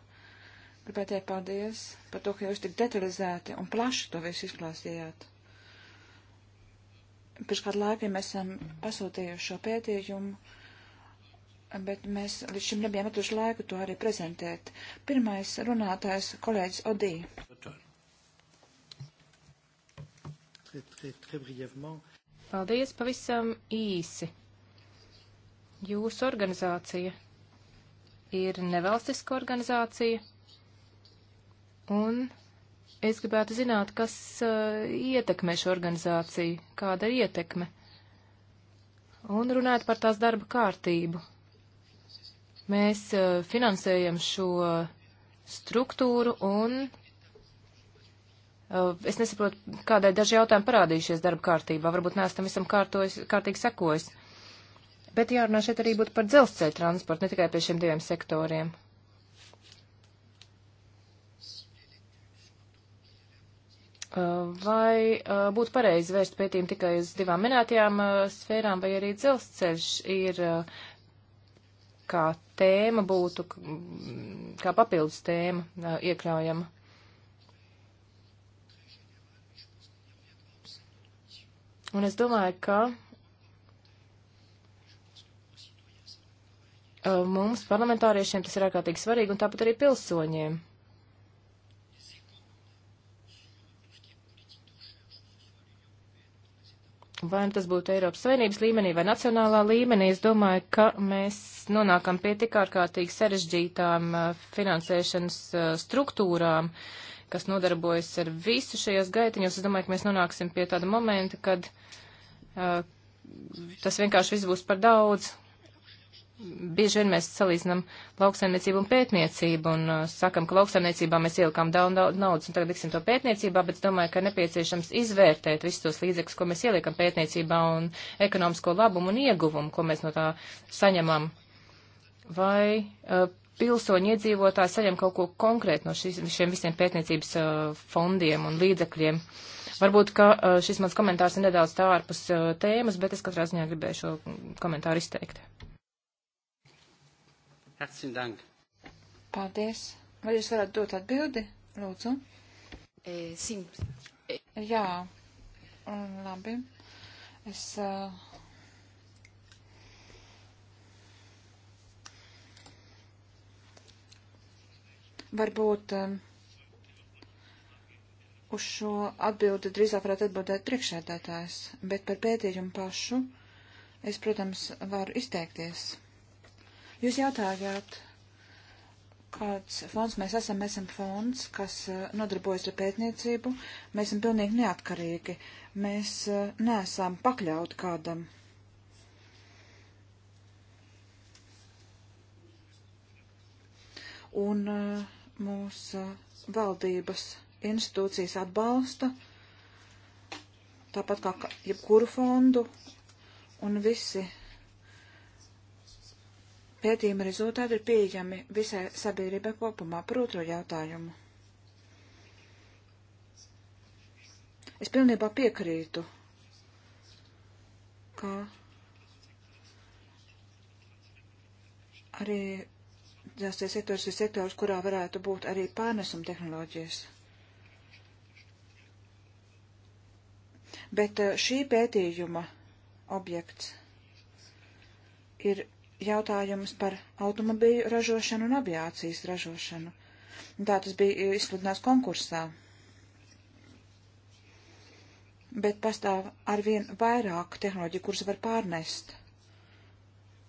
Gribētu teikt paldies par to, ka jūs tik detalizēti un plaši to visu izklāstījāt. Pirms kādu laiku mēs esam pasūtījuši šo pētījumu, bet mēs līdz šim nebijām atraduši laiku to arī prezentēt. Pirmais runātājs kolēģis Odī. Paldies pavisam īsi. Jūsu organizācija ir nevalstiska organizācija Un es gribētu zināt, kas uh, ietekmē šo organizāciju, kāda ir ietekme. Un runājot par tās darba kārtību. Mēs uh, finansējam šo struktūru un uh, es nesaprotu, kādēļ daži jautājumi parādījušies darba kārtībā. Varbūt neesam tam visam kārtojis, kārtīgi sekojis. Bet jārunā šeit arī būtu par dzelzceļa transportu, ne tikai pie šiem diviem sektoriem. Eh, vai eh, būtu pareizi vērst pētījumu tikai uz divām minētajām eh, sfērām, vai arī dzelzceļš ir kā tēma būtu, mm, kā papildus tēma iekļaujama? Un es domāju, ka mums parlamentāriešiem tas ir ārkārtīgi svarīgi un tāpat arī pilsoņiem. Vai nu tas būtu Eiropas Savienības līmenī vai nacionālā līmenī, es domāju, ka mēs nonākam pie tik ārkārtīgi sarežģītām uh, finansēšanas uh, struktūrām, kas nodarbojas ar visu šajos gaitiņos. Es domāju, ka mēs nonāksim pie tāda momenta, kad uh, tas vienkārši viss būs par daudz bieži vien mēs salīdzinām lauksaimniecību un pētniecību un uh, sakam, ka lauksaimniecībā mēs ielikām daudz naudas un tagad liksim to pētniecībā, bet es domāju, ka nepieciešams izvērtēt visus tos līdzekļus, ko mēs ieliekam pētniecībā un ekonomisko labumu un ieguvumu, ko mēs no tā saņemam. Vai uh, pilsoņi iedzīvotāji saņem kaut ko konkrētu no šis, šiem visiem pētniecības uh, fondiem un līdzekļiem. Varbūt, ka uh, šis mans komentārs ir nedaudz tā ārpus uh, tēmas, bet es katrā ziņā gribēju šo komentāru izteikt. Herzlichen Dank. Paldies. Vai jūs varat dot atbildi, lūdzu? E, eh, simt. E. Eh. Jā, un labi. Es. Uh, varbūt um, uz šo atbildi drīzāk varētu atbildēt priekšēdētājs, bet par pētījumu pašu es, protams, varu izteikties. Jūs jautājāt, kāds fonds mēs esam. Mēs esam fonds, kas eh, nodarbojas ar pētniecību. Mēs esam pilnīgi neatkarīgi. Mēs eh, neesam pakļauti kādam. Un eh, mūsu valdības institūcijas atbalsta, tāpat kā jebkuru fondu, un visi Pētījuma rezultāti ir pieejami visai sabiedrībai kopumā par otro jautājumu. Es pilnībā piekrītu, ka arī tas ir sektors, ir sektors, kurā varētu būt arī pārnesuma tehnoloģijas. Bet eh, šī pētījuma objekts ir jautājumus par automobīļu ražošanu un aviācijas ražošanu. Tā tas bija izsludināts konkursā. Bet pastāv arvien vairāk tehnoloģiju, kuras var pārnest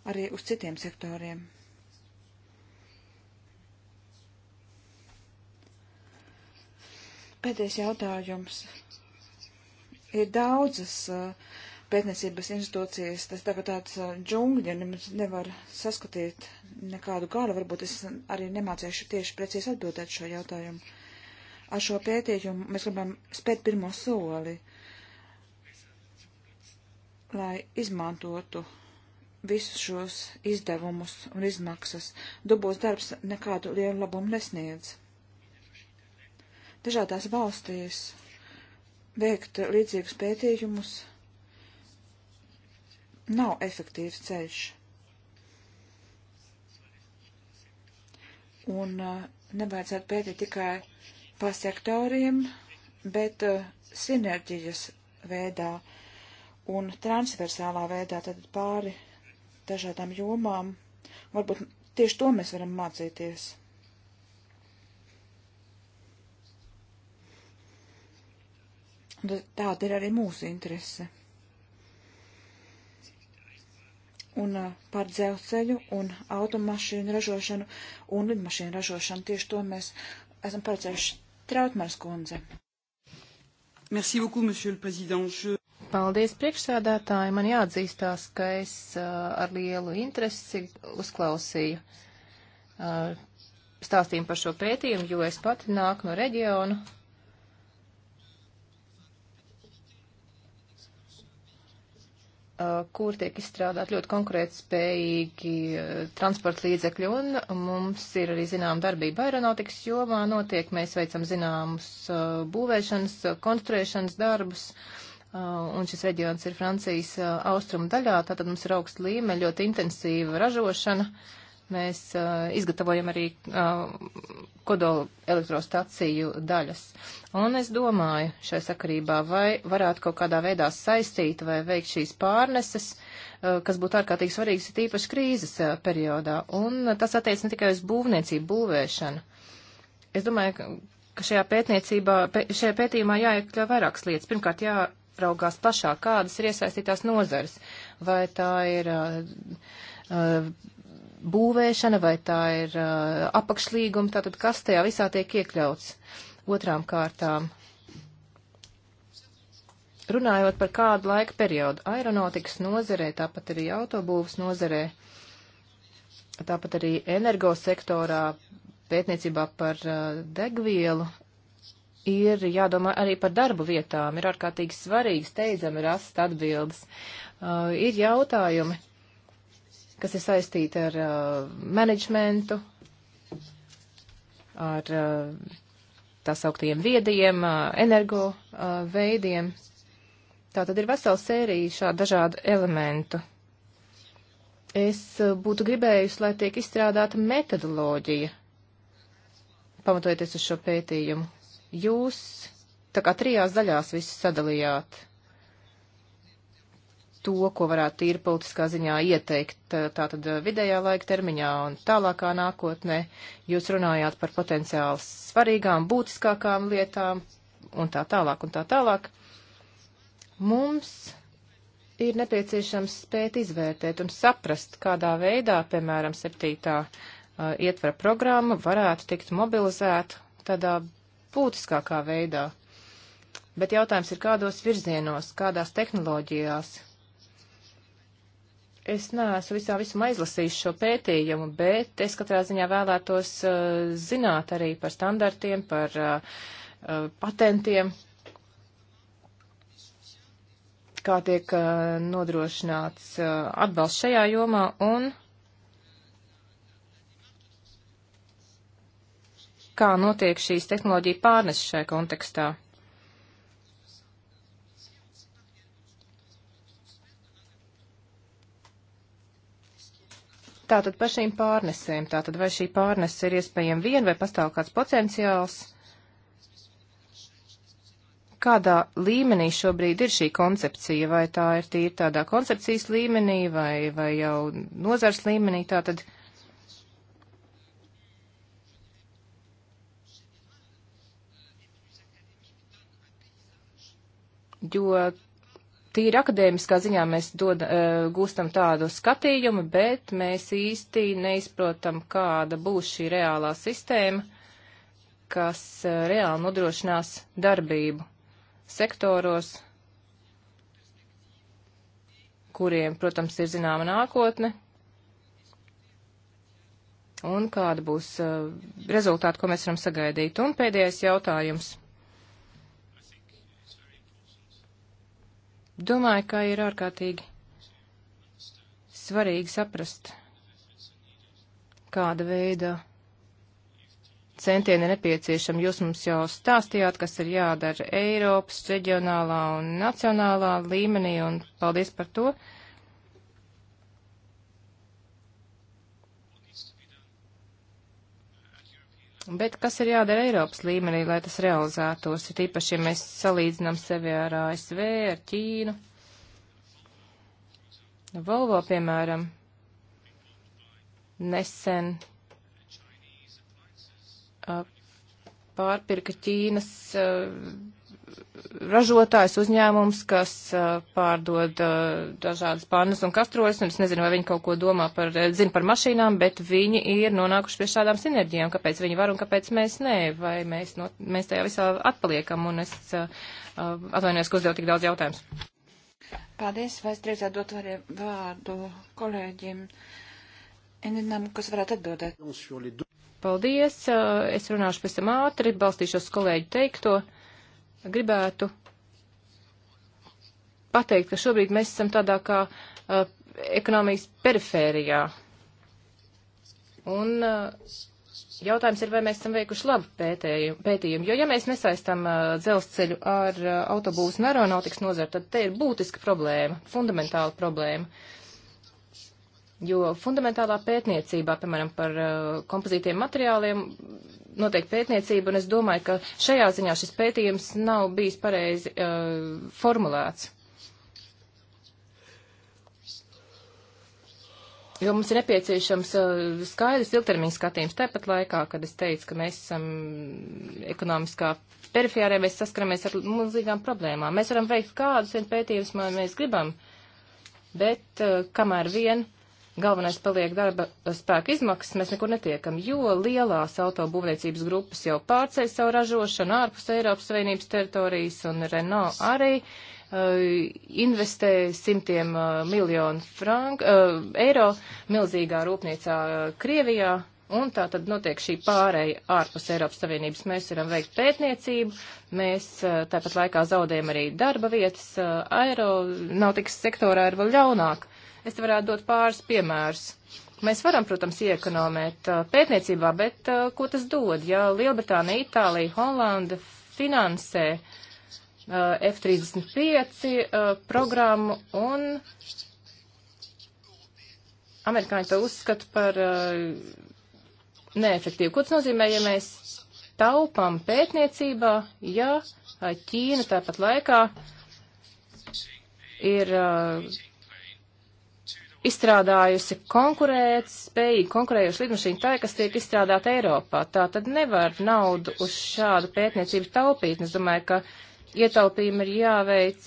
arī uz citiem sektoriem. Pēdējais jautājums. Ir daudzas uh, pētniecības institūcijas, tas tagad tāds uh, džungļi, nemaz nevar saskatīt nekādu gālu, varbūt es arī nemācīšu tieši precīzi atbildēt šo jautājumu. Ar šo pētījumu mēs gribam spēt pirmo soli, lai izmantotu visus šos izdevumus un izmaksas. Dubos darbs nekādu lielu labumu nesniedz. Dažādās valstīs veikt līdzīgus pētījumus nav efektīvs ceļš. Un uh, nevajadzētu pētīt tikai pa sektoriem, bet uh, sinerģijas veidā un transversālā veidā, tad pāri dažādām jomām. Varbūt tieši to mēs varam mācīties. Tāda ir arī mūsu interese. un par dzelzceļu un automašīnu ražošanu un lidmašīnu ražošanu. Tieši to mēs esam paredzējuši Trautmars kundze. Merci beaucoup, monsieur le président. Je... Paldies priekšsēdētāji. Man jāatzīstās, ka es uh, ar lielu interesi uzklausīju uh, stāstījumu par šo pētījumu, jo es pati nāku no reģionu, Uh, kur tiek izstrādāt ļoti konkrēti spējīgi uh, transporta līdzekļi, un mums ir arī zinām darbība aeronautikas jomā notiek, mēs veicam zināmus uh, būvēšanas, konstruēšanas darbus, un šis reģions ir Francijas austrumu daļā, tātad mums ir augsta līmeņa, ļoti intensīva ražošana. Uh, Mēs uh, izgatavojam arī uh, eh, kodola elektrostaciju daļas. Un es domāju šai sakarībā, vai varētu kaut kādā veidā saistīt vai veikt šīs pārneses, uh, kas būtu ārkārtīgi svarīgas, ir tīpaši krīzes uh, periodā. Un uh, tas attiec ne tikai uz būvniecību, būvēšanu. Es domāju, ka, ka šajā pētniecībā, pē, šajā pētījumā jāiekļauj vairākas lietas. Pirmkārt, jāraugās plašāk, kādas ir iesaistītās nozares, vai tā ir uh, uh, būvēšana vai tā ir uh, apakšlīguma, tātad kas tajā visā tiek iekļauts. Otrām kārtām, runājot par kādu laika periodu, aeronautikas nozarē, tāpat arī autobūvas nozarē, tāpat arī energosektorā, pētniecībā par uh, degvielu, ir jādomā arī par darbu vietām, ir ārkārtīgi svarīgi steidzami rast atbildes. Uh, ir jautājumi, kas ir saistīti ar uh, menedžmentu, ar uh, tā sauktiem viediem, uh, energo uh, veidiem. Tā tad ir vesela sērija šādu dažādu elementu. Es uh, būtu gribējusi, lai tiek izstrādāta metodoloģija, pamatojoties uz šo pētījumu. Jūs tā kā trijās daļās visu sadalījāt to, ko varētu tīri politiskā ziņā ieteikt tātad uh, vidējā laika termiņā un tālākā nākotnē. Jūs runājāt par potenciāli svarīgām, būtiskākām lietām un tā tālāk un tā tālāk. Mums ir nepieciešams spēt izvērtēt un saprast, kādā veidā, piemēram, septītā uh, ietvara programma varētu tikt mobilizēta tādā būtiskākā veidā. Bet jautājums ir, kādos virzienos, kādās tehnoloģijās, Es neesmu visā visumā aizlasījis šo pētījumu, bet es katrā ziņā vēlētos uh, zināt arī par standartiem, par uh, uh, patentiem, kā tiek uh, nodrošināts uh, atbalsts šajā jomā un kā notiek šīs tehnoloģija pārnes šajā kontekstā. Tātad par šīm pārnesēm, tātad vai šī pārnese ir iespējama vien vai pastāv kāds potenciāls? Kādā līmenī šobrīd ir šī koncepcija, vai tā ir tīri tādā koncepcijas līmenī vai, vai jau nozars līmenī, tātad. Jo tīri akadēmiskā ziņā mēs dod, uh, e, gūstam tādu skatījumu, bet mēs īsti neizprotam, kāda būs šī reālā sistēma, kas uh, reāli nodrošinās darbību sektoros, kuriem, protams, ir zināma nākotne, un kāda būs uh, e, rezultāta, ko mēs varam sagaidīt. Un pēdējais jautājums. Domāju, ka ir ārkārtīgi svarīgi saprast, kāda veida centieni nepieciešami. Jūs mums jau stāstījāt, kas ir jādara Eiropas, reģionālā un nacionālā līmenī, un paldies par to. Uh, Bet kas ir jādara Eiropas līmenī, lai tas realizētos, ir īpaši, ja mēs salīdzinām sevi ar ASV, ar Ķīnu? Volvo, piemēram, nesen uh, pārpirka Ķīnas uh, ražotājs uzņēmums, kas uh, pārdod uh, dažādas pannas un kastroļus, un es nezinu, vai viņi kaut ko domā par, eh, zina par mašīnām, bet viņi ir nonākuši pie šādām sinerģijām, kāpēc viņi var un kāpēc mēs nē, vai mēs, no, mēs tajā visā atpaliekam, un es uh, uh atvainojos, ka uzdevu tik daudz jautājumus. Paldies, vai es drīzāk dot vārdu kolēģiem, Eninam, kas varētu atbildēt. Paldies, uh, es runāšu pēc tam ātri, balstīšos kolēģi teikto. Uh, gribētu pateikt, ka šobrīd mēs esam tādā kā uh, ekonomijas perifērijā. Un uh, jautājums ir, vai mēs esam veikuši labu pētējumu, pētījumu, jo ja mēs nesaistam uh, dzelzceļu ar uh, autobūsu un aeronautikas nozaru, tad te ir būtiska problēma, fundamentāla problēma. Jo fundamentālā pētniecībā, piemēram, par uh, kompozītiem materiāliem, noteikti pētniecība, un es domāju, ka šajā ziņā šis pētījums nav bijis pareizi uh, formulēts. Jo mums ir nepieciešams uh, skaidrs ilgtermiņa skatījums. Tāpat laikā, kad es teicu, ka mēs esam ekonomiskā perifērē, mēs saskaramies ar milzīgām problēmām. Mēs varam veikt kādus vien pētījumus, mēs gribam, bet uh, kamēr vien uh, galvenais paliek darba spēka izmaksas, mēs nekur netiekam, jo lielās autobūvniecības grupas jau pārceļ savu ražošanu ārpus Eiropas Savienības teritorijas, un Renault arī uh, investē simtiem uh, miljonu franku, uh, eiro milzīgā rūpniecā uh, Krievijā, Un tā tad notiek šī pārēja ārpus Eiropas Savienības. Mēs varam veikt pētniecību, mēs uh, tāpat laikā zaudējam arī darba vietas. Uh, aero nautikas sektorā ir vēl ļaunāk. Es te varētu dot pāris piemērus. Mēs varam, protams, iekonomēt uh, pētniecībā, bet uh, ko tas dod? Ja Lielbritānija, Itālija, Holanda finansē uh, F-35 programmu un amerikāņi to uzskata par neefektīvu. Ko tas nozīmē, ja mēs taupām pētniecībā, ja Ķīna tāpat laikā ir izstrādājusi konkurēt spējīgi konkurējuši lidmašīnu tai, kas tiek izstrādāta Eiropā. Tā tad nevar naudu uz šādu pētniecību taupīt. Es domāju, ka ietaupījumi ir jāveic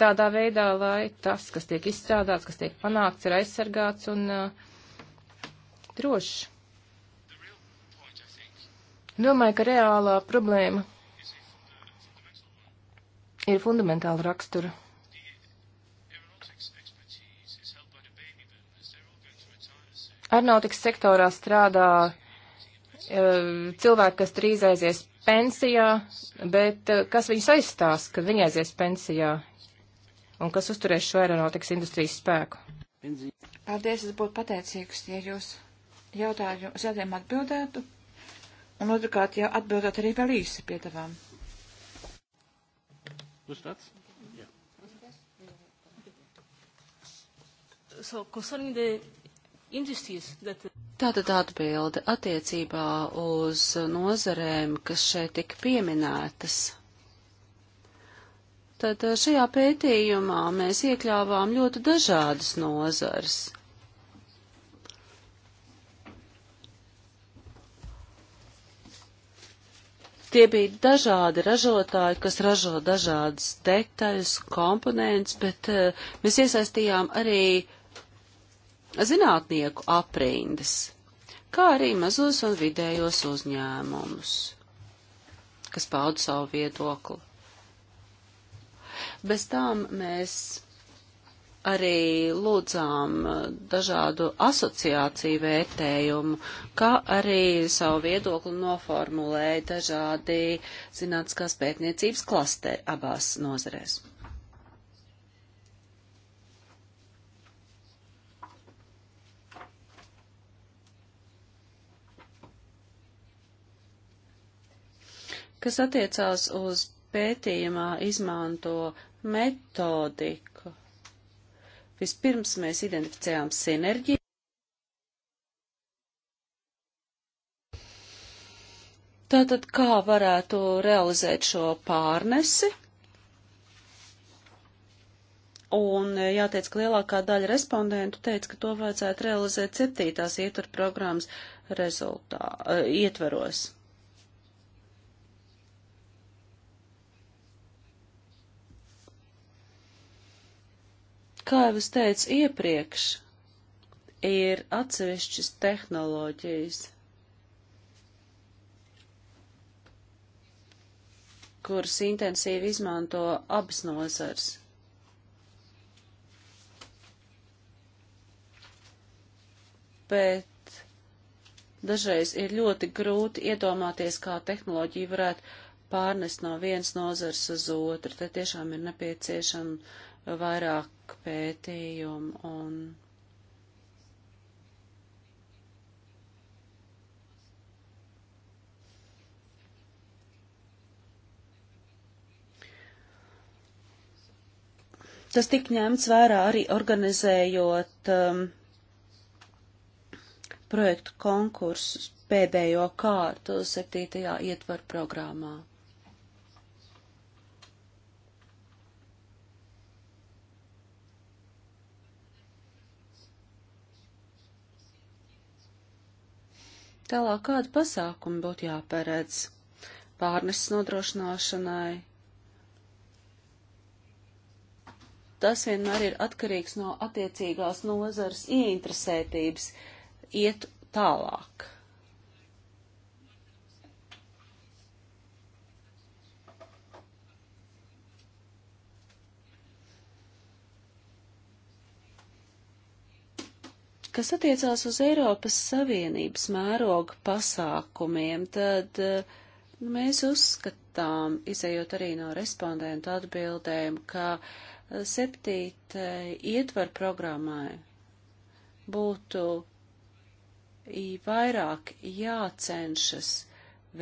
tādā veidā, lai tas, kas tiek izstrādāts, kas tiek panākts, ir aizsargāts un uh, drošs. Domāju, ka reālā problēma ir fundamentāla rakstura. Aeronautikas sektorā strādā e, cilvēki, kas drīz aizies pensijā, bet e, kas viņus aizstās, kad viņi aizies pensijā un kas uzturēs šo aeronautikas industrijas spēku? Paldies, es būtu pateicīgs, ja jūs jautājumu sēdēm atbildētu, un otrkārt jau atbildot arī vēl īsi pie tavām. So, concerning the Tātad atbilde attiecībā uz nozarēm, kas šeit tika pieminētas. Tad eh, šajā pētījumā mēs iekļāvām ļoti dažādas nozars. Tie bija dažādi ražotāji, kas ražo dažādas detaļas, komponents, bet uh, mēs iesaistījām arī zinātnieku aprindas, kā arī mazos un vidējos uzņēmumus, kas pauda savu viedokli. Bez tām mēs arī lūdzām uh, dažādu asociāciju vērtējumu, kā arī savu viedokli noformulēja dažādi zinātniskās pētniecības klasteri abās nozarēs. Kas attiecās uz pētījumā izmanto metodiku, vispirms mēs identificējām sinerģiju. Tātad, kā varētu realizēt šo pārnesi? Un jāteic, ka lielākā daļa respondentu teica, ka to vajadzētu realizēt septītās ietver programmas rezultā, eh, ietveros. Kā jau es teicu iepriekš, ir atsevišķas tehnoloģijas, kuras intensīvi izmanto abas nozars. Bet dažreiz ir ļoti grūti iedomāties, kā tehnoloģija varētu pārnest no vienas nozars uz otru. Te tiešām ir nepieciešama vairāk pētījumu un Tas tik ņemts vērā arī organizējot um, projektu konkursus pēdējo kārtu 7. ietvaru programmā. Tālāk kādu pasākumu būtu jāparedz pārneses nodrošināšanai? Tas vienmēr ir atkarīgs no attiecīgās nozars ieinteresētības iet tālāk. Kas attiecās uz Eiropas Savienības mēroga pasākumiem, tad eh, mēs uzskatām, izējot arī no respondentu atbildēm, ka eh, septītai ietvar programmai būtu vairāk jācenšas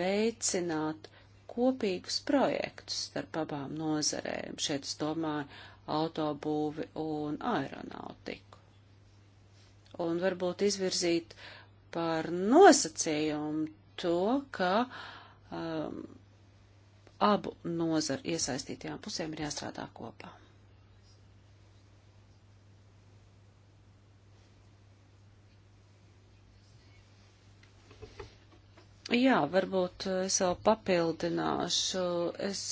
veicināt kopīgus projektus starp abām nozarēm. Šeit es domāju autobūvi un aeronautiku un varbūt izvirzīt par nosacījumu to, ka um, abu nozaru iesaistītajām pusēm ir jāstrādā kopā. Jā, varbūt es vēl papildināšu. Es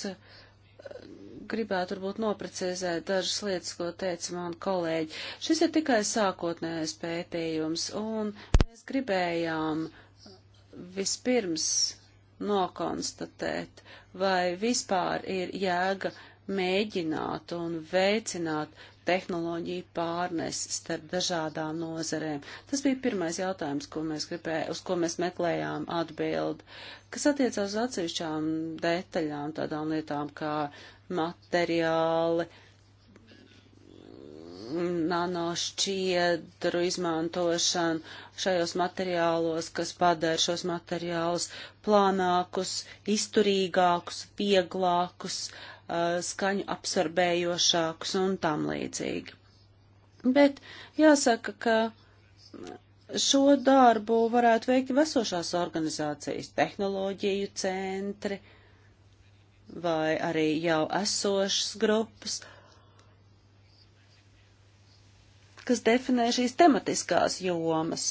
gribētu varbūt noprecizēt dažas lietas, ko teica man kolēģi. Šis ir tikai sākotnējais pētījums, un mēs gribējām vispirms nokonstatēt, vai vispār ir jēga mēģināt un veicināt tehnoloģiju pārnesi starp dažādām nozarēm. Tas bija pirmais jautājums, ko mēs gribēja, uz ko mēs meklējām atbildi, kas attiecās uz atsevišķām detaļām, tādām lietām kā uh, materiāli, nanošķiedru izmantošanu šajos materiālos, kas padara šos materiālus plānākus, izturīgākus, vieglākus, eh, skaņu absorbējošākus un tam līdzīgi. Bet jāsaka, ka šo darbu varētu veikt vesošās organizācijas, tehnoloģiju centri, uh, vai arī jau esošas grupas, kas definē šīs tematiskās jomas.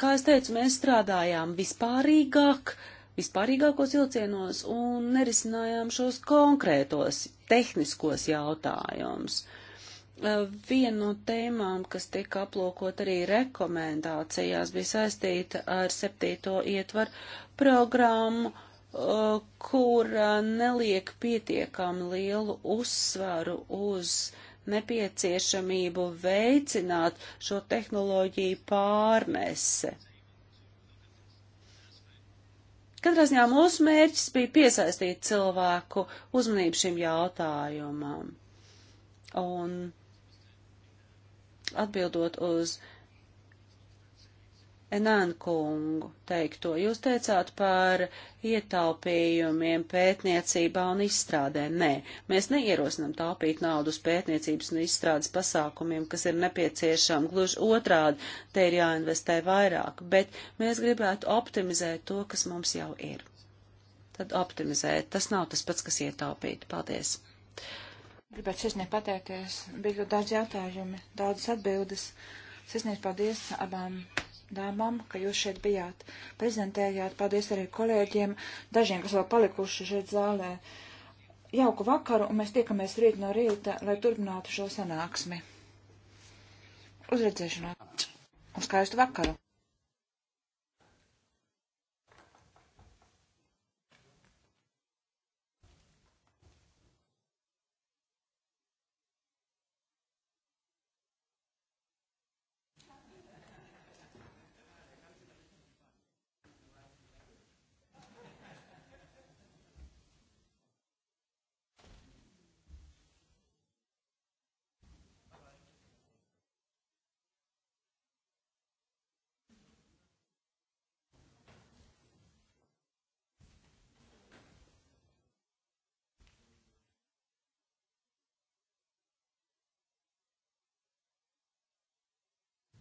Kā es teicu, mēs strādājām vispārīgāk, vispārīgākos vilcienos un nerisinājām šos konkrētos tehniskos jautājumus. Eh, viena no tēmām, kas tika aplūkot arī rekomendācijās, bija saistīta ar septīto ietvaru programmu Uh, kur uh, neliek pietiekami lielu uzsvaru uz nepieciešamību veicināt šo tehnoloģiju pārnese. Katrā ziņā mūsu mērķis bija piesaistīt cilvēku uzmanību šim jautājumam. Un atbildot uz uh, Enankungu teikto. Jūs teicāt par ietaupījumiem pētniecībā un izstrādē. Nē, mēs neierosinam taupīt naudu uz pētniecības un izstrādes pasākumiem, kas ir nepieciešami. Gluži otrādi, te ir jāinvestē vairāk, bet mēs gribētu optimizēt to, kas mums jau ir. Tad optimizēt, tas nav tas pats, kas ietaupīt. Paldies! Gribētu sirsnīgi pateikties. Bija ļoti daudz jautājumi, daudzas atbildes. Sirsnīgi paldies abām dāmām, ka jūs šeit bijāt, prezentējāt. Paldies arī kolēģiem, dažiem, kas vēl palikuši šeit zālē. Jauku vakaru, un mēs tiekamies rīt no rīta, lai turpinātu šo sanāksmi. Uzredzēšanos! Un skaistu vakaru!